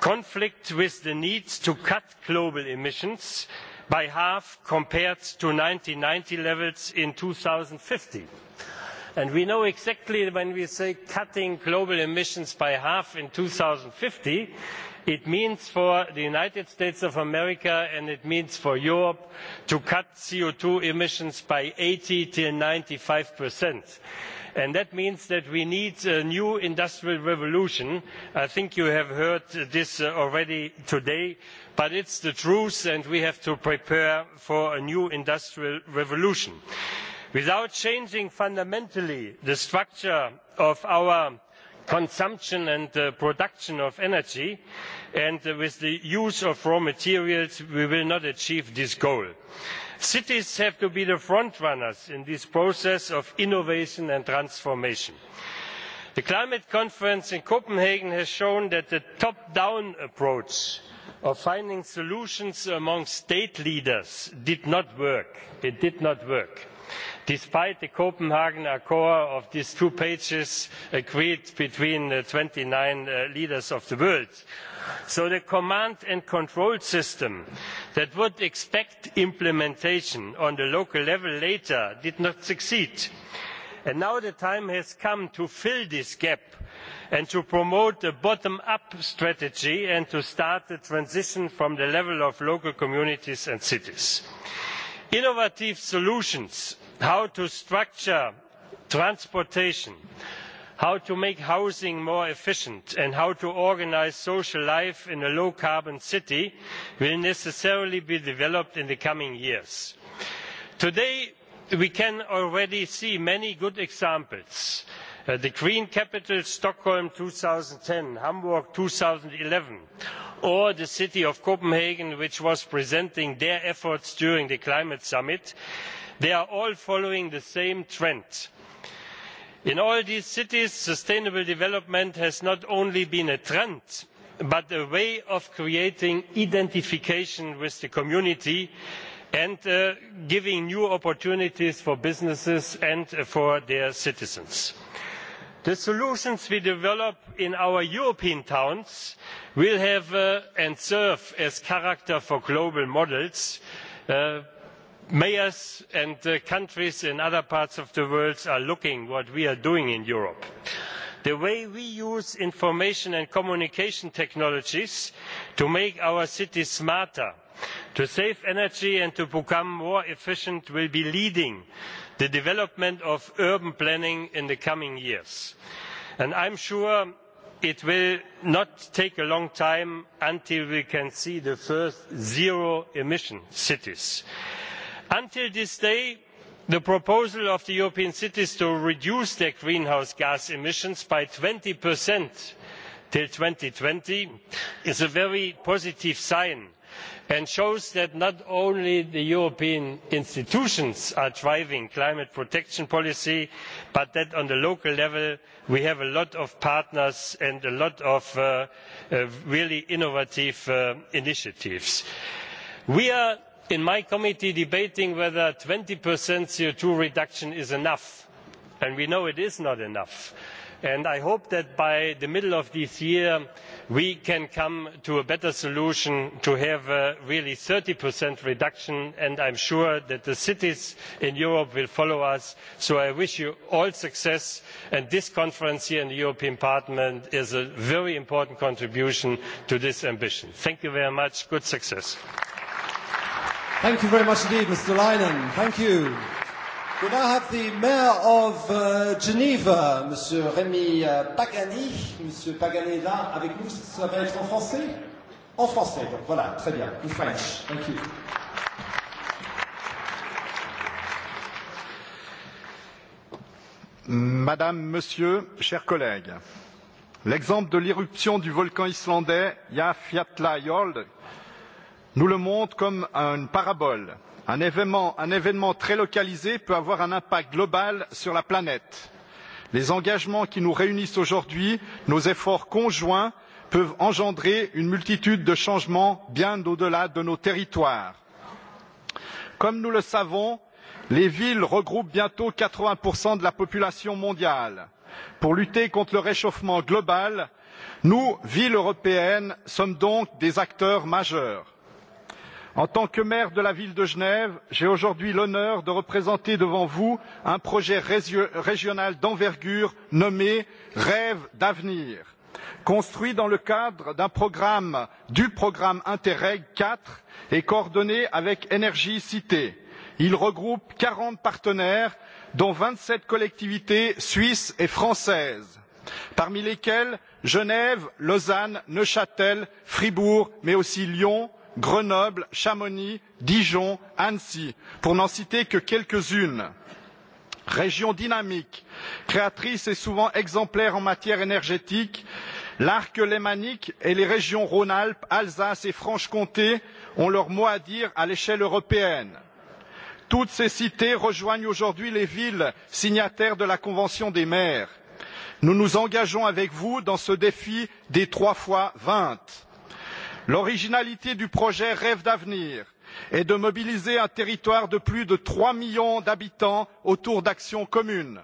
conflict with the need to cut global emissions and by half compared to one thousand nine hundred and ninety levels in. two thousand and fifteen and we know exactly when we say cutting global emissions by half in two thousand and fifty it means for the united states of america and it means for europe to cut co two emissions by eighty to ninety five and that means that we need a new industrial revolution. i think you have heard this uh, already today but it is the truth and we have to prepare for a new industrial revolution. without changing fundamentally the structure of our consumption and uh, production of energy and uh, with the use of raw materials we will not achieve this goal cities have to be the frontrunners in this process of innovation and transformation. the climate conference in copenhagen has shown that the top down approach of finding solutions among state leaders did not work despite the copenhagen accord of these two pages agreed between the uh, twenty nine uh, leaders of the world. so the command and control system that would expect implementation on the local level later did not succeed. and now the time has come to fill this gap and to promote a bottom up strategy and to start the transition from the level of local communities and cities. innovative solutions how to structure transportation how to make housing more efficient and how to organise social life in a low carbon city will necessarily be developed in the coming years. today we can already see many good examples uh, the green capital stockholm two thousand and ten hamburg two thousand and eleven or the city of copenhagen which was presenting their efforts during the climate summit they are all following the same trend. in all these cities sustainable development has not only been a trend but a way of creating identification with the community and uh, giving new opportunities for businesses and for their citizens. the solutions we develop in our european towns will have uh, and serve as character for global models uh, mayors and uh, countries in other parts of the world are looking at what we are doing in europe. the way we use information and communication technologies to make our cities smarter to save energy and to become more efficient will be leading the development of urban planning in the coming years and i am sure it will not take a long time until we can see the first zero emission cities until this day the proposal of the european cities to reduce their greenhouse gas emissions by twenty by two thousand and twenty is a very positive sign and shows that not only the european institutions are driving climate protection policy but that at local level we have a lot of partners and a lot of uh, uh, really innovative uh, initiatives. we are in my committee debating whether twenty co two reduction is enough and we know it is not enough and i hope that by the middle of this year we can come to a better solution to have really a thirty reduction and i am sure that the cities in europe will follow us so i wish you all success and this conference here in the european parliament is a very important contribution to this ambition. thank you very much good success. applause Thank you very much indeed, Mr. Leinen. Thank you. We now have the mayor of uh, Geneva, Monsieur Rémy uh, Pagani. Monsieur Pagani est là avec nous. Ça va être en français En français, donc voilà, très bien. In French. Thank you. Madame, Monsieur, chers collègues, l'exemple de l'irruption du volcan islandais Jafjallajökull nous le montre comme une parabole. Un événement, un événement très localisé peut avoir un impact global sur la planète. Les engagements qui nous réunissent aujourd'hui, nos efforts conjoints peuvent engendrer une multitude de changements bien au-delà de nos territoires. Comme nous le savons, les villes regroupent bientôt 80% de la population mondiale. Pour lutter contre le réchauffement global, nous, villes européennes, sommes donc des acteurs majeurs. En tant que maire de la ville de Genève, j'ai aujourd'hui l'honneur de représenter devant vous un projet régional d'envergure nommé Rêve d'avenir, construit dans le cadre d'un programme du programme Interreg 4 et coordonné avec Énergie Cité. Il regroupe 40 partenaires dont 27 collectivités suisses et françaises, parmi lesquelles Genève, Lausanne, Neuchâtel, Fribourg, mais aussi Lyon, Grenoble, Chamonix, Dijon, Annecy, pour n'en citer que quelques-unes. Région dynamique, créatrice et souvent exemplaire en matière énergétique, l'arc lémanique et les régions Rhône-Alpes, Alsace et Franche-Comté ont leur mot à dire à l'échelle européenne. Toutes ces cités rejoignent aujourd'hui les villes signataires de la Convention des maires. Nous nous engageons avec vous dans ce défi des trois fois vingt l'originalité du projet rêve d'avenir est de mobiliser un territoire de plus de trois millions d'habitants autour d'actions communes.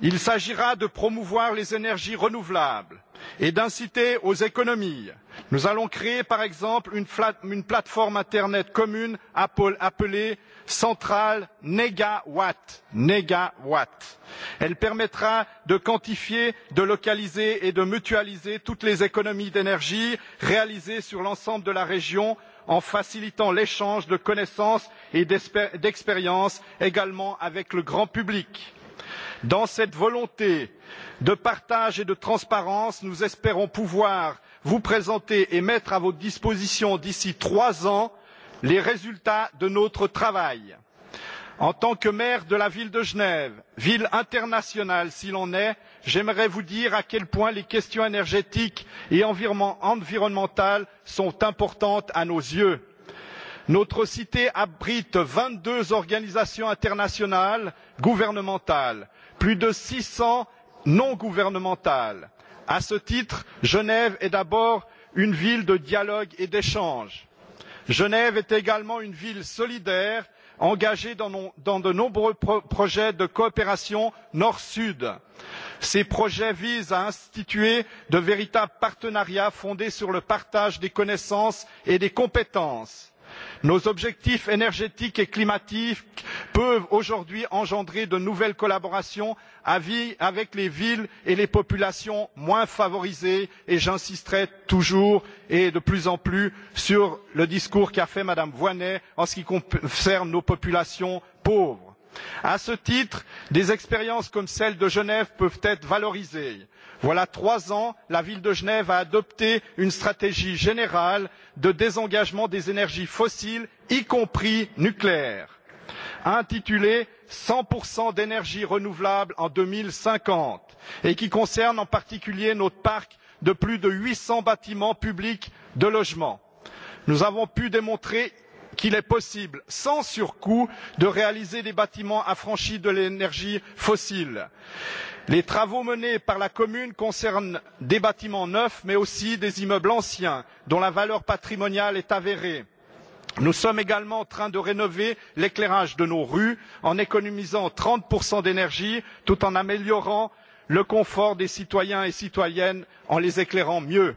il s'agira de promouvoir les énergies renouvelables et d'inciter aux économies. Nous allons créer, par exemple, une, flat, une plateforme Internet commune appelée Centrale Negawatt. Negawatt. Elle permettra de quantifier, de localiser et de mutualiser toutes les économies d'énergie réalisées sur l'ensemble de la région en facilitant l'échange de connaissances et d'expériences également avec le grand public. Dans cette volonté de partage et de transparence, nous espérons pouvoir vous présenter et mettre à votre disposition d'ici trois ans les résultats de notre travail. En tant que maire de la ville de Genève, ville internationale s'il en est, j'aimerais vous dire à quel point les questions énergétiques et environnementales sont importantes à nos yeux. Notre cité abrite 22 organisations internationales gouvernementales, plus de 600 non gouvernementales. À ce titre, Genève est d'abord une ville de dialogue et d'échange. Genève est également une ville solidaire, engagée dans, nos, dans de nombreux pro projets de coopération nord-sud. Ces projets visent à instituer de véritables partenariats fondés sur le partage des connaissances et des compétences. Nos objectifs énergétiques et climatiques peuvent aujourd'hui engendrer de nouvelles collaborations avec les villes et les populations moins favorisées et j'insisterai toujours et de plus en plus sur le discours qu'a fait madame Voynet en ce qui concerne nos populations pauvres. À ce titre, des expériences comme celle de Genève peuvent être valorisées voilà trois ans la ville de genève a adopté une stratégie générale de désengagement des énergies fossiles y compris nucléaires intitulée 100% d'énergie renouvelable en 2050 et qui concerne en particulier notre parc de plus de 800 bâtiments publics de logements. Nous avons pu démontrer qu'il est possible, sans surcoût, de réaliser des bâtiments affranchis de l'énergie fossile. Les travaux menés par la commune concernent des bâtiments neufs, mais aussi des immeubles anciens, dont la valeur patrimoniale est avérée. Nous sommes également en train de rénover l'éclairage de nos rues en économisant 30% d'énergie tout en améliorant le confort des citoyens et citoyennes en les éclairant mieux.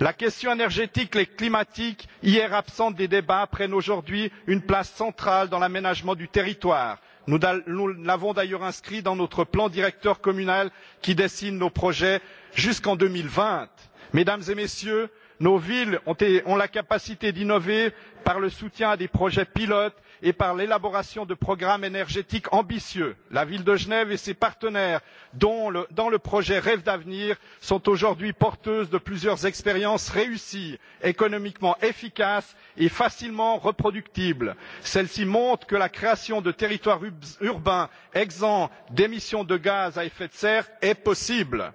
La question énergétique et climatique, hier absente des débats, prennent aujourd'hui une place centrale dans l'aménagement du territoire. Nous, nous l'avons d'ailleurs inscrit dans notre plan directeur communal qui dessine nos projets jusqu'en 2020. Mesdames et messieurs, nos villes ont, ont la capacité d'innover par le soutien à des projets pilotes et par l'élaboration de programmes énergétiques ambitieux. La ville de Genève et ses partenaires, dont le, dans le projet Rêve d'avenir, sont aujourd'hui porteuses de plusieurs expériences réussies, économiquement efficaces et facilement reproductibles. Celles-ci montrent que la création de territoires urbains exempts d'émissions de gaz à effet de serre est possible.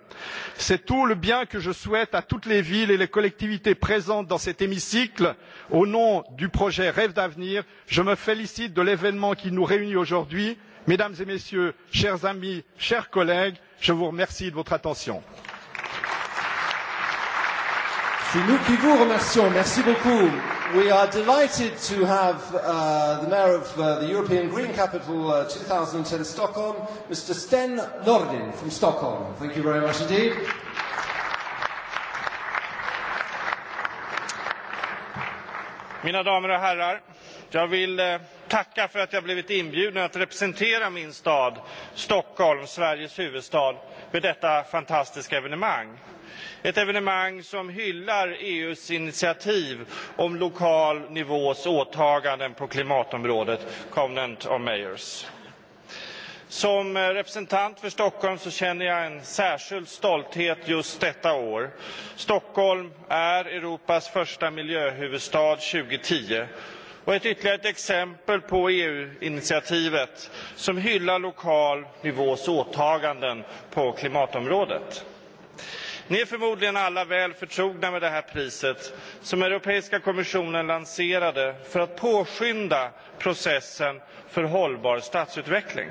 C'est tout le bien que je souhaite à toutes les villes et les collectivités présentes dans cet hémicycle. Au nom du projet Rêve d'avenir, je me fais félicite de l'événement qui nous réunit aujourd'hui. Mesdames et messieurs, chers amis, chers collègues, je vous remercie de votre attention. C'est nous qui vous remercions. Merci beaucoup. We are delighted to have uh, the mayor of uh, the European Green Capital uh, 2010 Stockholm, Mr. Sten Nordin from Stockholm. Thank you very much indeed. Mina damer och herrar, Jag vill eh, tacka för att jag blivit inbjuden att representera min stad, Stockholm, Sveriges huvudstad, vid detta fantastiska evenemang. Ett evenemang som hyllar EUs initiativ om lokal nivås åtaganden på klimatområdet, Covenant of Mayors. Som eh, representant för Stockholm så känner jag en särskild stolthet just detta år. Stockholm är Europas första miljöhuvudstad 2010 och ett ytterligare ett exempel på EU-initiativet som hyllar lokal nivås åtaganden på klimatområdet. Ni är förmodligen alla väl förtrogna med det här priset som Europeiska kommissionen lanserade för att påskynda processen för hållbar stadsutveckling.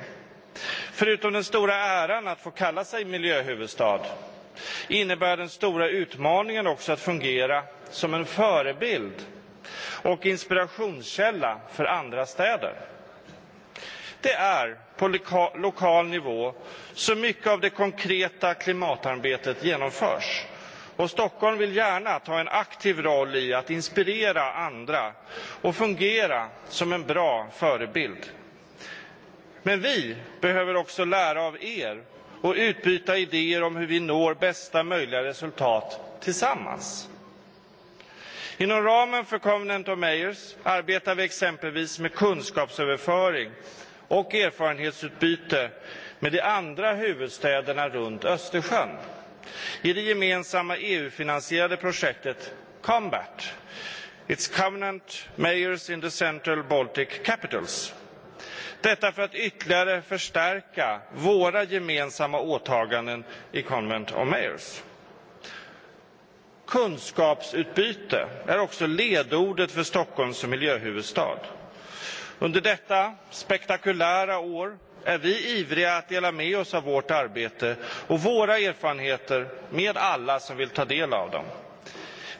Förutom den stora äran att få kalla sig miljöhuvudstad innebär den stora utmaningen också att fungera som en förebild och inspirationskälla för andra städer. Det är på loka lokal nivå så mycket av det konkreta klimatarbetet genomförs. Och Stockholm vill gärna ta en aktiv roll i att inspirera andra och fungera som en bra förebild. Men vi behöver också lära av er och utbyta idéer om hur vi når bästa möjliga resultat tillsammans. Inom ramen för Covenant of Mayors arbetar vi exempelvis med kunskapsöverföring och erfarenhetsutbyte med de andra huvudstäderna runt Östersjön i det gemensamma EU-finansierade projektet Combat. It's Covenant Mayors in the Central Baltic Capitals. Detta för att ytterligare förstärka våra gemensamma åtaganden i Convent of Mayors. Kunskapsutbyte är också ledordet för Stockholm som miljöhuvudstad. Under detta spektakulära år är vi ivriga att dela med oss av vårt arbete och våra erfarenheter med alla som vill ta del av dem.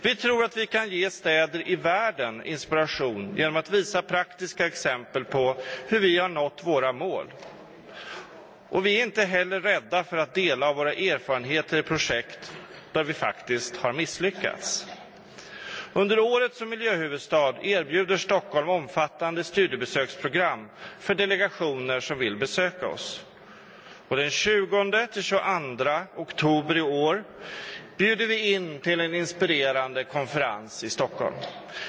Vi tror att vi kan ge städer i världen inspiration genom att visa praktiska exempel på hur vi har nått våra mål. Och vi är inte heller rädda för att dela våra erfarenheter i projekt där vi faktiskt har misslyckats. Under året som miljöhuvudstad erbjuder Stockholm omfattande studiebesöksprogram för delegationer som vill besöka oss. Och den 20-22 oktober i år bjuder vi in till en inspirerande konferens i Stockholm.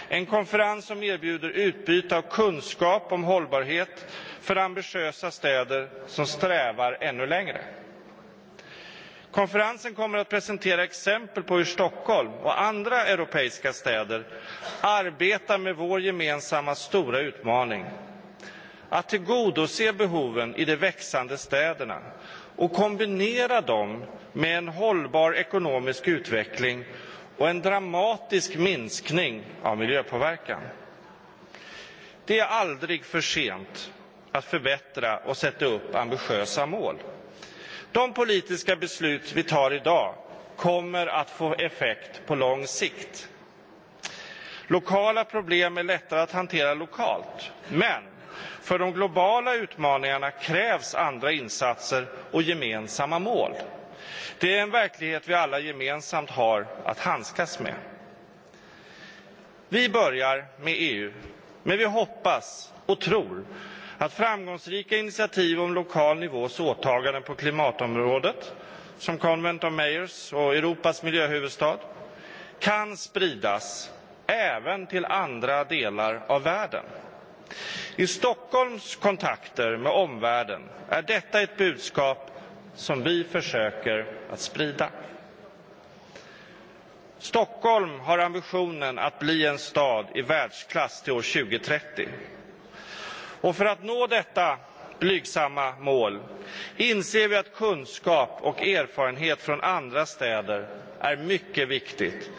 En konferens som erbjuder utbyte av kunskap om hållbarhet för ambitiösa städer som strävar ännu längre. Konferensen kommer att presentera exempel på hur Stockholm och andra europeiska städer arbetar med vår gemensamma stora utmaning. Att tillgodose behoven i de växande städerna och kombinera dem med en hållbar ekonomisk utveckling och en dramatisk minskning av miljöpåverkan. Det är aldrig för sent att förbättra och sätta upp ambitiösa mål. De politiska beslut vi tar idag kommer att få effekt på lång sikt. Lokala problem är lättare att hantera lokalt. Men för de globala utmaningarna krävs andra insatser och gemensamma mål. Det är en verklighet vi alla gemensamt har att handskas med. Vi börjar med EU, men vi hoppas och tror att framgångsrika initiativ om lokal nivås åtaganden på klimatområdet, som Convent of Mayors och Europas miljöhuvudstad, kan spridas även till andra delar av världen. I Stockholms kontakter med omvärlden är detta ett budskap som vi försöker att sprida. Stockholm har ambitionen att bli en stad i världsklass till år 2030. Och för att nå detta blygsamma mål inser vi att kunskap och erfarenhet från andra städer är mycket viktigt.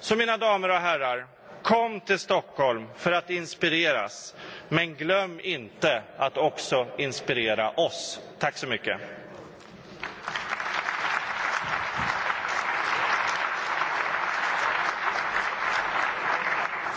Så mina damer och herrar, kom till Stockholm för att inspireras. Men glöm inte att också inspirera oss. Tack så mycket.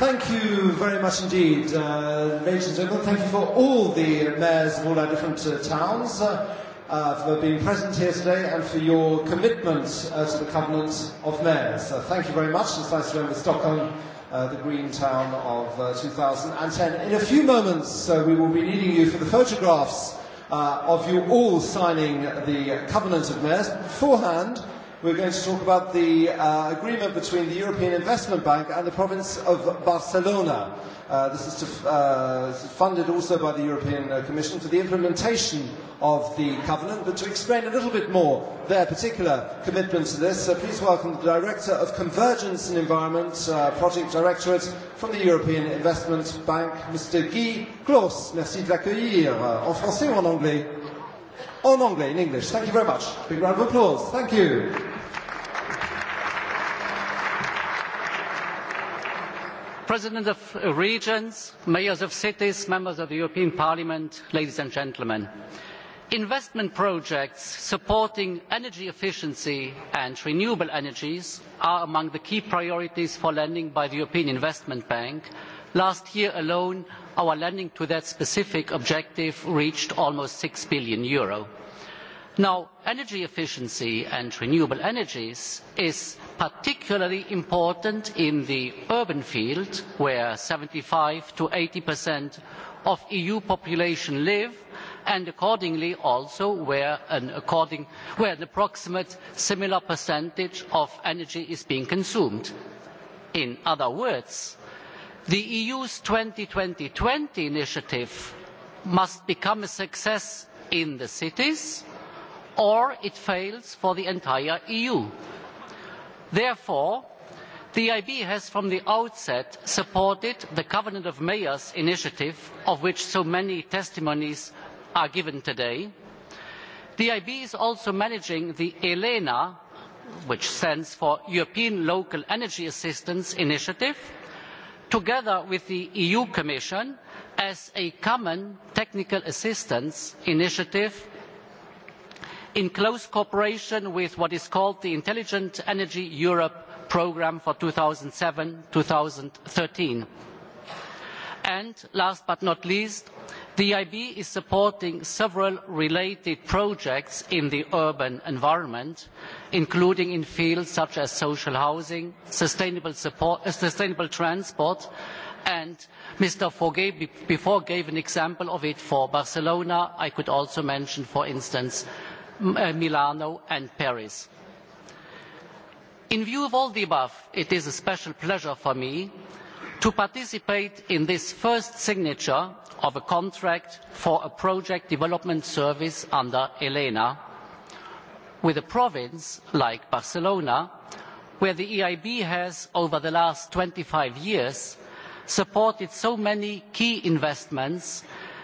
Thank you very much indeed, uh, ladies and gentlemen. Thank you for all the mayors of all our different uh, towns uh, uh, for being present here today and for your commitment uh, to the Covenant of Mayors. Uh, thank you very much. It's nice to be with Stockholm, uh, the green town of uh, 2010. In a few moments, uh, we will be needing you for the photographs uh, of you all signing the Covenant of Mayors beforehand we're going to talk about the uh, agreement between the European Investment Bank and the province of Barcelona. Uh, this is to, uh, funded also by the European uh, Commission for the implementation of the covenant. But to explain a little bit more their particular commitment to this, uh, please welcome the Director of Convergence and Environment, uh, Project Directorate from the European Investment Bank, Mr. Guy Clos. Merci de l'accueillir. Uh, en français ou en anglais? En anglais, in English. Thank you very much. Big round of applause. Thank you. president of regions mayors of cities members of the european parliament ladies and gentlemen investment projects supporting energy efficiency and renewable energies are among the key priorities for lending by the european investment bank. last year alone our lending to that specific objective reached almost eur six billion now energy efficiency and renewable energies is particularly important in the urban field where 75 to 80% of eu population live and accordingly also where an according where an approximate similar percentage of energy is being consumed in other words the eu's 2020 20 initiative must become a success in the cities or it fails for the entire EU. Therefore, the EIB has from the outset supported the Covenant of Mayors initiative, of which so many testimonies are given today. The EIB is also managing the ELENA, which stands for European Local Energy Assistance Initiative, together with the EU Commission as a common technical assistance initiative in close cooperation with what is called the intelligent energy europe programme for two thousand and seven two thousand and thirteen and last but not least the eib is supporting several related projects in the urban environment including in fields such as social housing sustainable, support, uh, sustainable transport and mr Fogge before gave an example of it for barcelona i could also mention for instance Eh, milano and paris. in view of all the above it is a special pleasure for me to participate in this first signature of a contract for a project development service under elena with a province like barcelona where the eib has over the last twenty five years supported so many key investments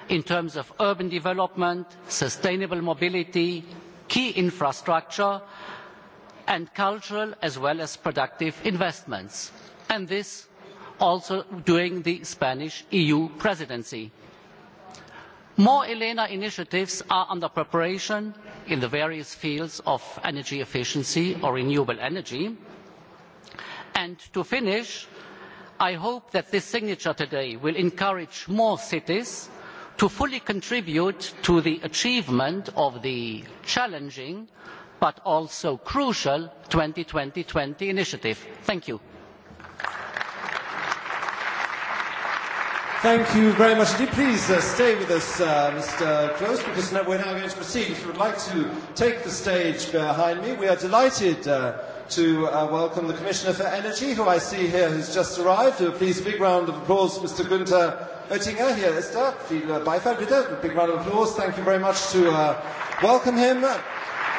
in terms of urban development sustainable mobility key infrastructure and cultural as well as productive investments, and this also during the Spanish EU presidency. More Elena initiatives are under preparation in the various fields of energy efficiency or renewable energy. To finish, I hope that this signature today will encourage more cities to fully contribute to the achievement of the challenging but also crucial 2020-20 initiative. Thank you. Thank you very much. Do please uh, stay with us, uh, Mr. Close, because now we're now going to proceed. If you would like to take the stage behind me, we are delighted uh, to uh, welcome the Commissioner for Energy, who I see here has just arrived. Uh, please, a big round of applause, Mr. Günther Oettinger. Here is that. Viele uh, Beifall, bitte. A big round of applause. Thank you very much to uh, welcome him.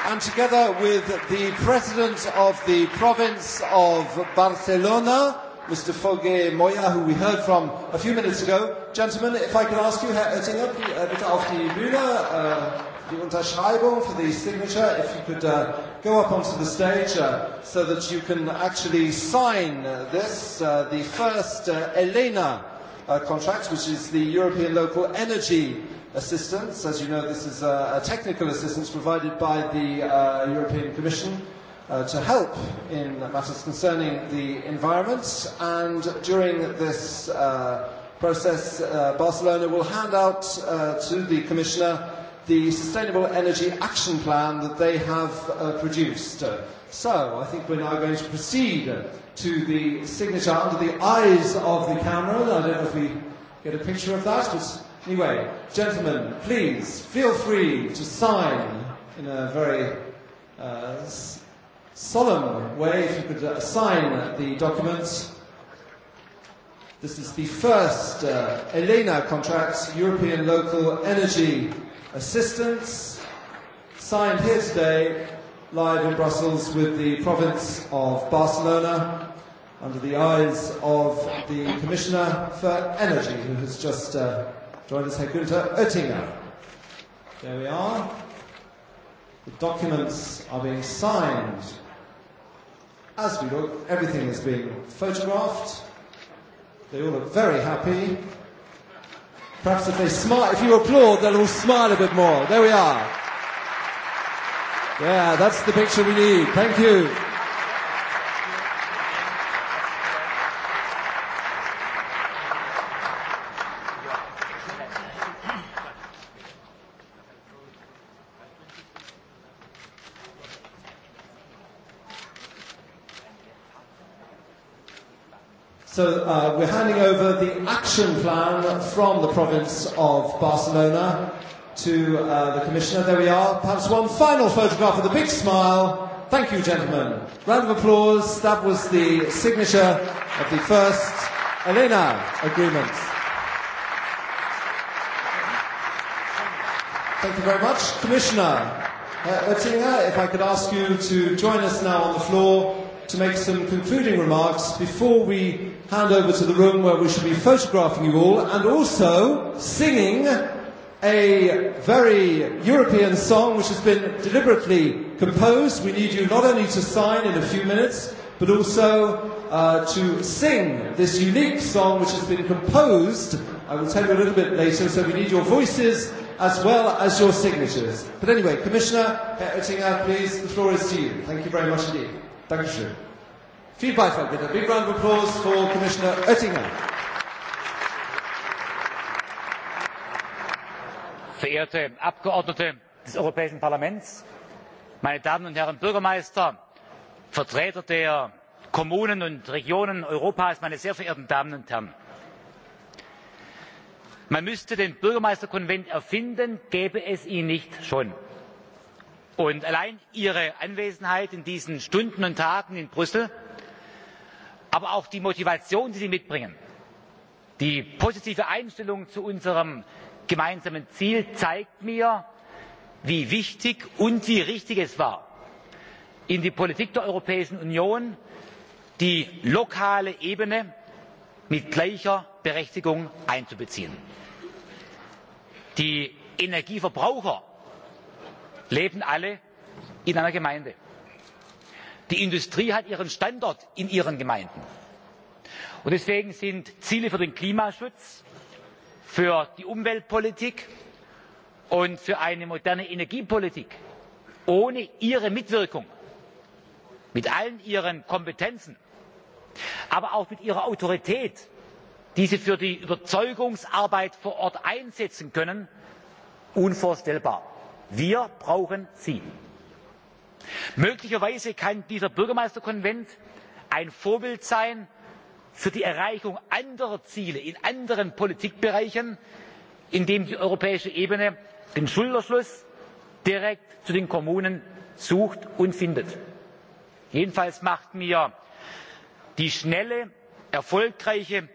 And together with the President of the Province of Barcelona, Mr. Foge Moya, who we heard from a few minutes ago. Gentlemen, if I could ask you, Herr Oettinger, uh, bitte auf die Bühne. Uh, die Unterschreibung für die Signature, if you could uh, go up onto the stage uh, so that you can actually sign uh, this, uh, the first uh, ELENA uh, contract, which is the European Local Energy Assistance. As you know, this is uh, a technical assistance provided by the uh, European Commission. Uh, to help in matters concerning the environment. And during this uh, process, uh, Barcelona will hand out uh, to the Commissioner the Sustainable Energy Action Plan that they have uh, produced. Uh, so I think we're now going to proceed to the signature under the eyes of the camera. I don't know if we get a picture of that, but anyway, gentlemen, please feel free to sign in a very uh, solemn way if you could uh, sign the document. This is the first uh, ELENA contract, European Local Energy assistance, signed here today live in Brussels with the province of Barcelona under the eyes of the Commissioner for Energy who has just uh, joined us, Herr Günther Oettinger. There we are. The documents are being signed. As we look, everything is being photographed. They all look very happy. Perhaps if they smile, if you applaud, then we'll smile a bit more. There we are. Yeah, that's the picture we need. Thank you. So uh, we're handing over the action plan from the province of Barcelona to uh, the commissioner. There we are. Perhaps one final photograph with a big smile. Thank you, gentlemen. Round of applause. That was the signature of the first Elena agreement. Thank you very much, Commissioner Oettinger. Uh, if I could ask you to join us now on the floor to make some concluding remarks before we hand over to the room where we should be photographing you all and also singing a very European song which has been deliberately composed. We need you not only to sign in a few minutes but also uh, to sing this unique song which has been composed. I will tell you a little bit later, so we need your voices as well as your signatures. But anyway, Commissioner Ettinger, please, the floor is to you. Thank you very much indeed. Thank you. Viel Beifall bitte. Big round of applause for Commissioner Oettinger. Verehrte Abgeordnete des Europäischen Parlaments, meine Damen und Herren Bürgermeister, Vertreter der Kommunen und Regionen Europas, meine sehr verehrten Damen und Herren. Man müsste den Bürgermeisterkonvent erfinden, gäbe es ihn nicht schon und allein ihre anwesenheit in diesen stunden und tagen in brüssel aber auch die motivation die sie mitbringen die positive einstellung zu unserem gemeinsamen ziel zeigt mir wie wichtig und wie richtig es war in die politik der europäischen union die lokale ebene mit gleicher berechtigung einzubeziehen. die energieverbraucher leben alle in einer gemeinde die industrie hat ihren standort in ihren gemeinden und deswegen sind ziele für den klimaschutz für die umweltpolitik und für eine moderne energiepolitik ohne ihre mitwirkung mit allen ihren kompetenzen aber auch mit ihrer autorität die sie für die überzeugungsarbeit vor ort einsetzen können unvorstellbar wir brauchen sie. möglicherweise kann dieser bürgermeisterkonvent ein vorbild sein für die erreichung anderer ziele in anderen politikbereichen indem die europäische ebene den schulterschluss direkt zu den kommunen sucht und findet. jedenfalls macht mir die schnelle erfolgreiche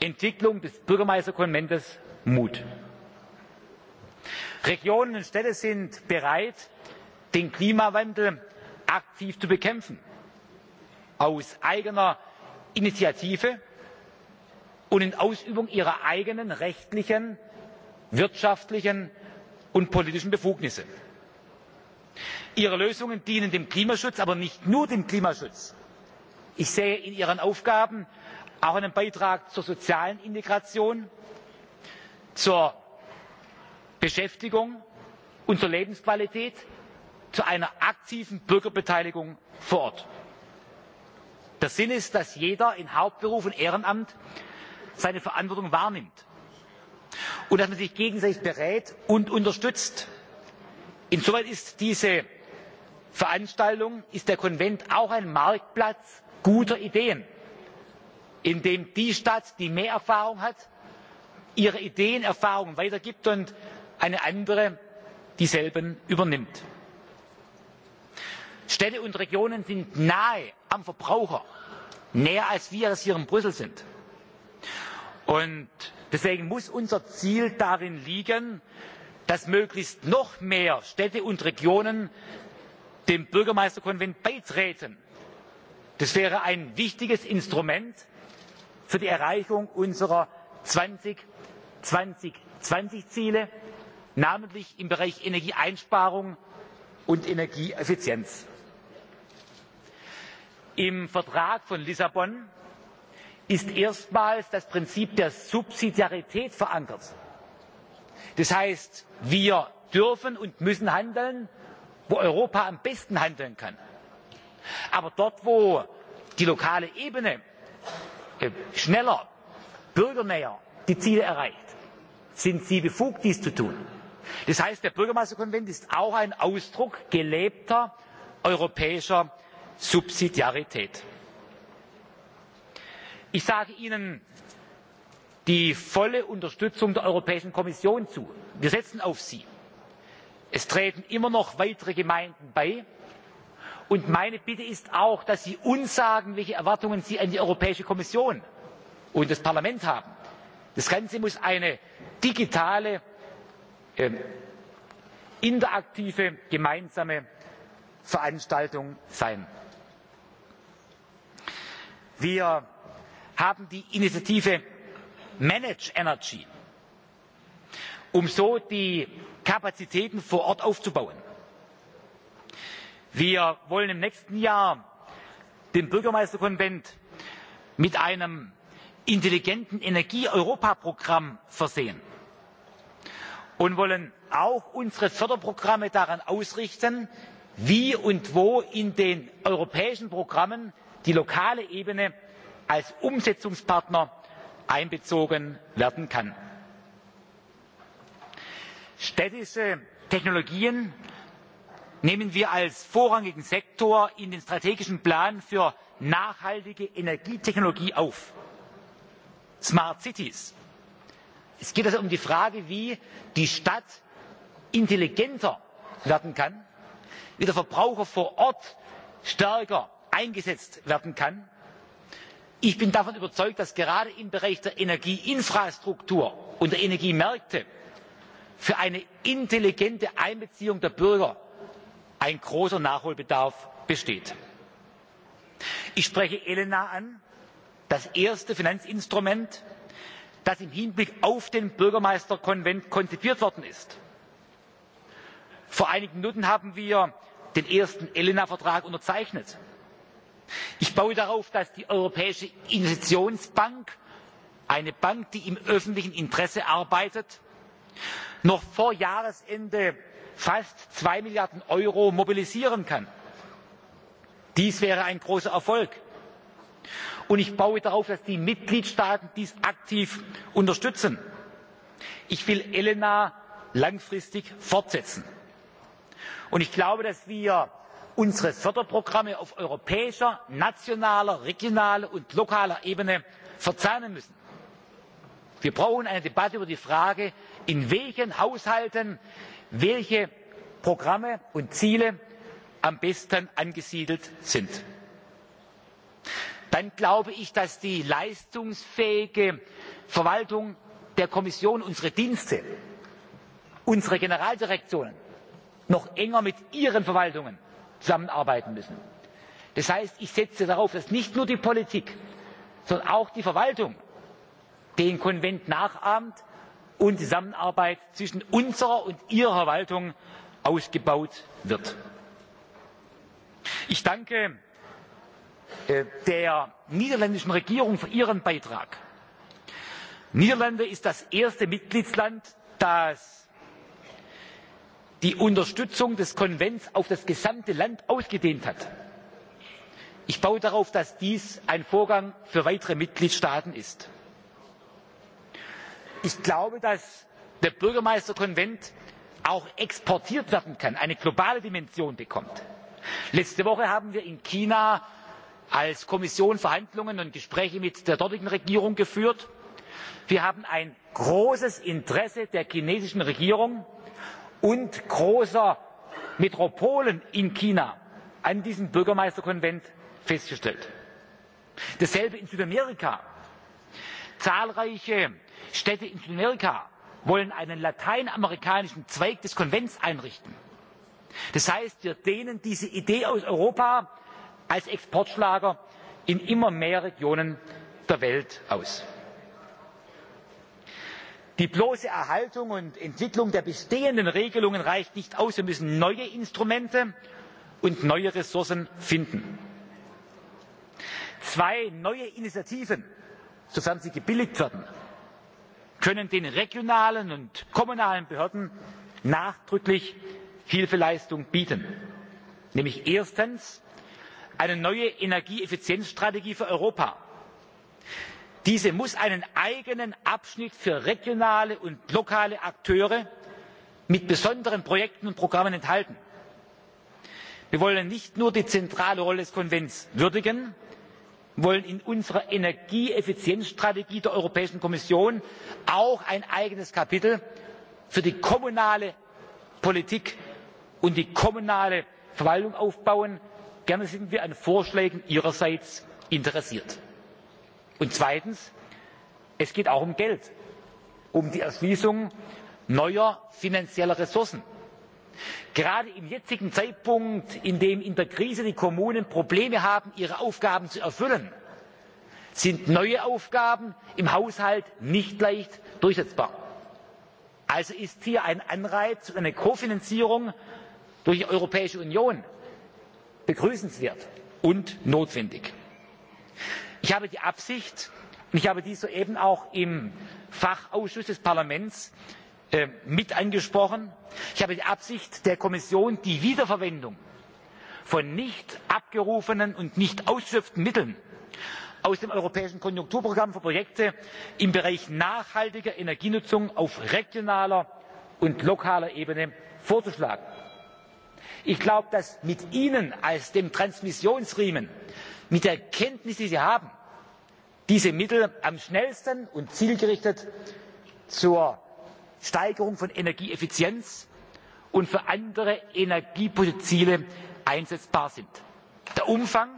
entwicklung des bürgermeisterkonvents mut regionen und städte sind bereit den klimawandel aktiv zu bekämpfen aus eigener initiative und in ausübung ihrer eigenen rechtlichen wirtschaftlichen und politischen befugnisse. ihre lösungen dienen dem klimaschutz aber nicht nur dem klimaschutz. ich sehe in ihren aufgaben auch einen beitrag zur sozialen integration zur beschäftigung und zur lebensqualität zu einer aktiven bürgerbeteiligung vor ort. der sinn ist dass jeder in hauptberuf und ehrenamt seine verantwortung wahrnimmt und dass man sich gegenseitig berät und unterstützt. insoweit ist diese veranstaltung ist der konvent auch ein marktplatz guter ideen in dem die stadt die mehr erfahrung hat ihre ideen und erfahrungen weitergibt eine andere dieselben übernimmt. städte und regionen sind nahe am verbraucher näher als wir es hier in brüssel sind. und deswegen muss unser ziel darin liegen dass möglichst noch mehr städte und regionen dem bürgermeisterkonvent beitreten. das wäre ein wichtiges instrument für die erreichung unserer zweitausendzwanzig zwanzig ziele namentlich im bereich energieeinsparung und energieeffizienz. im vertrag von lissabon ist erstmals das prinzip der subsidiarität verankert das heißt wir dürfen und müssen handeln wo europa am besten handeln kann. aber dort wo die lokale ebene äh, schneller bürgernäher die ziele erreicht sind sie befugt dies zu das heißt der bürgermeisterkonvent ist auch ein ausdruck gelebter europäischer subsidiarität. ich sage ihnen die volle unterstützung der europäischen kommission zu wir setzen auf sie. es treten immer noch weitere gemeinden bei und meine bitte ist auch dass sie uns sagen welche erwartungen sie an die europäische kommission und das parlament haben. das ganze muss eine digitale Ähm, interaktive gemeinsame veranstaltung sein. wir haben die initiative manage energy um so die kapazitäten vor ort aufzubauen. wir wollen im nächsten jahr den bürgermeisterkonvent mit einem intelligenten energie europa programm versehen und wollen auch unsere förderprogramme daran ausrichten wie und wo in den europäischen programmen die lokale ebene als umsetzungspartner einbezogen werden kann. städtische technologien nehmen wir als vorrangigen sektor in den strategischen plan für nachhaltige energietechnologie auf smart cities es geht also um die frage wie die stadt intelligenter werden kann wie der verbraucher vor ort stärker eingesetzt werden kann. ich bin davon überzeugt dass gerade im bereich der energieinfrastruktur und der energiemärkte für eine intelligente einbeziehung der bürger ein großer nachholbedarf besteht. ich spreche elena an das erste finanzinstrument das im hinblick auf den bürgermeisterkonvent konzipiert worden ist. vor einigen minuten haben wir den ersten elena vertrag unterzeichnet. ich baue darauf dass die europäische investitionsbank eine bank die im öffentlichen interesse arbeitet noch vor jahresende fast zwei milliarden euro mobilisieren kann. dies wäre ein großer und ich baue darauf dass die mitgliedstaaten dies aktiv unterstützen. ich will elena langfristig fortsetzen und ich glaube dass wir unsere förderprogramme auf europäischer nationaler regionaler und lokaler ebene verzahnen müssen. wir brauchen eine debatte über die frage in welchen haushalten welche programme und ziele am besten angesiedelt sind dann glaube ich dass die leistungsfähige verwaltung der kommission unsere dienste unsere generaldirektionen noch enger mit ihren verwaltungen zusammenarbeiten müssen. das heißt ich setze darauf dass nicht nur die politik sondern auch die verwaltung den konvent nachahmt und die zusammenarbeit zwischen unserer und ihrer verwaltung ausgebaut wird. ich danke Äh, der niederländischen regierung für ihren beitrag. die niederlande sind das erste mitgliedsland das die unterstützung des konvents auf das gesamte land ausgedehnt hat. ich baue darauf dass dies ein vorgang für weitere mitgliedstaaten ist. ich glaube dass der bürgermeisterkonvent auch exportiert werden kann eine globale dimension bekommt. letzte woche haben wir in als kommission verhandlungen und gespräche mit der dortigen regierung geführt. wir haben ein großes interesse der chinesischen regierung und großer metropolen in china an diesem bürgermeisterkonvent festgestellt. dasselbe in südamerika zahlreiche städte in südamerika wollen einen lateinamerikanischen zweig des konvents einrichten. das heißt wir dehnen diese idee aus als exportschlager in immer mehr regionen der welt aus. die bloße erhaltung und entwicklung der bestehenden regelungen reicht nicht aus wir müssen neue instrumente und neue ressourcen finden. zwei neue initiativen sofern sie gebilligt werden können den regionalen und kommunalen behörden nachdrücklich hilfeleistung bieten nämlich erstens eine neue energieeffizienzstrategie für europa. diese muss einen eigenen abschnitt für regionale und lokale akteure mit besonderen projekten und programmen enthalten. wir wollen nicht nur die zentrale rolle des konvents würdigen wir wollen in unserer energieeffizienzstrategie der europäischen kommission auch ein eigenes kapitel für die kommunale politik und die kommunale verwaltung aufbauen gerne sind wir an vorschlägen ihrerseits interessiert. und zweitens es geht auch um geld um die erschließung neuer finanzieller ressourcen. gerade zum jetzigen zeitpunkt in dem in der krise die kommunen probleme haben ihre aufgaben zu erfüllen sind neue aufgaben im haushalt nicht leicht durchsetzbar. also ist hier ein anreiz und eine kofinanzierung durch die europäische begrüßenswert und notwendig. ich habe die absicht und ich habe dies soeben auch im fachausschuss des parlaments äh, mit angesprochen ich habe die absicht der kommission die wiederverwendung von nicht abgerufenen und nicht ausgeschöpften mitteln aus dem europäischen konjunkturprogramm für projekte im bereich nachhaltiger energienutzung auf regionaler und lokaler ebene vorzuschlagen ich glaube dass mit ihnen als dem transmissionsriemen mit der kenntnis die sie haben diese mittel am schnellsten und zielgerichtet zur steigerung von energieeffizienz und für andere energiepolitische ziele einsetzbar sind. der umfang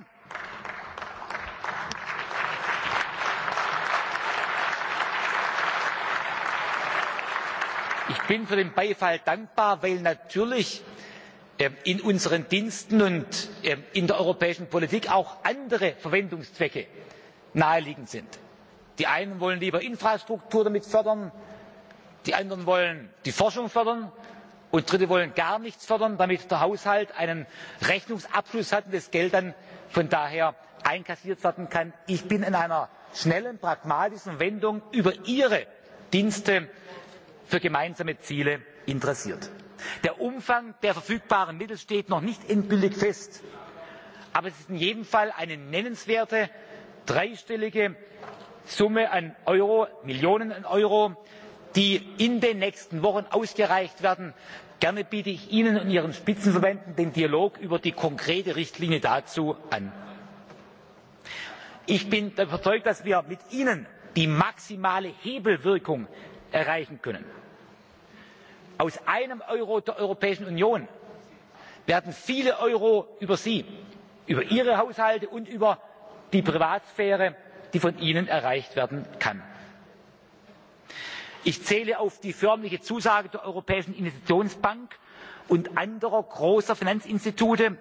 ich bin für den beifall dankbar weil natürlich Ähm, in unseren diensten und ähm, in der europäischen politik auch andere verwendungszwecke naheliegend sind. die einen wollen lieber infrastruktur damit fördern die anderen wollen die forschung fördern und dritte wollen gar nichts fördern damit der haushalt einen rechnungsabschluss hat und das geld dann von daher einkassiert werden kann. ich bin in einer schnellen pragmatischen wendung über ihre dienste für gemeinsame ziele interessiert der umfang der verfügbaren mittel steht noch nicht endgültig fest aber es ist in jedem fall eine nennenswerte dreistellige summe an euro millionen an euro die in den nächsten wochen ausgereicht werden. gerne biete ich ihnen und ihren spitzenverbänden den dialog über die konkrete richtlinie dazu an. ich bin überzeugt dass wir mit ihnen die maximale hebelwirkung erreichen können aus einem euro der europäischen union werden viele euro über sie über ihre haushalte und über die privatsphäre die von ihnen erreicht werden kann. ich zähle auf die förmliche zusage der europäischen investitionsbank und anderer großer finanzinstitute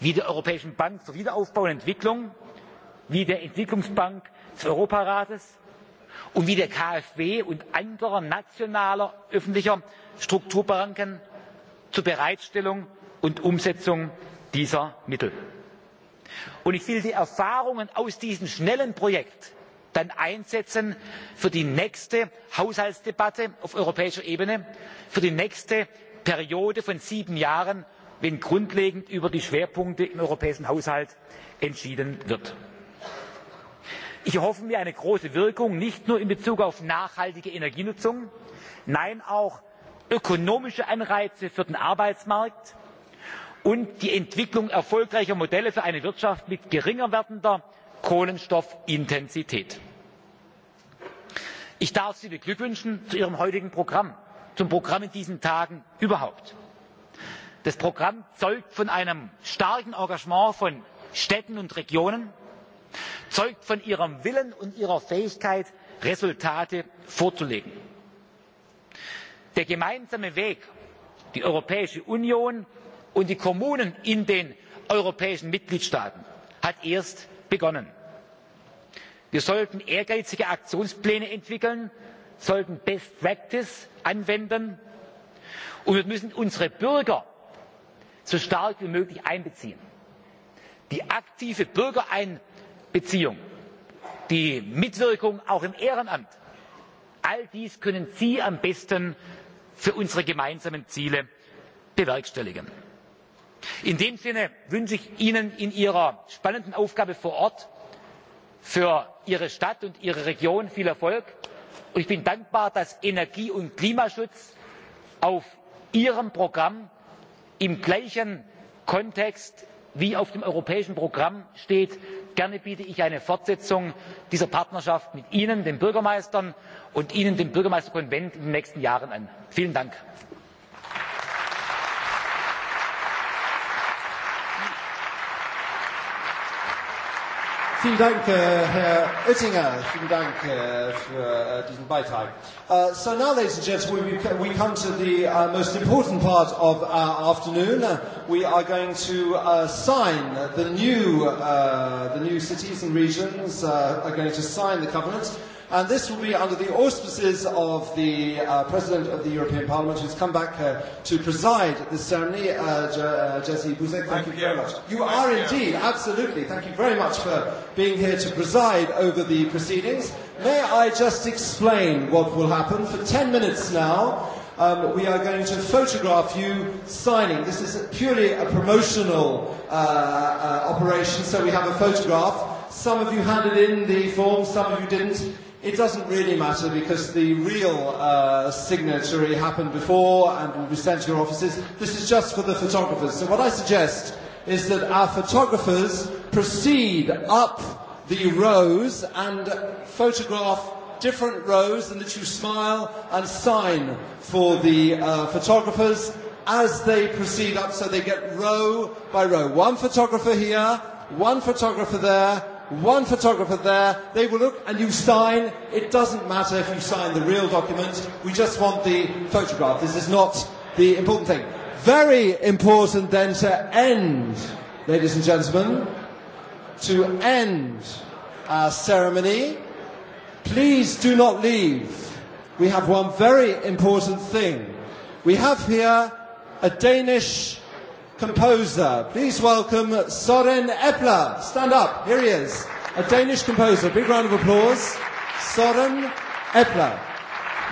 wie der europäischen bank für wiederaufbau und entwicklung wie der entwicklungsbank des europarates und wie der kfw und anderer nationaler öffentlicher strukturbanken zur bereitstellung und umsetzung dieser mittel. und ich will die erfahrungen aus diesem schnellen projekt dann einsetzen für die nächste haushaltsdebatte auf europäischer ebene für die nächste periode von sieben jahren wenn grundlegend über die schwerpunkte im europäischen haushalt entschieden wird. ich erhoffe mir eine große wirkung nicht nur in bezug auf nachhaltige energienutzung nein ökonomische anreize für den arbeitsmarkt und die entwicklung erfolgreicher modelle für eine wirtschaft mit geringer werdender kohlenstoffintensität. ich darf sie beglückwünschen zu ihrem heutigen programm zum programm in diesen tagen überhaupt. das programm zeugt von einem starken engagement von städten und regionen zeugt von ihrem willen und ihrer fähigkeit resultate vorzulegen der gemeinsame weg die europäische union und die kommunen in den europäischen mitgliedstaaten hat erst begonnen. wir sollten ehrgeizige aktionspläne entwickeln sollten best practice anwenden und wir müssen unsere bürger so stark wie möglich einbeziehen. die aktive bürgereinbeziehung die mitwirkung auch im ehrenamt all dies können sie am besten für unsere gemeinsamen ziele bewerkstelligen. in diesem sinne wünsche ich ihnen in ihrer spannenden aufgabe vor ort für ihre stadt und ihre region viel erfolg und ich bin dankbar dass energie und klimaschutz auf ihrem programm im gleichen kontext wie auf dem europäischen programm steht gerne biete ich eine fortsetzung dieser partnerschaft mit ihnen den bürgermeistern und ihnen dem bürgermeisterkonvent in den nächsten jahren an. Vielen Dank, äh, Herr Oettinger. Vielen Dank äh, für äh, diesen Beitrag. Uh, so now, ladies and gents, we, we come to the uh, most important part of our afternoon. We are going to uh, sign the new, uh, the new cities and regions uh, are going to sign the covenant. And this will be under the auspices of the uh, President of the European Parliament, who's come back uh, to preside at this ceremony, uh, Je- uh, Jesse Bouzet. Thank, thank you very much. You thank are you. indeed, absolutely. Thank you very much for being here to preside over the proceedings. May I just explain what will happen? For 10 minutes now, um, we are going to photograph you signing. This is a purely a promotional uh, uh, operation, so we have a photograph. Some of you handed in the form, some of you didn't. It doesn't really matter because the real uh, signatory happened before and will be sent to your offices. This is just for the photographers. So what I suggest is that our photographers proceed up the rows and photograph different rows and that you smile and sign for the uh, photographers as they proceed up so they get row by row. One photographer here, one photographer there, one photographer there, they will look and you sign. It doesn't matter if you sign the real document, we just want the photograph. This is not the important thing. Very important then to end, ladies and gentlemen, to end our ceremony. Please do not leave. We have one very important thing. We have here a Danish composer. Please welcome Soren Epler. Stand up. Here he is. A Danish composer. Big round of applause. Soren Epler.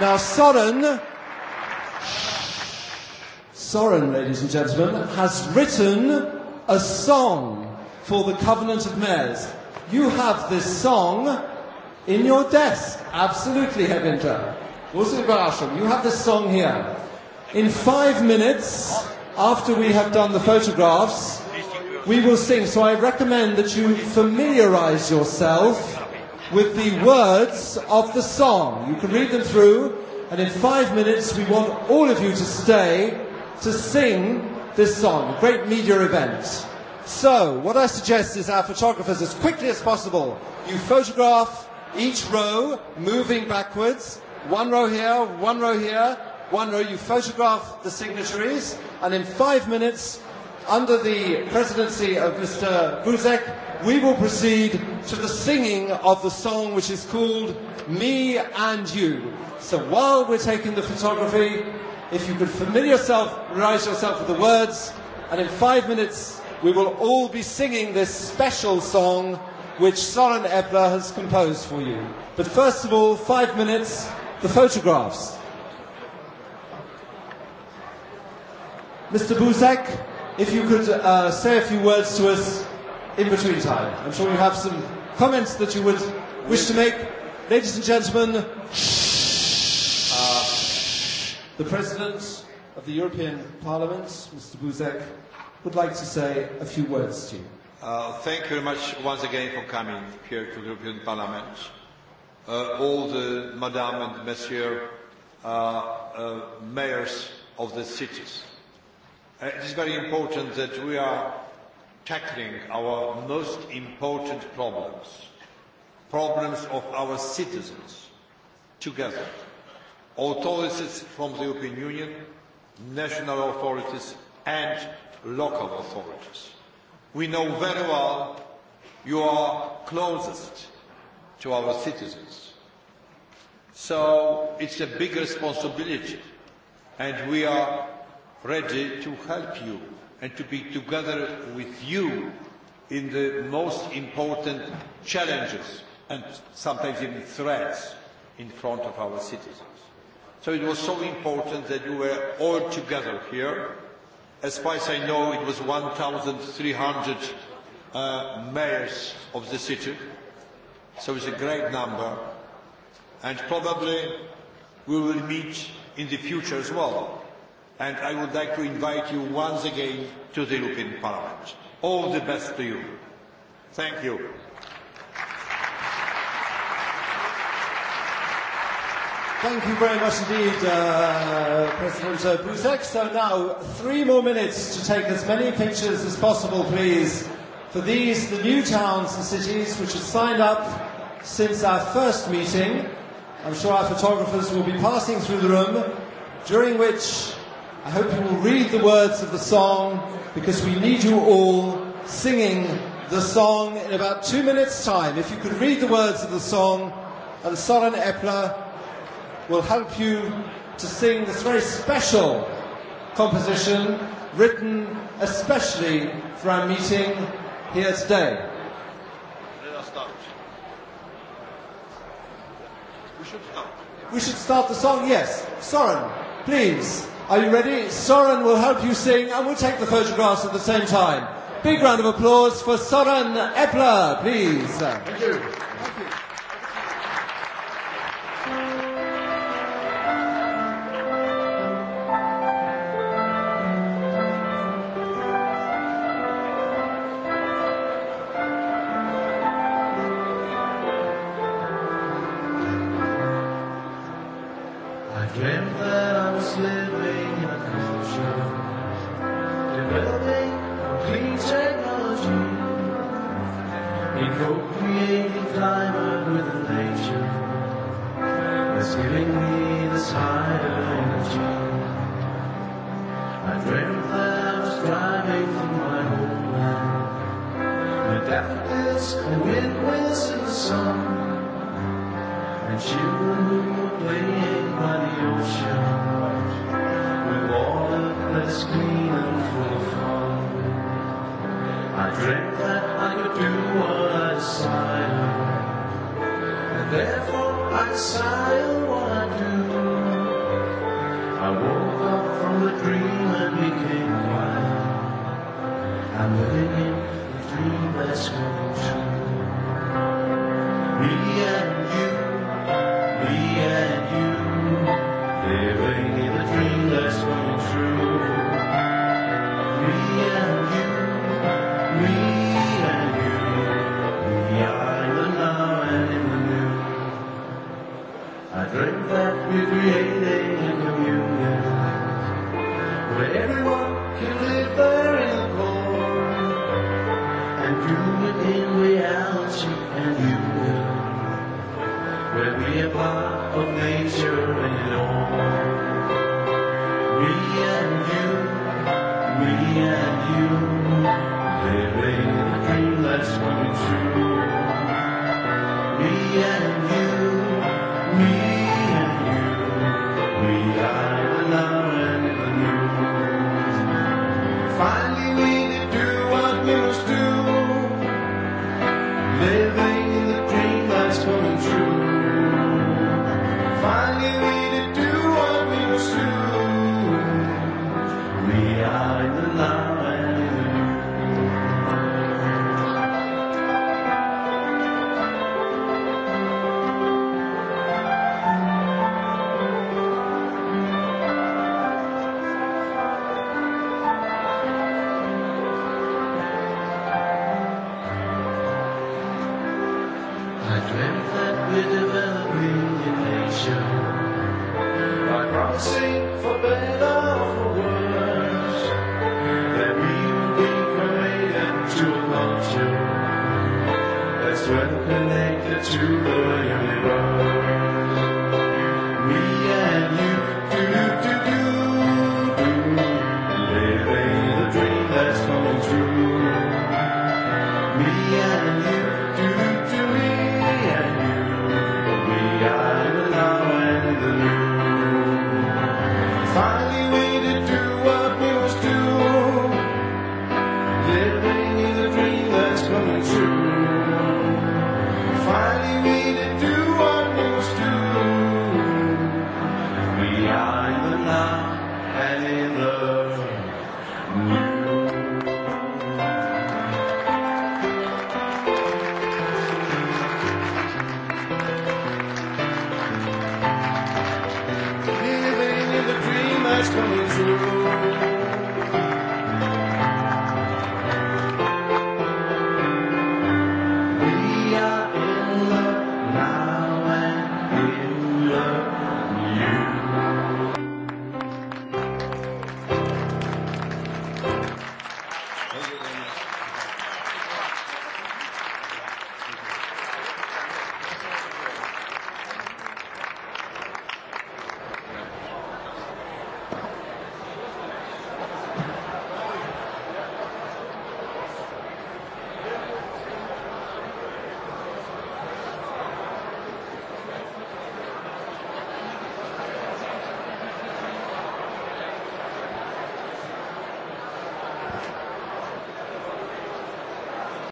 Now, Soren. Soren, ladies and gentlemen, has written a song for the Covenant of Mares. You have this song in your desk. Absolutely, Hevinter. Wasn't it You have this song here. In five minutes. Oh after we have done the photographs, we will sing. So I recommend that you familiarize yourself with the words of the song. You can read them through, and in five minutes, we want all of you to stay to sing this song. A great media event. So, what I suggest is our photographers, as quickly as possible, you photograph each row moving backwards. One row here, one row here. One row, you photograph the signatories, and in five minutes, under the presidency of Mr. Buzek, we will proceed to the singing of the song which is called Me and You. So while we're taking the photography, if you could familiar yourself, realize yourself with the words, and in five minutes, we will all be singing this special song which Soren Epler has composed for you. But first of all, five minutes, the photographs. Mr. Buzek, if you could uh, say a few words to us in between time. I'm sure you have some comments that you would wish to make. Ladies and gentlemen, uh, the President of the European Parliament, Mr. Buzek, would like to say a few words to you. Uh, thank you very much once again for coming here to the European Parliament. Uh, all the Madame and Monsieur uh, uh, mayors of the cities. Uh, it is very important that we are tackling our most important problems, problems of our citizens, together. Authorities from the European Union, national authorities and local authorities. We know very well you are closest to our citizens. So it's a big responsibility and we are ready to help you and to be together with you in the most important challenges and sometimes even threats in front of our citizens. So it was so important that you were all together here. As far as I know, it was 1,300 uh, mayors of the city. So it's a great number. And probably we will meet in the future as well and I would like to invite you once again to the European Parliament. All the best to you. Thank you. Thank you very much indeed, uh, President uh, Buzek. So now, three more minutes to take as many pictures as possible, please, for these, the new towns and cities which have signed up since our first meeting. I'm sure our photographers will be passing through the room, during which I hope you will read the words of the song because we need you all singing the song in about two minutes' time. If you could read the words of the song, and Soren Epler will help you to sing this very special composition written especially for our meeting here today. We should start the song, yes. Soren, please. Are you ready? Soren will help you sing and we'll take the photographs at the same time. Big round of applause for Soren Epler, please. Thank you. Thank you.